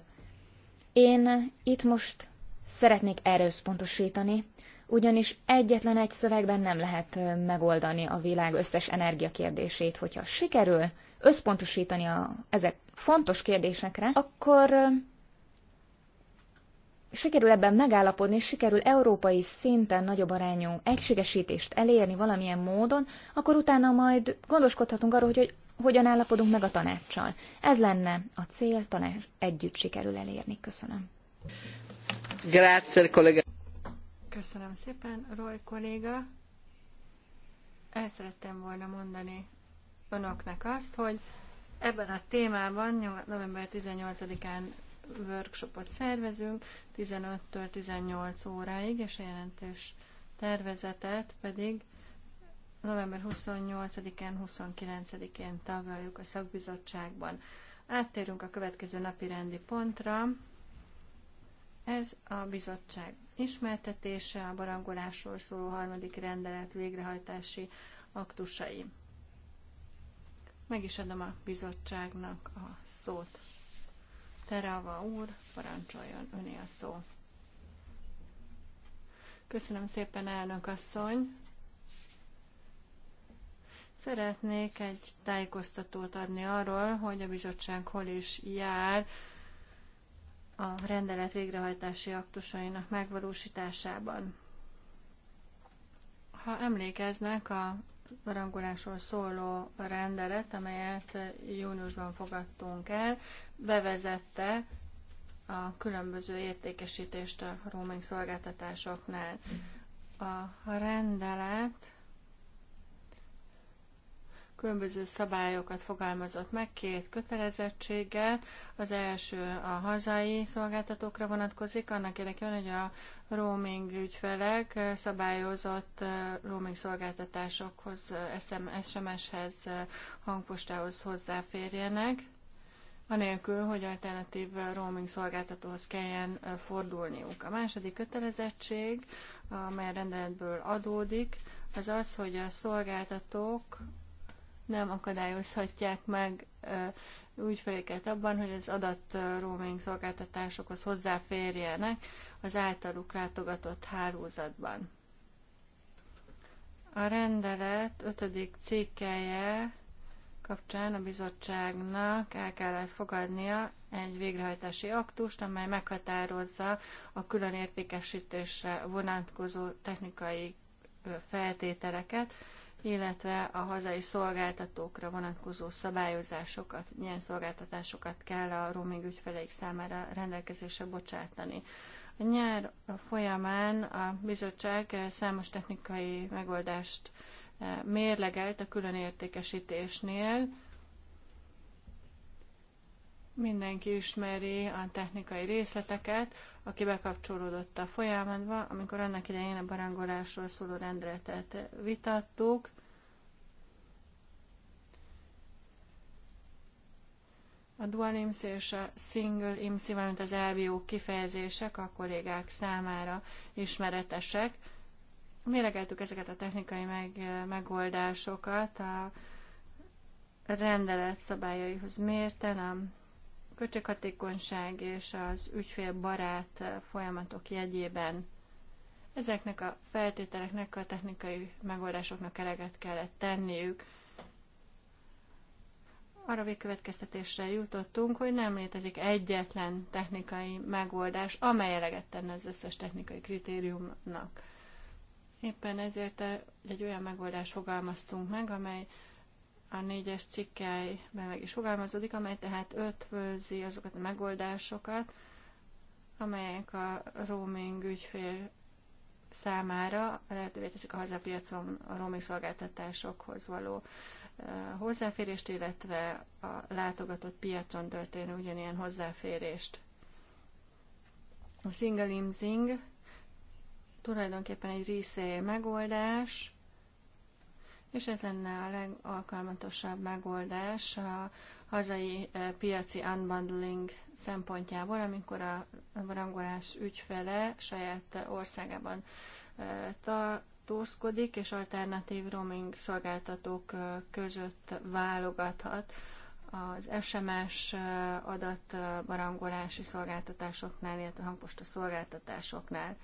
Speaker 3: Én itt most szeretnék erőszpontosítani, ugyanis egyetlen egy szövegben nem lehet megoldani a világ összes energiakérdését. Hogyha sikerül összpontosítani a, ezek fontos kérdésekre, akkor sikerül ebben megállapodni, és sikerül európai szinten nagyobb arányú egységesítést elérni valamilyen módon, akkor utána majd gondoskodhatunk arról, hogy, hogy hogyan állapodunk meg a tanácssal. Ez lenne a cél, tanács együtt sikerül elérni. Köszönöm.
Speaker 1: Grazie, kollega.
Speaker 2: Köszönöm szépen, Roy kolléga. El szerettem volna mondani önöknek azt, hogy ebben a témában november 18-án workshopot szervezünk, 15-től 18 óráig, és a jelentős tervezetet pedig november 28-án, 29-én tagoljuk a szakbizottságban. Áttérünk a következő napi rendi pontra. Ez a bizottság ismertetése, a barangolásról szóló harmadik rendelet végrehajtási aktusai. Meg is adom a bizottságnak a szót. Terava úr, parancsoljon öné a szó. Köszönöm szépen, elnök asszony. Szeretnék egy tájékoztatót adni arról, hogy a bizottság hol is jár a rendelet végrehajtási aktusainak megvalósításában. Ha emlékeznek, a barangolásról szóló rendelet, amelyet júniusban fogadtunk el, bevezette a különböző értékesítést a roaming szolgáltatásoknál. A rendelet különböző szabályokat fogalmazott meg, két kötelezettséggel. Az első a hazai szolgáltatókra vonatkozik, annak érdekében, hogy a roaming ügyfelek szabályozott eh, roaming szolgáltatásokhoz, SMS-hez, eh, hangpostához hozzáférjenek, anélkül, hogy alternatív eh, roaming szolgáltatóhoz kelljen fordulniuk. A második kötelezettség, amely a rendeletből adódik, az az, hogy a szolgáltatók nem akadályozhatják meg úgy feléket abban, hogy az adat roaming szolgáltatásokhoz hozzáférjenek az általuk látogatott hálózatban. A rendelet 5. cikkelje kapcsán a bizottságnak el kellett fogadnia egy végrehajtási aktust, amely meghatározza a külön értékesítésre vonatkozó technikai feltételeket, illetve a hazai szolgáltatókra vonatkozó szabályozásokat, milyen szolgáltatásokat kell a roaming ügyfeleik számára rendelkezésre bocsátani. A nyár folyamán a bizottság számos technikai megoldást eh, mérlegelt a külön értékesítésnél, Mindenki ismeri a technikai részleteket, aki bekapcsolódott a folyamatba, amikor annak idején a barangolásról szóló rendeletet vitattuk. A dual IMSZ és a single IMSZ, valamint az LBO kifejezések a kollégák számára ismeretesek. Méregeltük ezeket a technikai meg, megoldásokat a rendelet szabályaihoz mérten, a költséghatékonyság és az ügyfélbarát eh, folyamatok jegyében ezeknek a feltételeknek, a technikai megoldásoknak eleget kellett tenniük. Arra végkövetkeztetésre jutottunk, hogy nem létezik egyetlen technikai megoldás, amely eleget tenne az összes technikai kritériumnak. Éppen ezért eh, egy olyan megoldást fogalmaztunk meg, amely a négyes cikkelyben meg is fogalmazódik, amely tehát ötvözi azokat a megoldásokat, amelyek a roaming ügyfél számára lehetővé teszik a hazapiacon a roaming szolgáltatásokhoz való hozzáférést, illetve a látogatott piacon történő ugyanilyen hozzáférést. A single imzing tulajdonképpen egy resale megoldás, és ez lenne a legalkalmatosabb megoldás a hazai eh, piaci unbundling szempontjából, amikor a rangolás ügyfele saját országában eh, tartózkodik, és alternatív roaming szolgáltatók eh, között válogathat az SMS adat barangolási szolgáltatásoknál, illetve hangposta szolgáltatásoknál.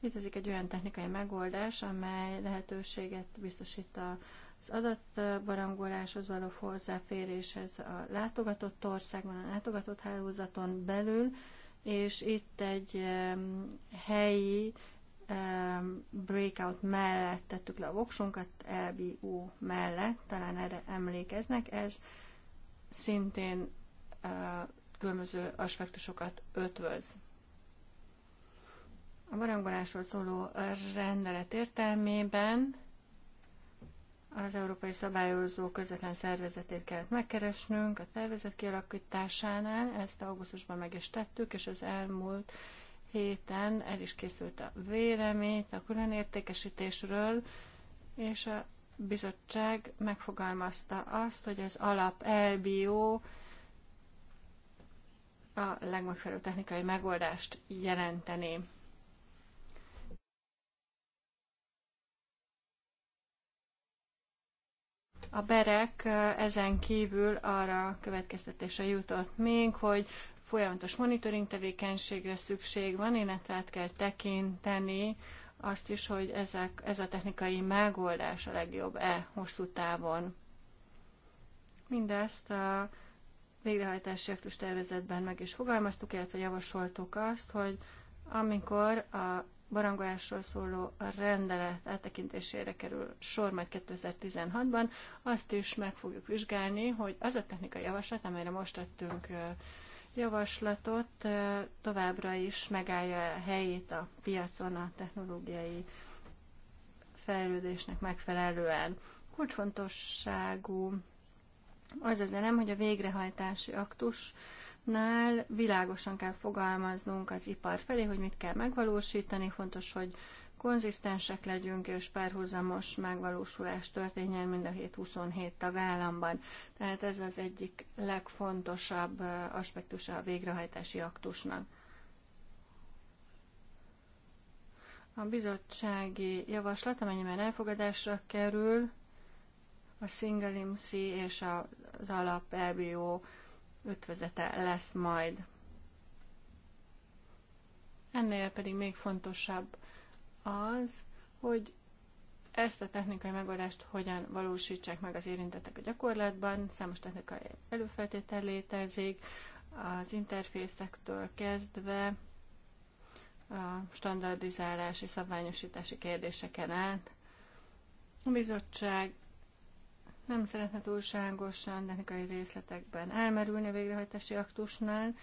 Speaker 2: Létezik egy olyan technikai megoldás, amely lehetőséget biztosít az adatbarangoláshoz való hozzáféréshez a látogatott országban, a látogatott hálózaton belül, és itt egy helyi breakout mellett tettük le a voksunkat, LBU mellett, talán erre emlékeznek, ez szintén különböző aspektusokat ötvöz. A barangolásról szóló rendelet értelmében az Európai Szabályozó Közvetlen Szervezetét kellett megkeresnünk a szervezet kialakításánál, ezt augusztusban meg is tettük, és az elmúlt héten el is készült a véleményt a külön értékesítésről, és a bizottság megfogalmazta azt, hogy az alap LBO a legmegfelelőbb technikai megoldást jelenteni. A berek ezen kívül arra következtetése jutott még, hogy folyamatos monitoring tevékenységre szükség van, illetve át kell tekinteni azt is, hogy ezek, ez a technikai megoldás a legjobb-e hosszú távon. Mindezt a végrehajtási aktus tervezetben meg is fogalmaztuk, illetve javasoltuk azt, hogy amikor a barangolásról szóló rendelet áttekintésére kerül sor majd 2016-ban. Azt is meg fogjuk vizsgálni, hogy az a technikai javaslat, amelyre most tettünk javaslatot, továbbra is megállja a helyét a piacon a technológiai fejlődésnek megfelelően. Kulcsfontosságú az az elem, hogy a végrehajtási aktus nál világosan kell fogalmaznunk az ipar felé, hogy mit kell megvalósítani, fontos, hogy konzisztensek legyünk, és párhuzamos megvalósulás történjen mind a 27 tagállamban. Tehát ez az egyik legfontosabb aspektusa a végrehajtási aktusnak. A bizottsági javaslat, amennyiben elfogadásra kerül, a Single MC és az alap LBO ötvözete lesz majd. Ennél pedig még fontosabb az, hogy ezt a technikai megoldást hogyan valósítsák meg az érintettek a gyakorlatban. Számos technikai előfeltétel létezik, az interfészektől kezdve a standardizálási, szabványosítási kérdéseken át. A bizottság nem szeretne túlságosan technikai részletekben elmerülni a végrehajtási aktusnál,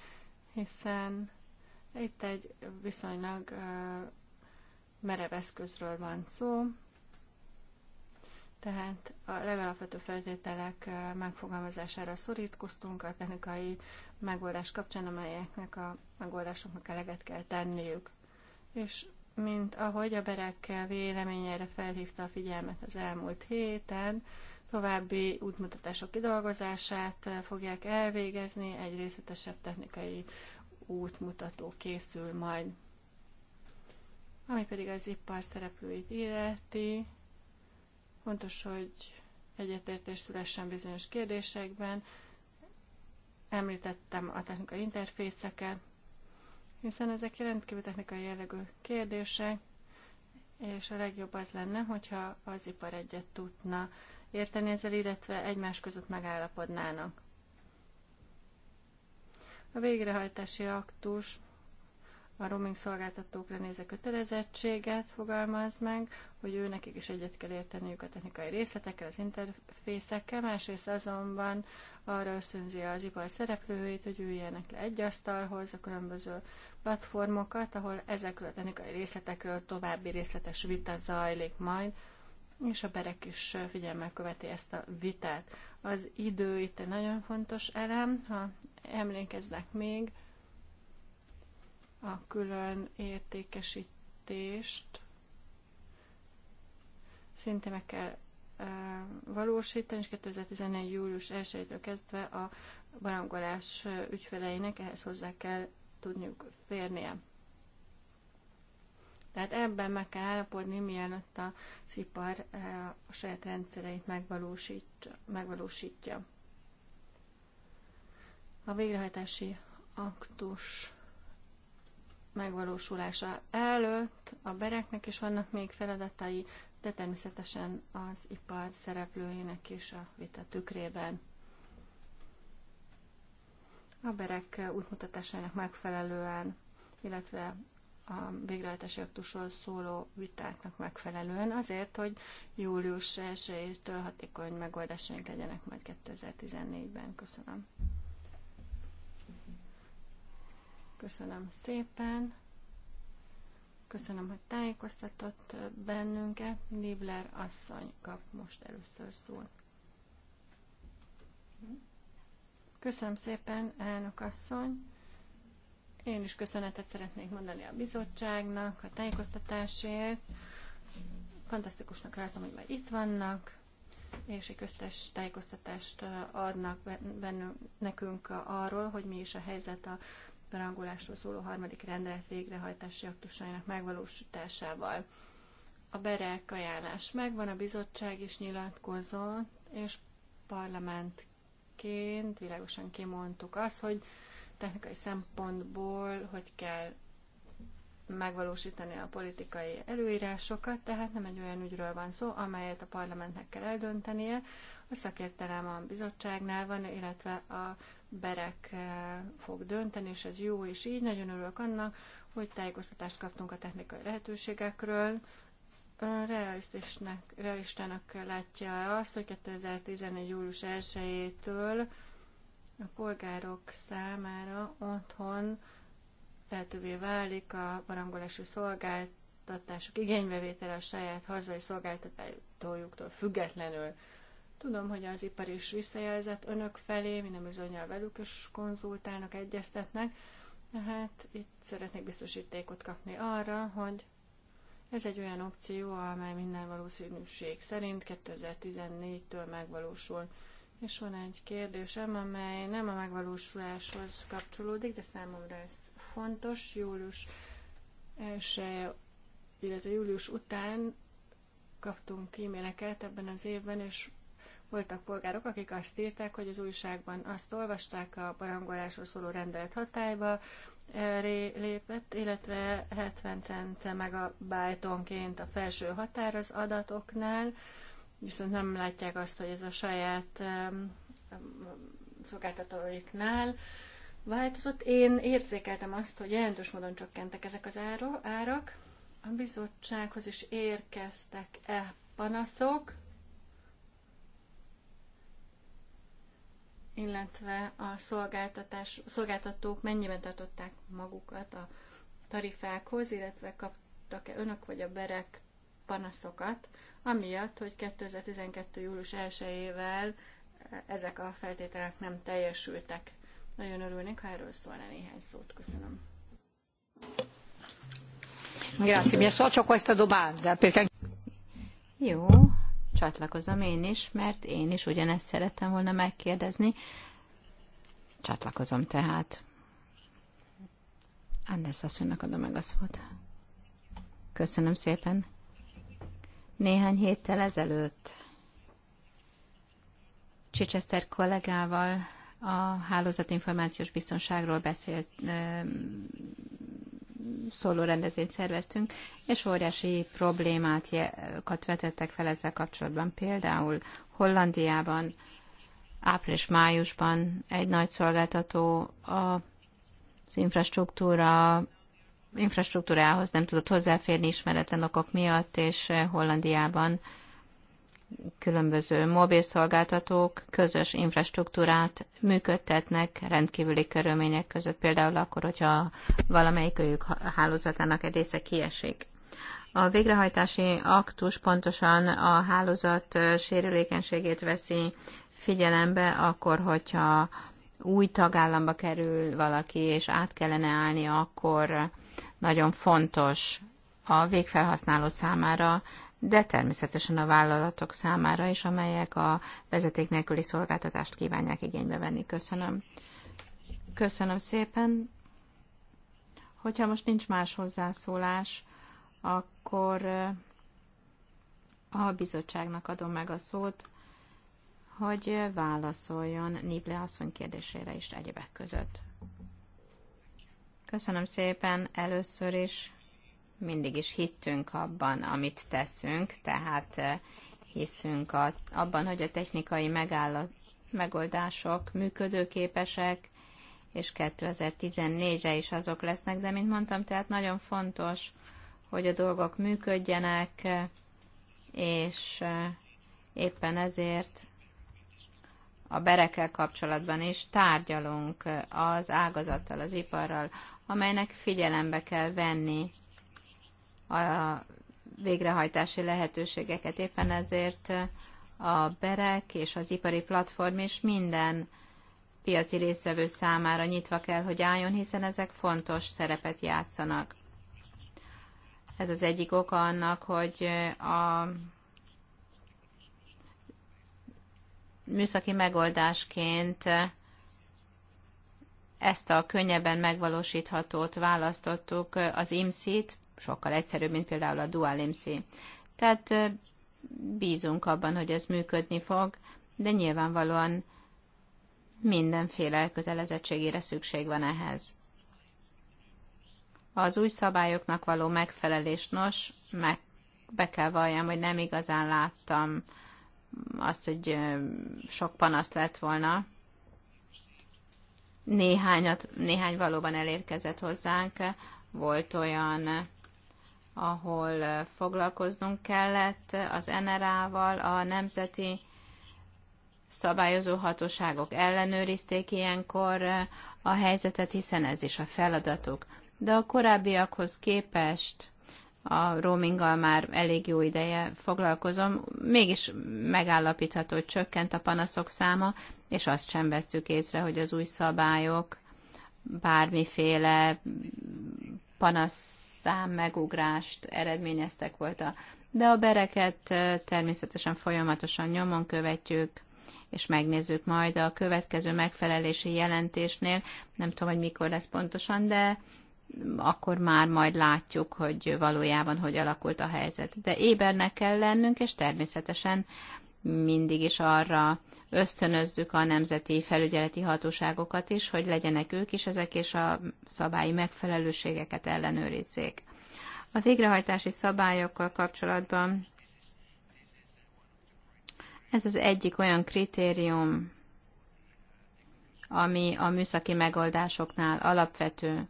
Speaker 2: hiszen itt egy viszonylag uh, merev eszközről van szó, tehát a legalapvető feltételek megfogalmazására szorítkoztunk a technikai megoldás kapcsán, amelyeknek a megoldásoknak eleget kell tenniük. És mint ahogy a Berek véleményére felhívta a figyelmet az elmúlt héten, további útmutatások kidolgozását eh, fogják elvégezni, egy részletesebb technikai útmutató készül majd. Ami pedig az ipar szereplőit illeti, fontos, hogy egyetértés szülessen bizonyos kérdésekben. Említettem a technikai interfészeket, hiszen ezek rendkívül technikai jellegű kérdések, és a legjobb az lenne, hogyha az ipar egyet tudna érteni ezzel, illetve egymás között megállapodnának. A végrehajtási aktus a roaming szolgáltatókra nézve kötelezettséget fogalmaz meg, hogy ő nekik is egyet kell érteniük a technikai részletekkel, az interfészekkel, másrészt azonban arra ösztönzi az ipar szereplőit, hogy üljenek le egy asztalhoz a különböző platformokat, ahol ezekről a technikai részletekről további részletes vita zajlik majd, és a berek is figyelmel követi ezt a vitát. Az idő itt egy nagyon fontos elem, ha emlékeznek még, a külön értékesítést szinte meg kell valósítani, és 2014. július 1-től kezdve a barangolás ügyfeleinek ehhez hozzá kell tudniuk férnie. Tehát ebben meg kell állapodni, mielőtt a szipar eh, a saját rendszereit megvalósítja. A végrehajtási aktus megvalósulása előtt a bereknek is vannak még feladatai, de természetesen az ipar szereplőinek is a vita tükrében. A berek útmutatásának megfelelően, illetve a végrehajtási aktusról szóló vitáknak megfelelően, azért, hogy július 1-től hatékony megoldásaink legyenek majd 2014-ben. Köszönöm. Köszönöm szépen. Köszönöm, hogy tájékoztatott bennünket. Nibler asszony kap most először szót. Köszönöm szépen, elnök asszony. Én is köszönetet szeretnék mondani a bizottságnak, a tájékoztatásért. Fantasztikusnak látom, hogy már itt vannak, és egy köztes tájékoztatást adnak bennünk, nekünk arról, hogy mi is a helyzet a berangolásról szóló harmadik rendelet végrehajtási aktusainak megvalósításával. A berek ajánlás megvan, a bizottság is nyilatkozott, és parlamentként világosan kimondtuk azt, hogy technikai szempontból hogy kell megvalósítani a politikai előírásokat, tehát nem egy olyan ügyről van szó, amelyet a parlamentnek kell eldöntenie. A szakértelem a bizottságnál van, illetve a berek eh, fog dönteni, és ez jó, és így nagyon örülök annak, hogy tájékoztatást kaptunk a technikai lehetőségekről. Realistának látja azt, hogy 2014. július 1-től a polgárok számára otthon lehetővé válik a barangolási szolgáltatások igénybevétele a saját hazai szolgáltatójuktól függetlenül. Tudom, hogy az ipar is visszajelzett önök felé, nem bizonyal velük is konzultálnak, egyeztetnek. Hát itt szeretnék biztosítékot kapni arra, hogy ez egy olyan opció, amely minden valószínűség szerint 2014-től megvalósul. És van egy kérdésem, amely nem a megvalósuláshoz kapcsolódik, de számomra ez fontos. Július első, illetve július után kaptunk e-maileket ebben az évben, és voltak polgárok, akik azt írták, hogy az újságban azt olvasták, a barangolásról szóló rendelet hatályba eh, lépett, illetve 70 cent meg a bájtonként a felső határ az adatoknál, viszont nem látják azt, hogy ez a saját szolgáltatóiknál változott. Én érzékeltem azt, hogy jelentős módon csökkentek ezek az árak. A bizottsághoz is érkeztek-e panaszok, illetve a szolgáltatás, szolgáltatók mennyiben tartották magukat a tarifákhoz, illetve kaptak-e önök vagy a berek panaszokat amiatt, hogy 2012. július 1-ével eh, ezek a feltételek nem teljesültek. Nagyon örülnék, ha erről szólna néhány szót. Köszönöm.
Speaker 1: Grazie, mi associo
Speaker 2: questa domanda, perché...
Speaker 1: Jó, csatlakozom én is, mert én is ugyanezt szerettem volna megkérdezni. Csatlakozom tehát. Anders asszonynak adom meg a szót. Köszönöm szépen. Néhány héttel ezelőtt Csicseszter kollégával a információs biztonságról beszélt szóló rendezvényt szerveztünk, és óriási problémákat vetettek fel ezzel kapcsolatban. Például Hollandiában április-májusban egy nagy szolgáltató a az infrastruktúra infrastruktúrához nem tudott hozzáférni ismeretlen okok miatt, és eh, Hollandiában különböző mobilszolgáltatók közös infrastruktúrát működtetnek rendkívüli körülmények között, például akkor, hogyha valamelyik őjük hálózatának egy része kiesik. A végrehajtási aktus pontosan a hálózat eh, sérülékenységét veszi figyelembe, akkor, hogyha új tagállamba kerül valaki, és át kellene állni, akkor nagyon fontos a végfelhasználó számára, de természetesen a vállalatok számára is, amelyek a vezeték nélküli szolgáltatást kívánják igénybe venni. Köszönöm. Köszönöm szépen. Hogyha most nincs más hozzászólás, akkor eh, a bizottságnak adom meg a szót, hogy eh, válaszoljon Nible asszony kérdésére is egyebek között. Köszönöm szépen először is. Mindig is hittünk abban, amit teszünk, tehát eh, hiszünk a, abban, hogy a technikai megáll, megoldások működőképesek, és 2014-re is azok lesznek, de mint mondtam, tehát nagyon fontos, hogy a dolgok működjenek, eh, és eh, éppen ezért a berekkel kapcsolatban is tárgyalunk az ágazattal, az iparral, amelynek figyelembe kell venni a végrehajtási lehetőségeket. Éppen ezért a berek és az ipari platform és minden piaci résztvevő számára nyitva kell, hogy álljon, hiszen ezek fontos szerepet játszanak. Ez az egyik oka annak, hogy a műszaki megoldásként ezt a könnyebben megvalósíthatót választottuk, az IMSZ-t, sokkal egyszerűbb, mint például a Dual IMSZ. Tehát bízunk abban, hogy ez működni fog, de nyilvánvalóan mindenféle elkötelezettségére szükség van ehhez. Az új szabályoknak való megfelelés, nos, meg be kell valljam, hogy nem igazán láttam azt, hogy sok panaszt lett volna. Néhányat, néhány valóban elérkezett hozzánk. Volt olyan, ahol foglalkoznunk kellett az NRA-val, a nemzeti szabályozó hatóságok ellenőrizték ilyenkor a helyzetet, hiszen ez is a feladatuk. De a korábbiakhoz képest a roaminggal már elég jó ideje foglalkozom, mégis megállapítható, hogy csökkent a panaszok száma, és azt sem vesztük észre, hogy az új szabályok bármiféle panaszszám megugrást eredményeztek volna. De a bereket természetesen folyamatosan nyomon követjük, és megnézzük majd a következő megfelelési jelentésnél. Nem tudom, hogy mikor lesz pontosan, de akkor már majd látjuk, hogy valójában hogy alakult a helyzet. De ébernek kell lennünk, és természetesen mindig is arra ösztönözzük a nemzeti felügyeleti hatóságokat is, hogy legyenek ők is ezek, és a szabályi megfelelőségeket ellenőrizzék. A végrehajtási szabályokkal kapcsolatban ez az egyik olyan kritérium, ami a műszaki megoldásoknál alapvető,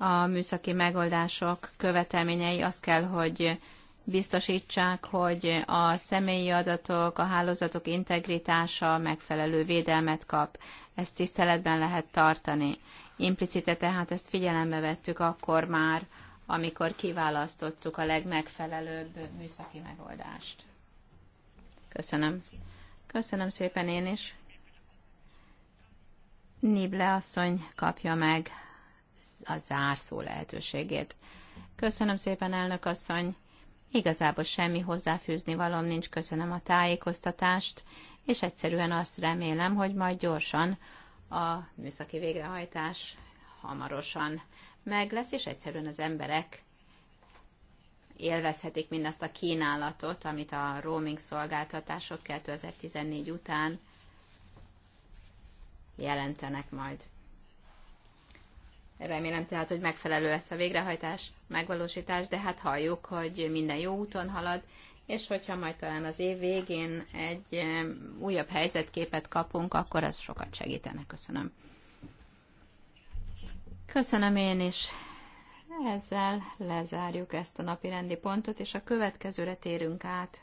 Speaker 1: a műszaki megoldások követelményei azt kell, hogy biztosítsák, hogy a személyi adatok, a hálózatok integritása megfelelő védelmet kap. Ezt tiszteletben lehet tartani. Implicite tehát ezt figyelembe vettük akkor már, amikor kiválasztottuk a legmegfelelőbb műszaki megoldást. Köszönöm. Köszönöm szépen én is. Nible asszony kapja meg a zárszó lehetőségét. Köszönöm szépen, elnök asszony! Igazából semmi hozzáfűzni valom nincs, köszönöm a tájékoztatást, és egyszerűen azt remélem, hogy majd gyorsan a műszaki végrehajtás hamarosan meg lesz, és egyszerűen az emberek élvezhetik mindazt a kínálatot, amit a roaming szolgáltatások 2014 után jelentenek majd. Remélem tehát, hogy megfelelő lesz a végrehajtás, megvalósítás, de hát halljuk, hogy minden jó úton halad, és hogyha majd talán az év végén egy eh, újabb helyzetképet kapunk, akkor ez sokat segítene. Köszönöm. Köszönöm én is. Ezzel lezárjuk ezt a napi rendi pontot, és a következőre térünk át.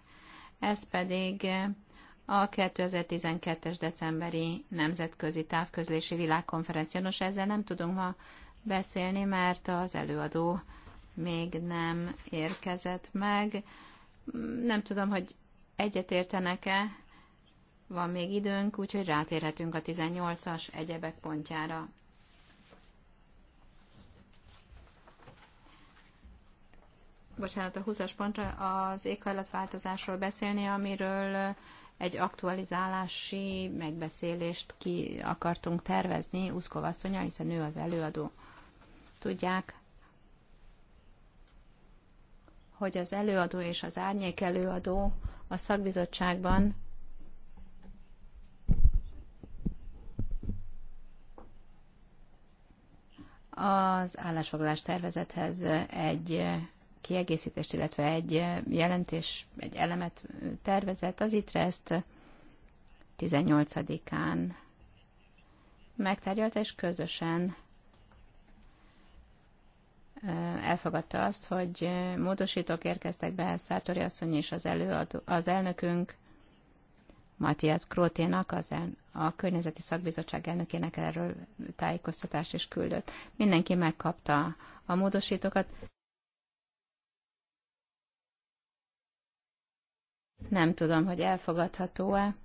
Speaker 1: Ez pedig eh, a 2012-es decemberi nemzetközi távközlési világkonferencia Nos, ezzel nem tudunk ma beszélni, mert az előadó még nem érkezett meg. Nem tudom, hogy egyetértenek-e, van még időnk, úgyhogy rátérhetünk a 18-as egyebek pontjára. Bocsánat, a 20-as pontra az éghajlatváltozásról beszélni, amiről egy aktualizálási megbeszélést ki akartunk tervezni Uszkov hiszen ő az előadó. Tudják, hogy az előadó és az árnyék előadó a szakbizottságban az állásfoglalás tervezethez egy kiegészítést, illetve egy jelentés, egy elemet tervezett. Az itt ezt 18-án megtárgyalta, és közösen elfogadta azt, hogy módosítók érkeztek be Szátori asszony és az, előadó, az elnökünk, Matthias Króténak, az el, a Környezeti Szakbizottság elnökének erről tájékoztatást is küldött. Mindenki megkapta a módosítókat. Nem tudom, hogy elfogadható-e.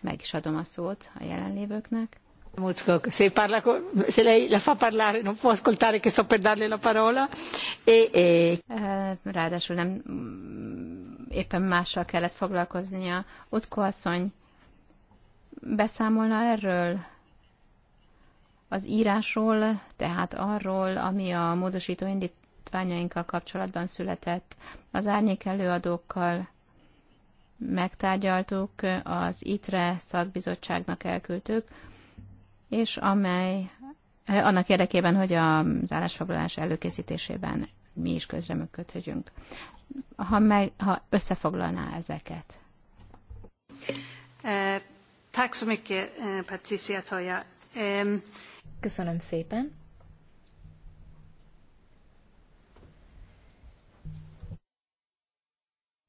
Speaker 1: Meg is adom a szót a jelenlévőknek. Se parla, se lei la fa parlare non può ascoltare che sto per darle la parola. E, e... Eh, ráadásul nem mm, éppen mással kellett foglalkoznia. Utko asszony beszámolna erről? Az írásról, tehát arról, ami a módosító indítványainkkal kapcsolatban született, az árnyék előadókkal megtárgyaltuk, az ITRE szakbizottságnak elküldtük, és amely eh, annak érdekében, hogy az állásfoglalás előkészítésében mi is közreműködhögyünk. Ha, meg, ha összefoglalná ezeket.
Speaker 2: Eh, eh,
Speaker 3: Köszönöm szépen.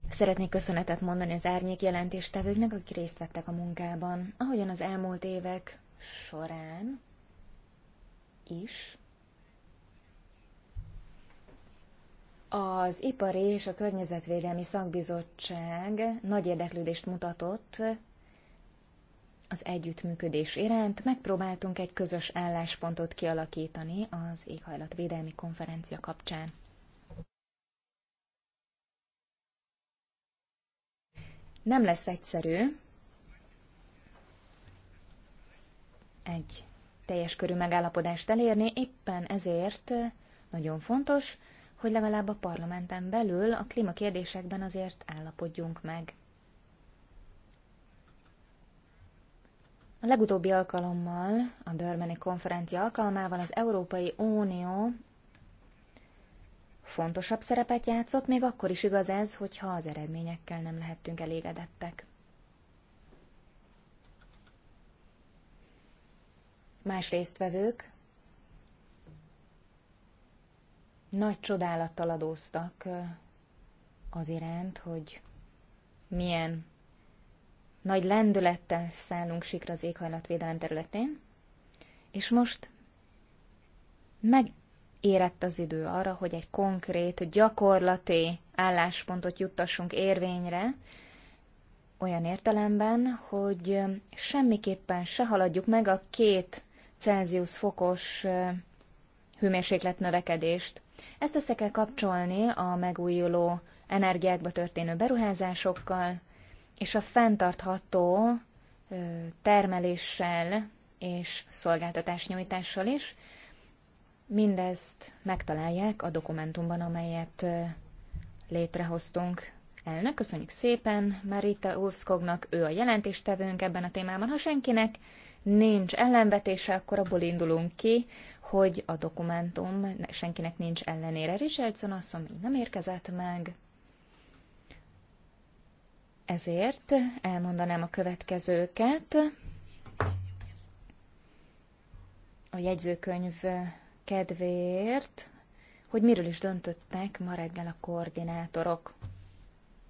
Speaker 3: Szeretnék köszönetet mondani az árnyék jelentéstevőknek, akik részt vettek a munkában. Ahogyan az elmúlt évek során is az Ipari és a Környezetvédelmi Szakbizottság nagy érdeklődést mutatott az együttműködés iránt. Megpróbáltunk egy közös álláspontot kialakítani az éghajlatvédelmi konferencia kapcsán. Nem lesz egyszerű, egy teljes körű megállapodást elérni, éppen ezért nagyon fontos, hogy legalább a parlamenten belül a klímakérdésekben azért állapodjunk meg. A legutóbbi alkalommal, a Dörmeni konferencia alkalmával az Európai Unió fontosabb szerepet játszott, még akkor is igaz ez, hogyha az eredményekkel nem lehettünk elégedettek. más résztvevők nagy csodálattal adóztak az iránt, hogy milyen nagy lendülettel szállunk sikra az éghajlatvédelem területén, és most megérett az idő arra, hogy egy konkrét, gyakorlati álláspontot juttassunk érvényre, olyan értelemben, hogy semmiképpen se haladjuk meg a két Celsius fokos hőmérséklet növekedést. Ezt össze kell kapcsolni a megújuló energiákba történő beruházásokkal, és a fenntartható termeléssel és szolgáltatásnyújtással is. Mindezt megtalálják a dokumentumban, amelyet létrehoztunk. Elnök, köszönjük szépen Marita Ulfskognak, ő a jelentéstevőnk ebben a témában. Ha senkinek nincs ellenvetése, akkor abból indulunk ki, hogy a dokumentum senkinek nincs ellenére. Richardson asszony még nem érkezett meg. Ezért elmondanám a következőket. A jegyzőkönyv kedvéért, hogy miről is döntöttek ma reggel a koordinátorok.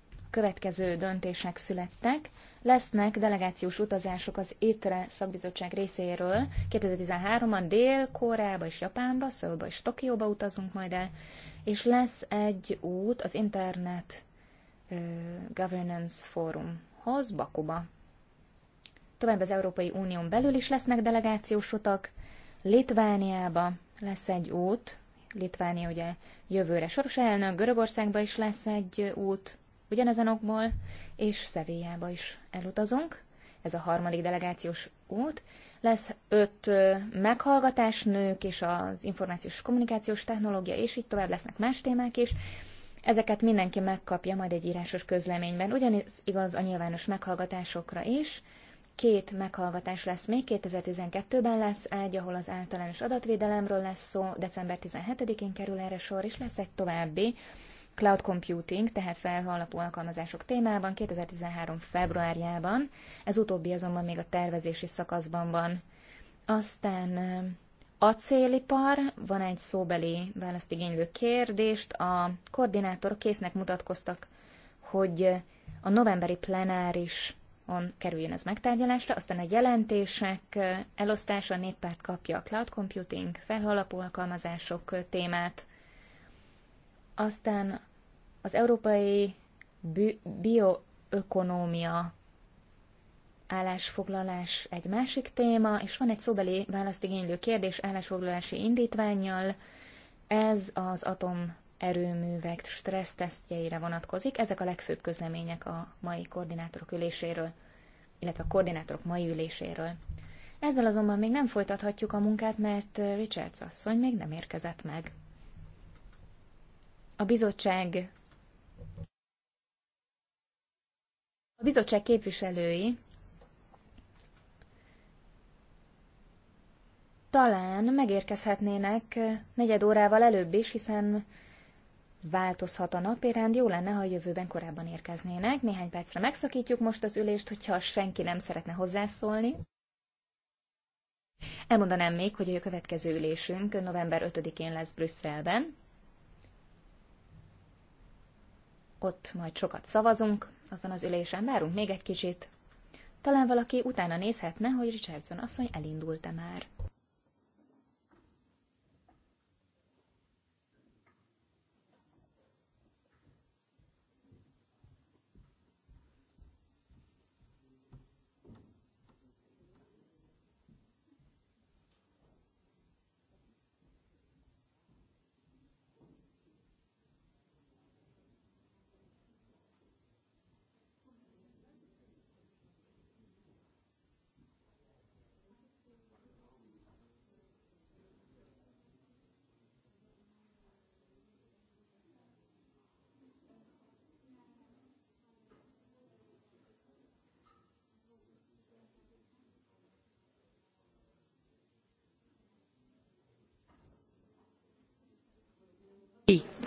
Speaker 3: A következő döntések születtek lesznek delegációs utazások az étre szakbizottság részéről. 2013-ban Dél-Koreába és Japánba, Szölba és Tokióba utazunk majd el, és lesz egy út az Internet Governance Forumhoz, Bakuba. Tovább az Európai Unión belül is lesznek delegációs utak. Litvániába lesz egy út, Litvánia ugye jövőre soros elnök, Görögországba is lesz egy út, ugyanezen okból, és Szevélyába is elutazunk. Ez a harmadik delegációs út. Lesz öt meghallgatás, nők és az információs és kommunikációs technológia, és így tovább lesznek más témák is. Ezeket mindenki megkapja majd egy írásos közleményben. ugyanis igaz a nyilvános meghallgatásokra is. Két meghallgatás lesz még, 2012-ben lesz egy, ahol az általános adatvédelemről lesz szó, december 17-én kerül erre sor, és lesz egy további, cloud computing, tehát felhalapú alkalmazások témában 2013. februárjában, ez utóbbi azonban még a tervezési szakaszban van. Aztán eh, acélipar, van egy szóbeli választ igénylő kérdést, a koordinátorok késznek mutatkoztak, hogy eh, a novemberi plenáris on kerüljön ez megtárgyalásra, aztán a jelentések eh, elosztása a néppárt kapja a cloud computing, felhalapú alkalmazások témát, aztán az európai bioökonómia állásfoglalás egy másik téma, és van egy szóbeli választigénylő kérdés állásfoglalási indítványjal. Ez az atom erőművek stressztesztjeire vonatkozik. Ezek a legfőbb közlemények a mai koordinátorok üléséről, illetve a koordinátorok mai üléséről. Ezzel azonban még nem folytathatjuk a munkát, mert Richards asszony még nem érkezett meg. A bizottság A bizottság képviselői talán megérkezhetnének negyed órával előbb is, hiszen változhat a napérend, jó lenne, ha a jövőben korábban érkeznének. Néhány percre megszakítjuk most az ülést, hogyha senki nem szeretne hozzászólni. Elmondanám még, hogy a következő ülésünk november 5-én lesz Brüsszelben. Ott majd sokat szavazunk, azon az ülésen. Várunk még egy kicsit. Talán valaki utána nézhetne, hogy Richardson asszony elindult-e már.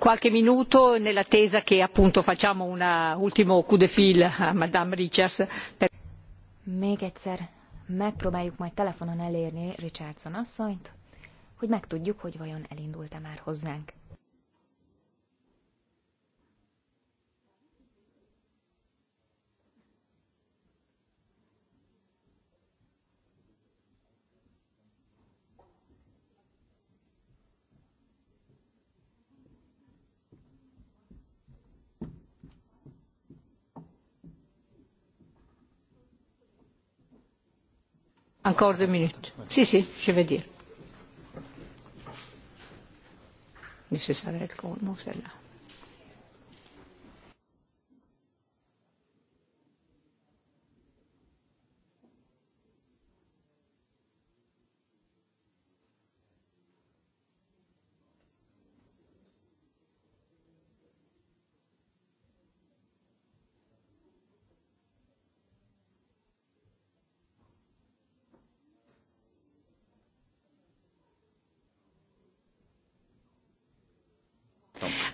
Speaker 3: qualche minuto nell'attesa che appunto facciamo un ultimo coup de fil a Madame Richards. Per... Még egyszer megpróbáljuk majd telefonon elérni Richardson asszonyt, hogy megtudjuk, hogy vajon elindult-e már hozzánk.
Speaker 2: Encore deux minutes. Si, si, je vais
Speaker 1: dire. Mais ce serait le celle-là.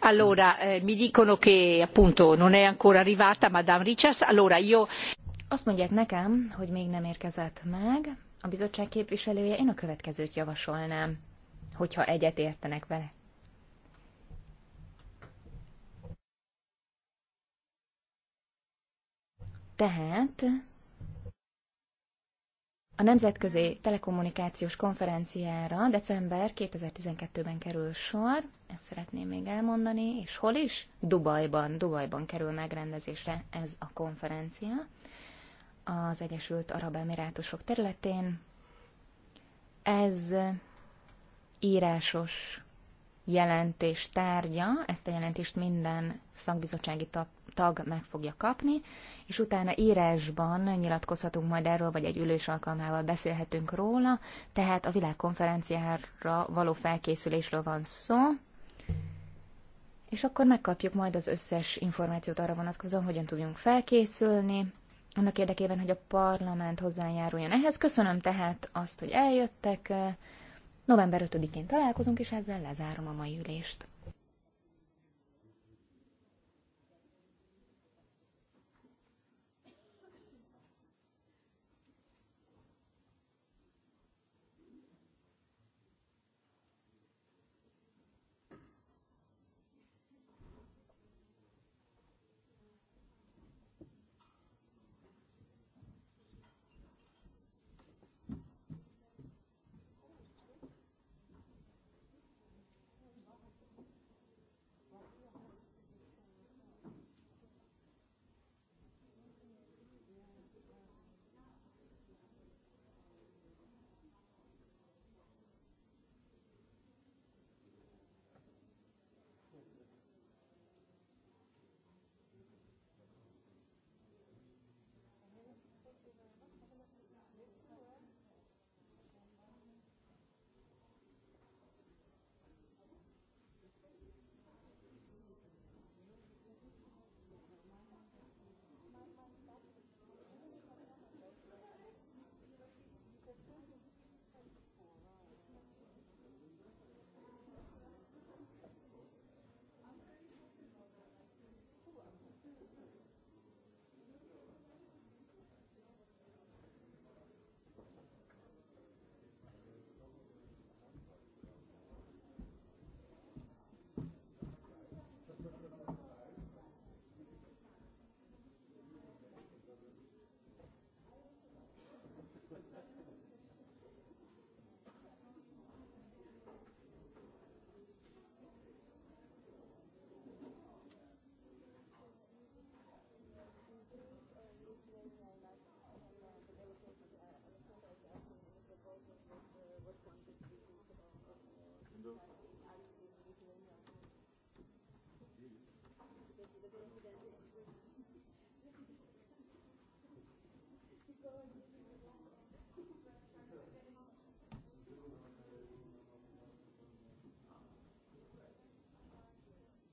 Speaker 1: Allora, eh, mi dicono che appunto non è ancora arrivata Madame Richards, allora io...
Speaker 3: Azt mondják nekem, hogy még nem érkezett meg a bizottság képviselője, én a következőt javasolnám, hogyha egyet értenek vele. Tehát a Nemzetközi Telekommunikációs Konferenciára december 2012-ben kerül sor, ezt szeretném még elmondani, és hol is? Dubajban, Dubajban kerül megrendezésre ez a konferencia az Egyesült Arab Emirátusok területén. Ez írásos jelentés tárgya, ezt a jelentést minden szakbizottsági tag meg fogja kapni, és utána írásban nyilatkozhatunk majd erről, vagy egy ülés alkalmával beszélhetünk róla, tehát a világkonferenciára való felkészülésről van szó és akkor megkapjuk majd az összes információt arra vonatkozóan, hogyan tudjunk felkészülni, annak érdekében, hogy a parlament hozzájáruljon ehhez. Köszönöm tehát azt, hogy eljöttek. November 5-én találkozunk, és ezzel lezárom a mai ülést.
Speaker 5: Gracias.